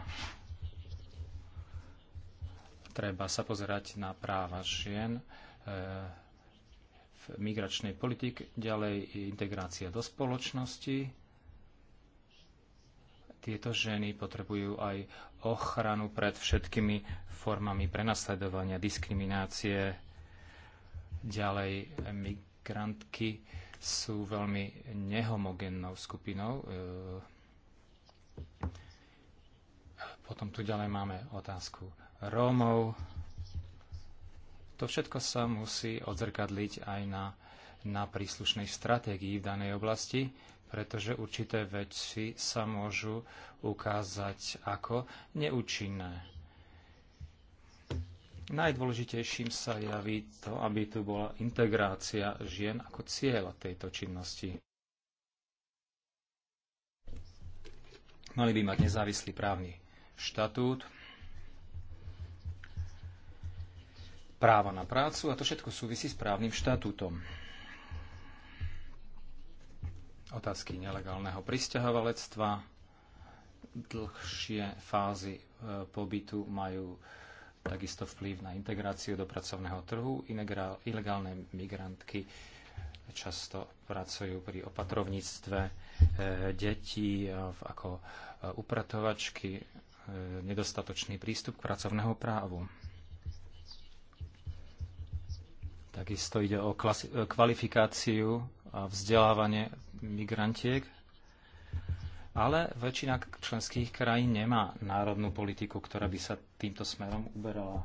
Treba sa pozerať na práva žien e, v migračnej politike, ďalej integrácia do spoločnosti. Tieto ženy potrebujú aj ochranu pred všetkými formami prenasledovania, diskriminácie, ďalej migrantky sú veľmi nehomogennou skupinou. E, potom tu ďalej máme otázku Rómov. To všetko sa musí odzrkadliť aj na, na príslušnej stratégii v danej oblasti, pretože určité veci sa môžu ukázať ako neúčinné Najdôležitejším sa javí to, aby tu bola integrácia žien ako cieľa tejto činnosti. Mali by mať nezávislý právny štatút, právo na prácu a to všetko súvisí s právnym štatútom. Otázky nelegálneho pristahovalectva, dlhšie fázy e, pobytu majú takisto vplyv na integráciu do pracovného trhu. Ilegálne migrantky často pracujú pri opatrovníctve e, detí e, ako e, upratovačky, nedostatočný prístup k pracovného právu. Takisto ide o kvalifikáciu a vzdelávanie migrantiek ale väčšina členských krajín nemá národnú politiku, ktorá by sa týmto smerom uberala.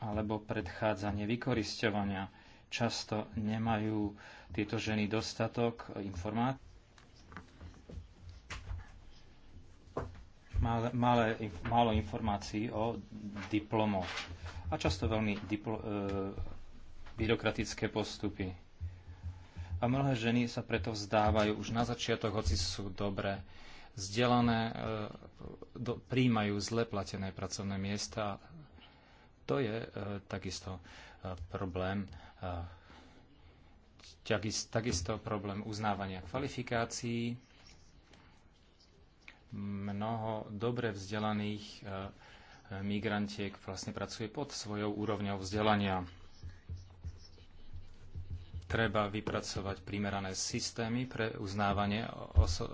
Alebo predchádzanie vykoristovania. Často nemajú tieto ženy dostatok informácií. Malé, malé, málo informácií o diplomoch a často veľmi diplo, e, byrokratické postupy a mnohé ženy sa preto vzdávajú už na začiatok, hoci sú dobre vzdelané, e, do, príjmajú zle platené pracovné miesta. To je e, takisto e, problém takisto problém uznávania kvalifikácií. Mnoho dobre vzdelaných migrantiek vlastne pracuje pod svojou úrovňou vzdelania treba vypracovať primerané systémy pre uznávanie oso- e,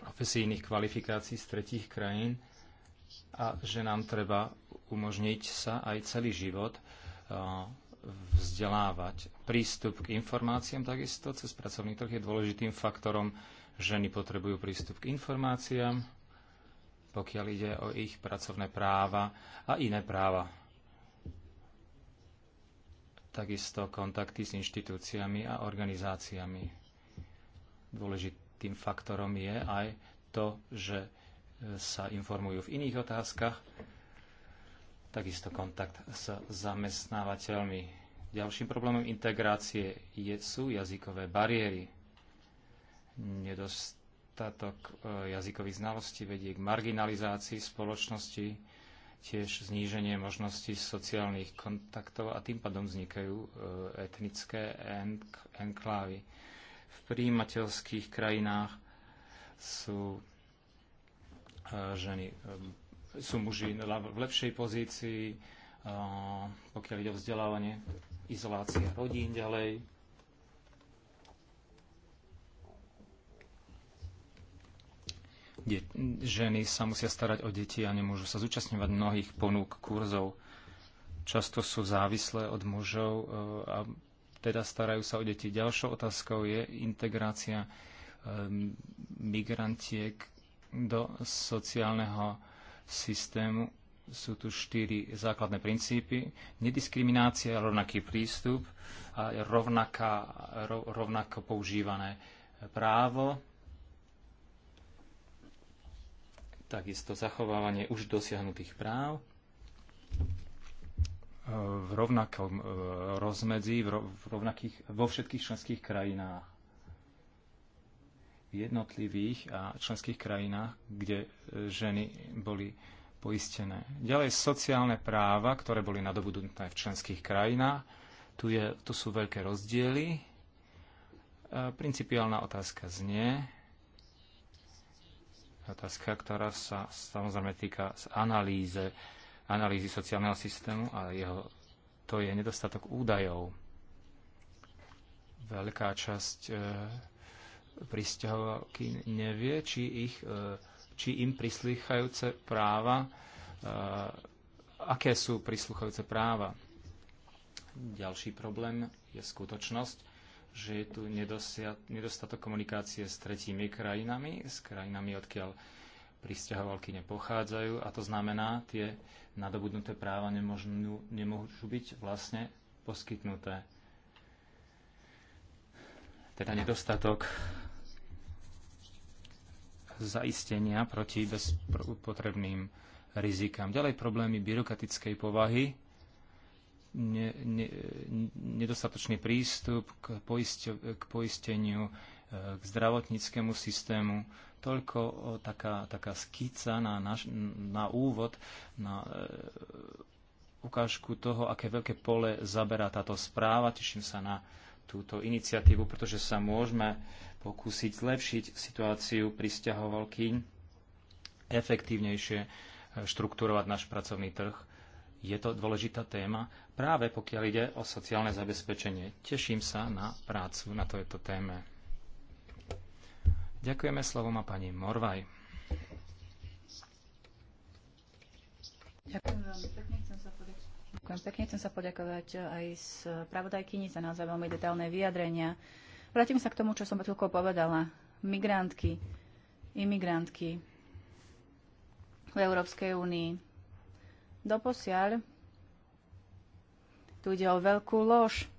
profesijných kvalifikácií z tretích krajín a že nám treba umožniť sa aj celý život e, vzdelávať. Prístup k informáciám takisto cez pracovný trh je dôležitým faktorom. Ženy potrebujú prístup k informáciám, pokiaľ ide o ich pracovné práva a iné práva takisto kontakty s inštitúciami a organizáciami. Dôležitým faktorom je aj to, že e, sa informujú v iných otázkach, takisto kontakt s zamestnávateľmi. Ďalším problémom integrácie je, sú jazykové bariéry. Nedostatok e, jazykových znalostí vedie k marginalizácii spoločnosti, tiež zníženie možností sociálnych kontaktov a tým pádom vznikajú e, etnické enklávy. V príjimateľských krajinách sú e, ženy, e, sú muži v lepšej pozícii, pokiaľ ide o vzdelávanie, izolácia rodín ďalej, ženy sa musia starať o deti a nemôžu sa zúčastňovať mnohých ponúk kurzov. Často sú závislé od mužov e, a teda starajú sa o deti. Ďalšou otázkou je integrácia e, migrantiek do sociálneho systému. Sú tu štyri základné princípy. Nediskriminácia, rovnaký prístup a rovnaká, rovnako používané právo, takisto zachovávanie už dosiahnutých práv e, v rovnakom e, rozmedzi, v rovnakých, vo všetkých členských krajinách v jednotlivých a členských krajinách, kde e, ženy boli poistené. Ďalej sociálne práva, ktoré boli nadobudnuté v členských krajinách. Tu, je, tu sú veľké rozdiely. Principiálna otázka znie, otázka, ktorá sa samozrejme týka z analýze, analýzy sociálneho systému a jeho, to je nedostatok údajov. Veľká časť e, pristahovalky nevie, či, ich, e, či im prislýchajúce práva, e, aké sú prislúchajúce práva. Ďalší problém je skutočnosť, že je tu nedostatok komunikácie s tretími krajinami, s krajinami, odkiaľ pristahovalky nepochádzajú a to znamená, tie nadobudnuté práva nemôžu, nemôžu byť vlastne poskytnuté. Teda nedostatok zaistenia proti bezpotrebným rizikám. Ďalej problémy byrokratickej povahy ne, ne, nedostatočný prístup k, poiste, k poisteniu, e, k zdravotníckému systému. Toľko o, e, taká, taká skica na, na, na úvod, na e, ukážku toho, aké veľké pole zaberá táto správa. Teším sa na túto iniciatívu, pretože sa môžeme pokúsiť zlepšiť situáciu pristahovalkyň, efektívnejšie štruktúrovať náš pracovný trh je to dôležitá téma práve pokiaľ ide o sociálne zabezpečenie. Teším sa na prácu na tejto téme. Ďakujeme slovo a pani Morvaj. Ďakujem veľmi pekne, chcem sa poďakovať. Ďakujem pekne, chcem sa poďakovať aj za naozaj veľmi detailné vyjadrenia. Vrátim sa k tomu, čo som chvíľkou povedala. Migrantky, imigrantky v Európskej únii Doposiaľ tu ide o veľkú lož.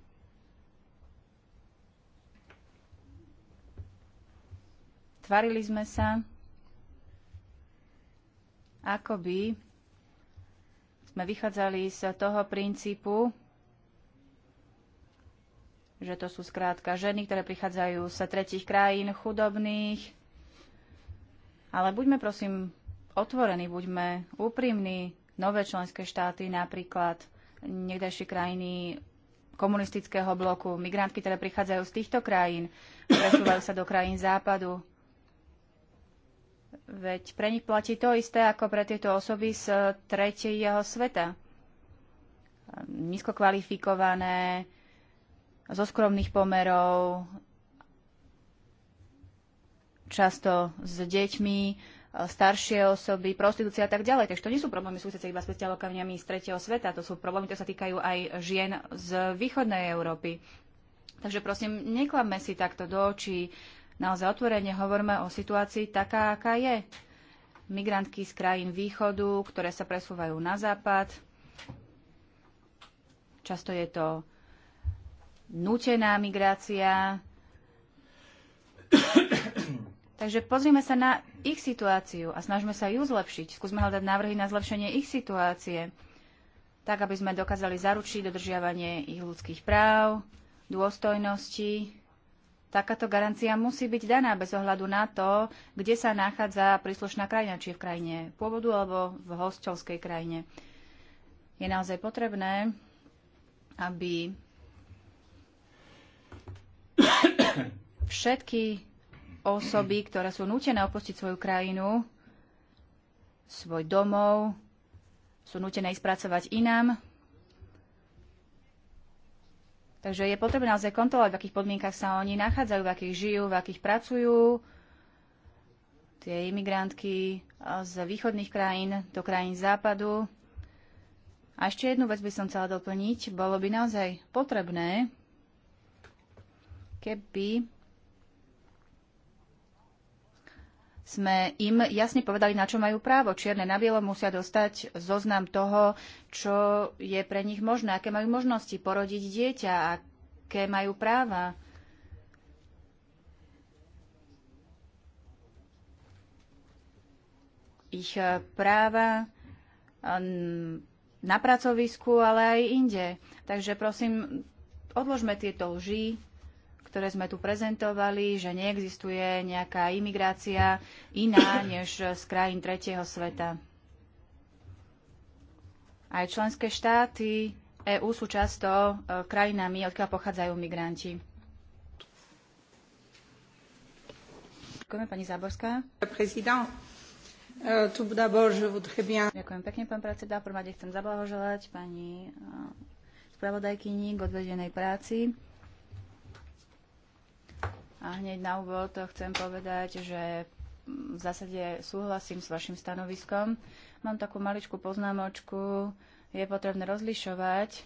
Tvarili sme sa, ako by sme vychádzali z toho princípu, že to sú skrátka ženy, ktoré prichádzajú z tretich krajín, chudobných. Ale buďme prosím otvorení, buďme úprimní, nové členské štáty, napríklad niekdajšie krajiny komunistického bloku, migrantky, ktoré prichádzajú z týchto krajín, presúvajú sa do krajín západu. Veď pre nich platí to isté ako pre tieto osoby z tretieho sveta. Nízko kvalifikované, zo skromných pomerov, často s deťmi, E, staršie osoby, prostitúcia a tak ďalej. Takže to nie sú problémy súvisiace iba s presťahovkami z tretieho sveta, to sú problémy, ktoré sa týkajú aj žien z východnej Európy. Takže prosím, neklamme si takto do očí, naozaj otvorene hovorme o situácii taká, aká je. Migrantky z krajín východu, ktoré sa presúvajú na západ. Často je to nutená migrácia, Takže pozrime sa na ich situáciu a snažme sa ju zlepšiť. Skúsme hľadať návrhy na zlepšenie ich situácie, tak aby sme dokázali zaručiť dodržiavanie ich ľudských práv, dôstojnosti. Takáto garancia musí byť daná bez ohľadu na to, kde sa nachádza príslušná krajina, či je v krajine pôvodu alebo v hostovskej krajine. Je naozaj potrebné, aby všetky osoby, ktoré sú nútené opustiť svoju krajinu, svoj domov, sú nútené ísť pracovať inám. Takže je potrebné naozaj kontrolovať, v akých podmienkach sa oni nachádzajú, v akých žijú, v akých pracujú. Tie imigrantky z východných krajín do krajín západu. A ešte jednu vec by som chcela doplniť. Bolo by naozaj potrebné, keby sme im jasne povedali, na čo majú právo. Čierne na bielo musia dostať zoznam toho, čo je pre nich možné, aké majú možnosti porodiť dieťa, aké majú práva. Ich eh, práva ehm, na pracovisku, ale aj inde. Takže prosím, odložme tieto lži, ktoré sme tu prezentovali, že neexistuje nejaká imigrácia iná než z krajín tretieho sveta. Aj členské štáty EÚ sú často e, krajinami, odkiaľ pochádzajú migranti. Ďakujeme, pani Záborská. E, Ďakujem pekne, pán predseda. V prvom chcem zablahoželať pani e, spravodajkyni k odvedenej práci. A hneď na úvod to chcem povedať, že v zásade súhlasím s vašim stanoviskom. Mám takú maličkú poznámočku. Je potrebné rozlišovať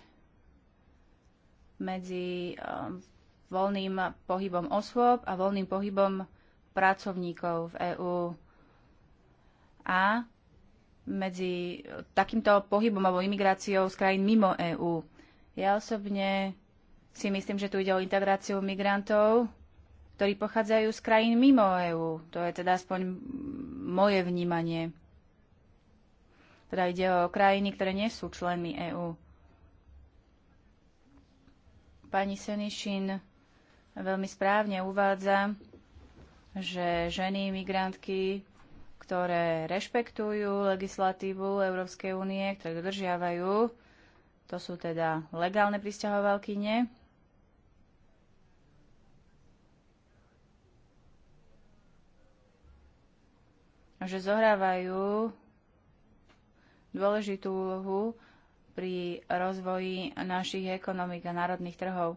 medzi um, voľným pohybom osôb a voľným pohybom pracovníkov v EÚ a medzi takýmto pohybom alebo imigráciou z krajín mimo EÚ. Ja osobne si myslím, že tu ide o integráciu migrantov ktorí pochádzajú z krajín mimo EÚ. To je teda aspoň moje vnímanie. Teda ide o krajiny, ktoré nie sú členmi EÚ. Pani Senišin veľmi správne uvádza, že ženy migrantky, ktoré rešpektujú legislatívu Európskej únie, ktoré dodržiavajú, to sú teda legálne pristahovalkyne, že zohrávajú dôležitú úlohu pri rozvoji našich ekonomik a národných trhov.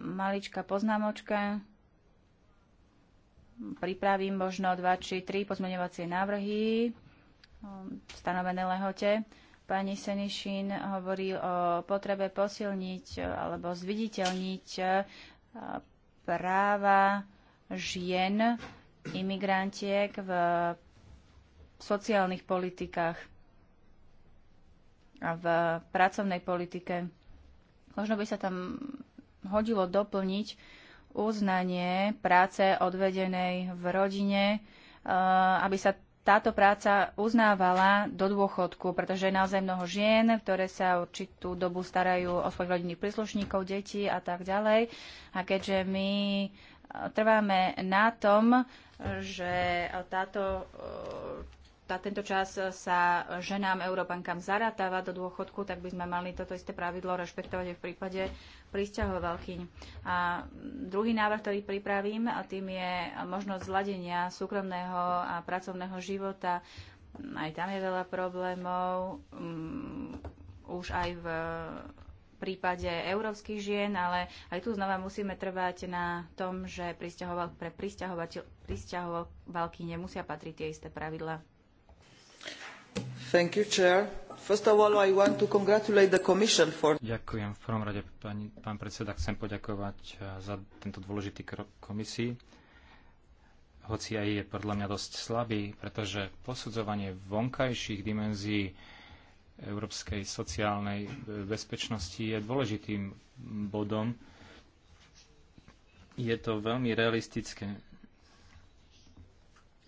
Malička poznámočka. Pripravím možno 2 či 3 pozmeňovacie návrhy v stanovené lehote. Pani Senišin hovorí o potrebe posilniť alebo zviditeľniť práva žien imigrantiek v sociálnych politikách a v pracovnej politike. Možno by sa tam hodilo doplniť uznanie práce odvedenej v rodine, e, aby sa táto práca uznávala do dôchodku, pretože je naozaj mnoho žien, ktoré sa určitú dobu starajú o svojich rodinných príslušníkov, detí a tak ďalej. A keďže my e, trváme na tom, že táto, tá, tento čas sa ženám Európankám zaratáva do dôchodku, tak by sme mali toto isté pravidlo rešpektovať aj v prípade pristahovalkyň. A druhý návrh, ktorý pripravím, a tým je možnosť zladenia súkromného a pracovného života. Aj tam je veľa problémov. Um, už aj v prípade európskych žien, ale aj tu znova musíme trvať na tom, že pristahoval, pre pristahovalky nemusia patriť tie isté pravidlá. Thank you, Chair. First of all, I want to congratulate the Commission for... Ďakujem. V prvom rade, pani, pán predseda, chcem poďakovať eh, za tento dôležitý krok komisii. Hoci aj je podľa mňa dosť slabý, pretože posudzovanie vonkajších dimenzií európskej sociálnej e, bezpečnosti je dôležitým bodom. Je to veľmi realistické.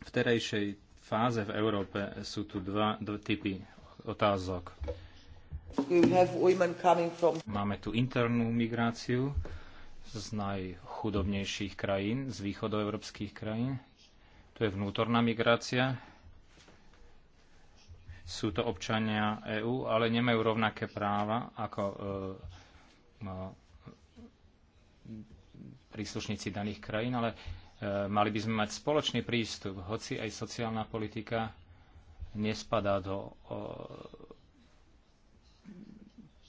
V terejšej fáze v Európe sú tu dva, dva typy otázok. From... Máme tu internú migráciu z najchudobnejších krajín, z východoeurópskych krajín. To je vnútorná migrácia, sú to občania EÚ, ale nemajú rovnaké práva ako e, no, príslušníci daných krajín, ale e, mali by sme mať spoločný prístup, hoci aj sociálna politika nespadá do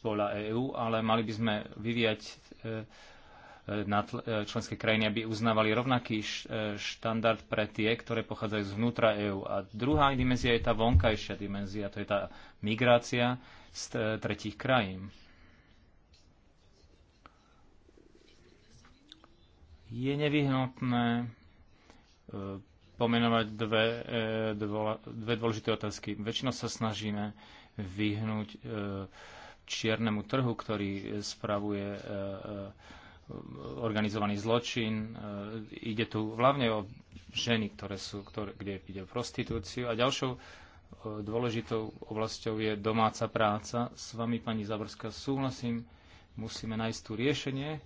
pola EÚ, ale mali by sme vyvíjať e, na e, členské krajiny, aby uznávali rovnaký e, štandard pre tie, ktoré pochádzajú zvnútra EÚ. A druhá dimenzia je tá vonkajšia dimenzia, to je tá migrácia z e, tretích krajín. Je nevyhnutné pomenovať dve, dve dôležité otázky. Väčšinou sa snažíme vyhnúť čiernemu trhu, ktorý spravuje organizovaný zločin. E, ide tu hlavne o ženy, ktoré sú, ktoré, kde ide o prostitúciu. A ďalšou e, dôležitou oblasťou je domáca práca. S vami, pani Zaborská, súhlasím. Musíme nájsť tu riešenie,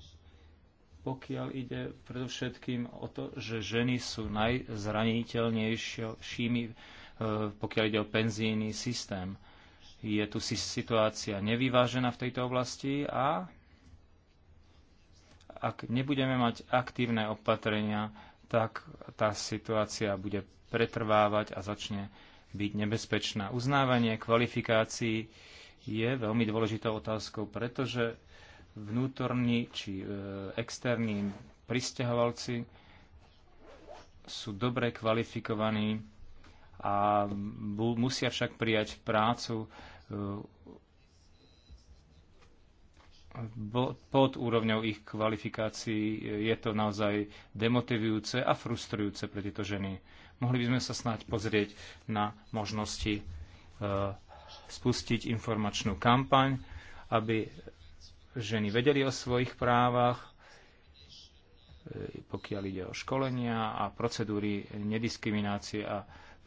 pokiaľ ide predovšetkým o to, že ženy sú najzraniteľnejšími, e, pokiaľ ide o penzíny systém. Je tu situácia nevyvážená v tejto oblasti a ak nebudeme mať aktívne opatrenia, tak tá situácia bude pretrvávať a začne byť nebezpečná. Uznávanie kvalifikácií je veľmi dôležitou otázkou, pretože vnútorní či e, externí pristahovalci sú dobre kvalifikovaní a musia však prijať prácu e, pod úrovňou ich kvalifikácií je to naozaj demotivujúce a frustrujúce pre tieto ženy. Mohli by sme sa snáď pozrieť na možnosti e, spustiť informačnú kampaň, aby ženy vedeli o svojich právach, e, pokiaľ ide o školenia a procedúry nediskriminácie. A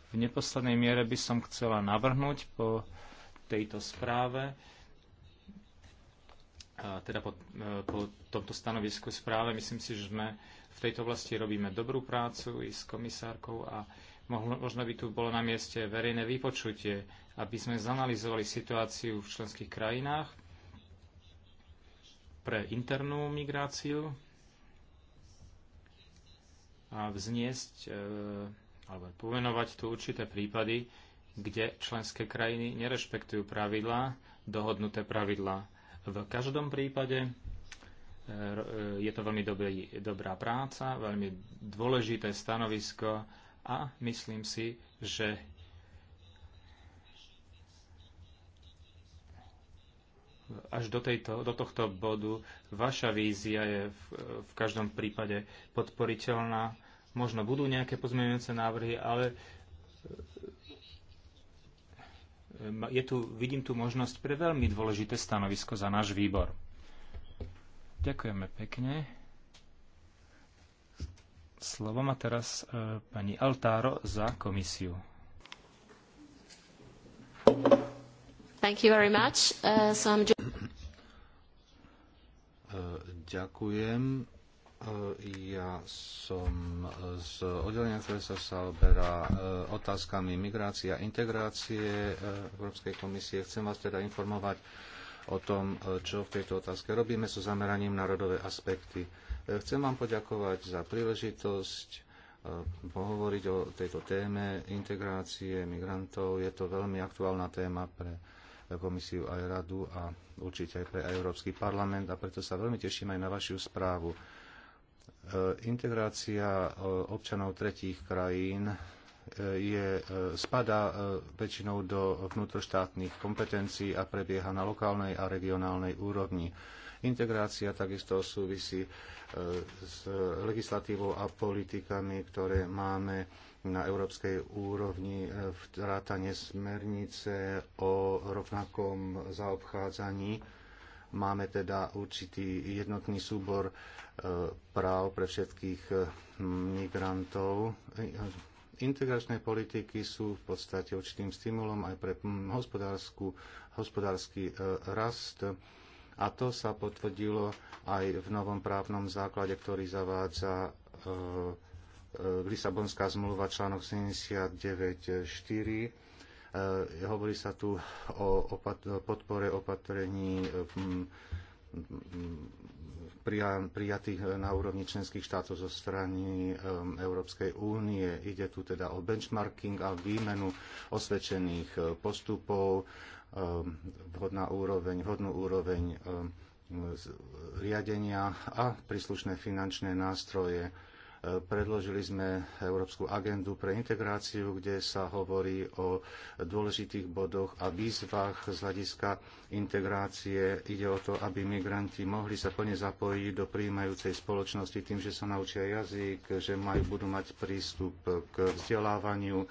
v neposlednej miere by som chcela navrhnúť po tejto správe, teda po, e, po tomto stanovisku správe. Myslím si, že sme v tejto oblasti robíme dobrú prácu i s komisárkou a mohlo, možno by tu bolo na mieste verejné vypočutie, aby sme zanalizovali situáciu v členských krajinách pre internú migráciu a vzniesť e, alebo pomenovať tu určité prípady, kde členské krajiny nerešpektujú pravidlá, dohodnuté pravidlá v každom prípade e, e, je to veľmi dobrý, dobrá práca, veľmi dôležité stanovisko a myslím si, že až do, tejto, do tohto bodu vaša vízia je v, v každom prípade podporiteľná. Možno budú nejaké pozmeňujúce návrhy, ale je tu, vidím tu možnosť pre veľmi dôležité stanovisko za náš výbor. Ďakujeme pekne. Slovo má teraz e, pani Altáro za komisiu. Thank you very much. Uh, so I'm... E, ďakujem E, ja som z oddelenia, ktoré sa zaoberá e, otázkami migrácie a integrácie e, Európskej komisie. Chcem vás teda informovať o tom, čo v tejto otázke robíme so zameraním na rodové aspekty. Chcem vám poďakovať za príležitosť pohovoriť o tejto téme integrácie migrantov. Je to veľmi aktuálna téma pre komisiu aj radu a určite aj pre Európsky parlament a preto sa veľmi teším aj na vašu správu. E, integrácia e, občanov tretích krajín e, je, spada väčšinou do vnútroštátnych kompetencií a prebieha na lokálnej a regionálnej úrovni. Integrácia takisto súvisí s legislatívou a politikami, ktoré máme na európskej úrovni vrátane smernice o rovnakom zaobchádzaní Máme teda určitý jednotný súbor e, práv pre všetkých e, migrantov. E, integračné politiky sú v podstate určitým stimulom aj pre hospodársky rast. A to sa potvrdilo aj v novom právnom základe, ktorý zavádza Lisabonská zmluva článok 79.4 E, hovorí sa tu o opat- podpore opatrení e, prijatých na úrovni členských štátov zo strany e, Európskej únie. Ide tu teda o benchmarking a výmenu osvedčených postupov, vhodná úroveň, vhodnú úroveň riadenia a príslušné finančné nástroje Predložili sme Európsku agendu pre integráciu, kde sa hovorí o dôležitých bodoch a výzvach z hľadiska integrácie. Ide o to, aby migranti mohli sa plne zapojiť do príjmajúcej spoločnosti tým, že sa naučia jazyk, že majú, budú mať prístup k vzdelávaniu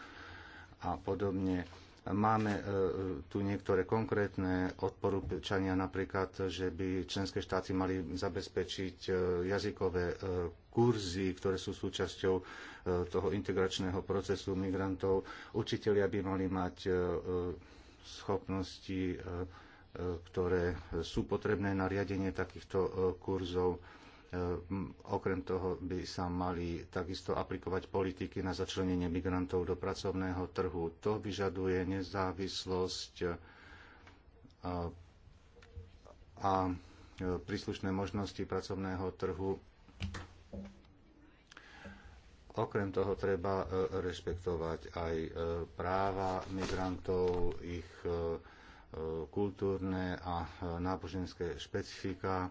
a podobne Máme e, tu niektoré konkrétne odporúčania, napríklad, že by členské štáty mali zabezpečiť e, jazykové e, kurzy, ktoré sú súčasťou toho integračného procesu migrantov. Učitelia by mali mať schopnosti, ktoré sú potrebné na riadenie takýchto kurzov Ehm, okrem toho by sa mali takisto aplikovať politiky na začlenenie migrantov do pracovného trhu. To vyžaduje nezávislosť ehm, a ehm, príslušné možnosti pracovného trhu. Okrem toho treba e, rešpektovať aj e, práva migrantov, ich e, kultúrne a náboženské špecifika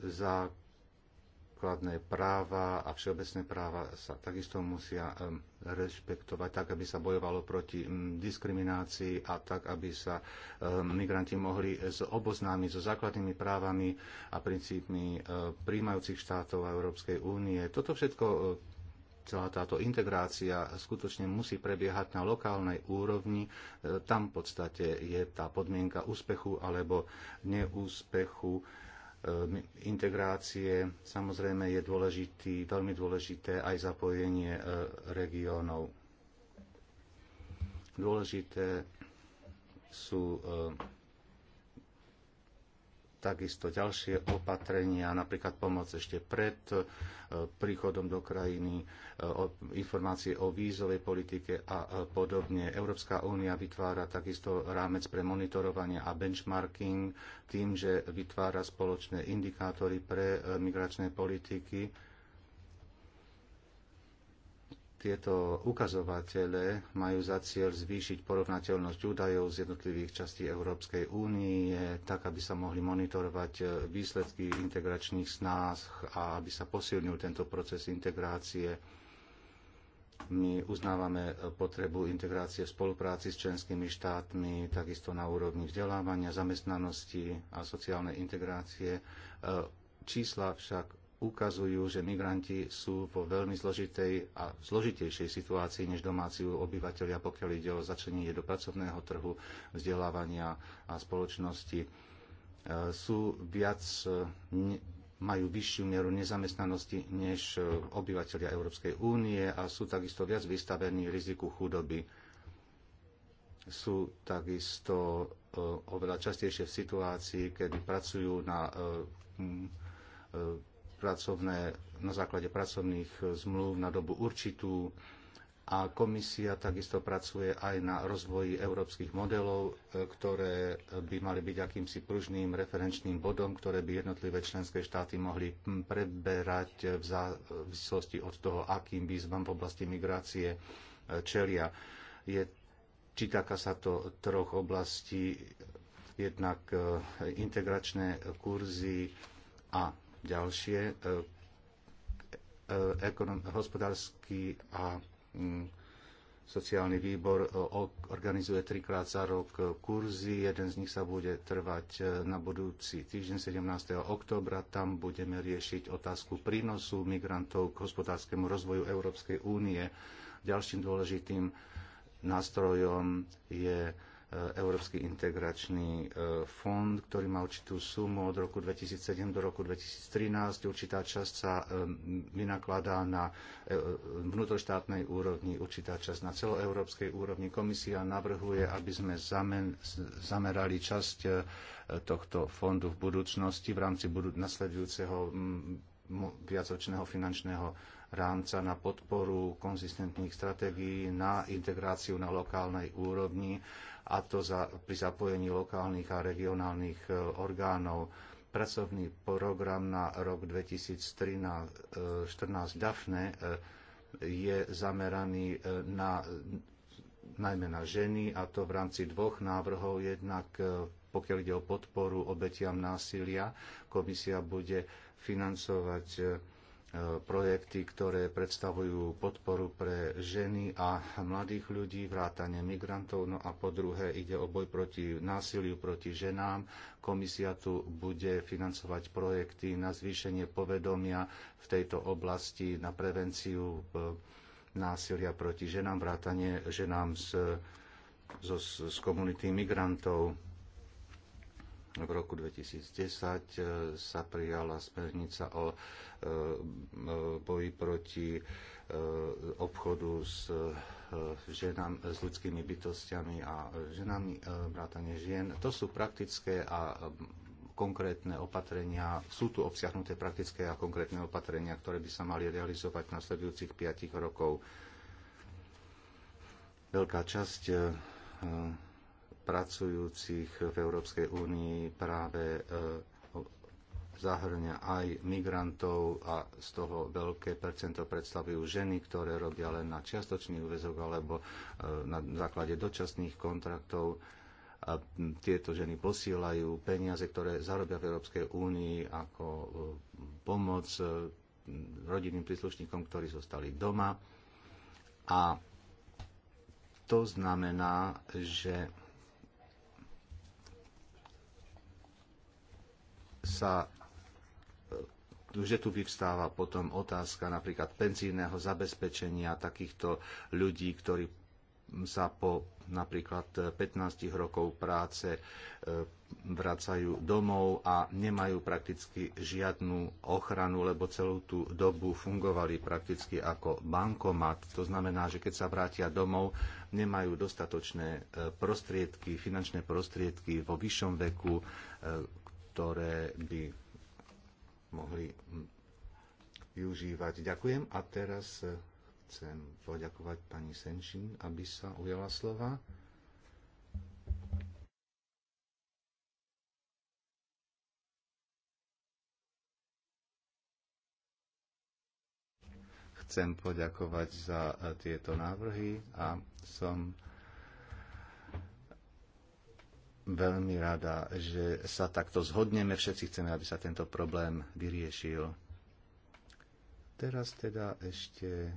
základné práva a všeobecné práva sa takisto musia rešpektovať tak, aby sa bojovalo proti diskriminácii a tak, aby sa migranti mohli oboznámiť so základnými právami a princípmi e, príjmajúcich štátov a Európskej únie. Toto všetko e, celá táto integrácia skutočne musí prebiehať na lokálnej úrovni. E, tam v podstate je tá podmienka úspechu alebo neúspechu Ehm, integrácie. Samozrejme je dôležitý, veľmi dôležité aj zapojenie e, regiónov. Dôležité sú ehm, takisto ďalšie opatrenia, napríklad pomoc ešte pred e, príchodom do krajiny, e, informácie o vízovej politike a e, podobne. Európska únia vytvára takisto rámec pre monitorovanie a benchmarking tým, že vytvára spoločné indikátory pre migračné politiky tieto ukazovatele majú za cieľ zvýšiť porovnateľnosť údajov z jednotlivých častí Európskej únie, tak aby sa mohli monitorovať e, výsledky integračných snách a aby sa posilnil tento proces integrácie. My uznávame e, potrebu integrácie v spolupráci s členskými štátmi, takisto na úrovni vzdelávania, zamestnanosti a sociálnej integrácie. E, čísla však ukazujú, že migranti sú vo veľmi zložitej a zložitejšej situácii než domáci obyvateľia, pokiaľ ide o začlenenie do pracovného trhu, vzdelávania a spoločnosti. E, sú viac, e, majú vyššiu mieru nezamestnanosti než e, obyvateľia Európskej únie a sú takisto viac vystavení riziku chudoby. Sú takisto oveľa častejšie v situácii, kedy pracujú na pracovné, na základe pracovných zmluv na dobu určitú a komisia takisto pracuje aj na rozvoji európskych modelov, e, ktoré by mali byť akýmsi pružným referenčným bodom, ktoré by jednotlivé členské štáty mohli preberať v závislosti od toho, akým výzvam v oblasti migrácie e, čelia. Je, či taká sa to troch oblastí, jednak e, integračné kurzy a ďalšie e, e, hospodársky a mm, sociálny výbor e, organizuje trikrát za rok kurzy. Jeden z nich sa bude trvať na budúci týždeň 17. oktobra. Tam budeme riešiť otázku prínosu migrantov k hospodárskému rozvoju Európskej únie. Ďalším dôležitým nástrojom je E, Európsky integračný e, fond, ktorý má určitú sumu od roku 2007 do roku 2013. Určitá časť sa e, vynakladá na vnútroštátnej úrovni, určitá časť na celoeurópskej úrovni. Komisia navrhuje, aby sme zamerali časť tohto fondu v budúcnosti v rámci nasledujúceho viacročného finančného rámca na podporu konzistentných stratégií na integráciu na lokálnej úrovni a to za, pri zapojení lokálnych a regionálnych e, orgánov. Pracovný program na rok 2014 e, DAFNE e, je zameraný na, najmä na ženy a to v rámci dvoch návrhov. Jednak pokiaľ ide o podporu obetiam násilia, komisia bude financovať projekty, ktoré predstavujú podporu pre ženy a mladých ľudí, vrátanie migrantov. No a po druhé ide o boj proti násiliu proti ženám. Komisia tu bude financovať projekty na zvýšenie povedomia v tejto oblasti, na prevenciu e, násilia proti ženám, vrátanie ženám z, z, z komunity migrantov v roku 2010 e, sa prijala smernica o e, boji proti e, obchodu s, ženami s ľudskými bytostiami a ženami, vrátane žien. To sú praktické a konkrétne opatrenia, sú tu obsiahnuté praktické a konkrétne opatrenia, ktoré by sa mali realizovať v nasledujúcich 5 rokov. Veľká časť pracujúcich v Európskej únii práve e, zahrňa aj migrantov a z toho veľké percento predstavujú ženy, ktoré robia len na čiastočný úvezok alebo e, na základe dočasných kontraktov. A tieto ženy posielajú peniaze, ktoré zarobia v Európskej únii ako e, pomoc rodinným príslušníkom, ktorí zostali doma. A to znamená, že sa e, že tu vyvstáva potom otázka napríklad penzijného zabezpečenia takýchto ľudí, ktorí sa po napríklad 15 rokov práce e, vracajú domov a nemajú prakticky žiadnu ochranu, lebo celú tú dobu fungovali prakticky ako bankomat. To znamená, že keď sa vrátia domov, nemajú dostatočné e, prostriedky, finančné prostriedky vo vyššom veku, ktoré by mohli využívať. Ďakujem a teraz eh, chcem poďakovať pani Senčín, aby sa ujala slova. Chcem poďakovať za eh, tieto návrhy a som veľmi rada, že sa takto zhodneme. Všetci chceme, aby sa tento problém vyriešil. Teraz teda ešte e,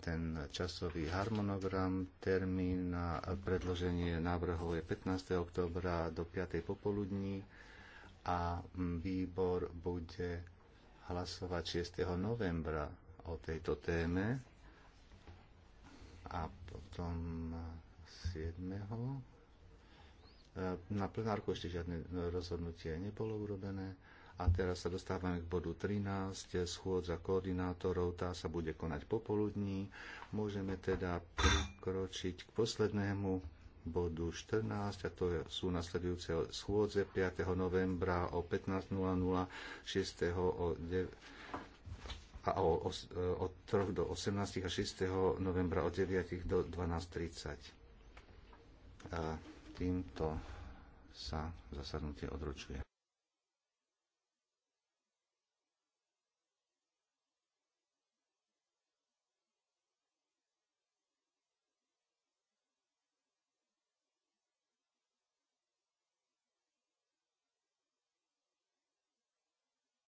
ten časový harmonogram. Termín na predloženie návrhov je 15. oktobra do 5. popoludní a výbor bude hlasovať 6. novembra o tejto téme a potom 7. Na plenárku ešte žiadne rozhodnutie nebolo urobené. A teraz sa dostávame k bodu 13, schôdza koordinátorov, tá sa bude konať popoludní. Môžeme teda prikročiť k poslednému bodu 14, a to sú nasledujúce schôdze 5. novembra o 15.00, 6. o 9 a o, o, od 3 do 18 a 6. novembra od 9 do 12.30. Týmto sa zasadnutie odročuje.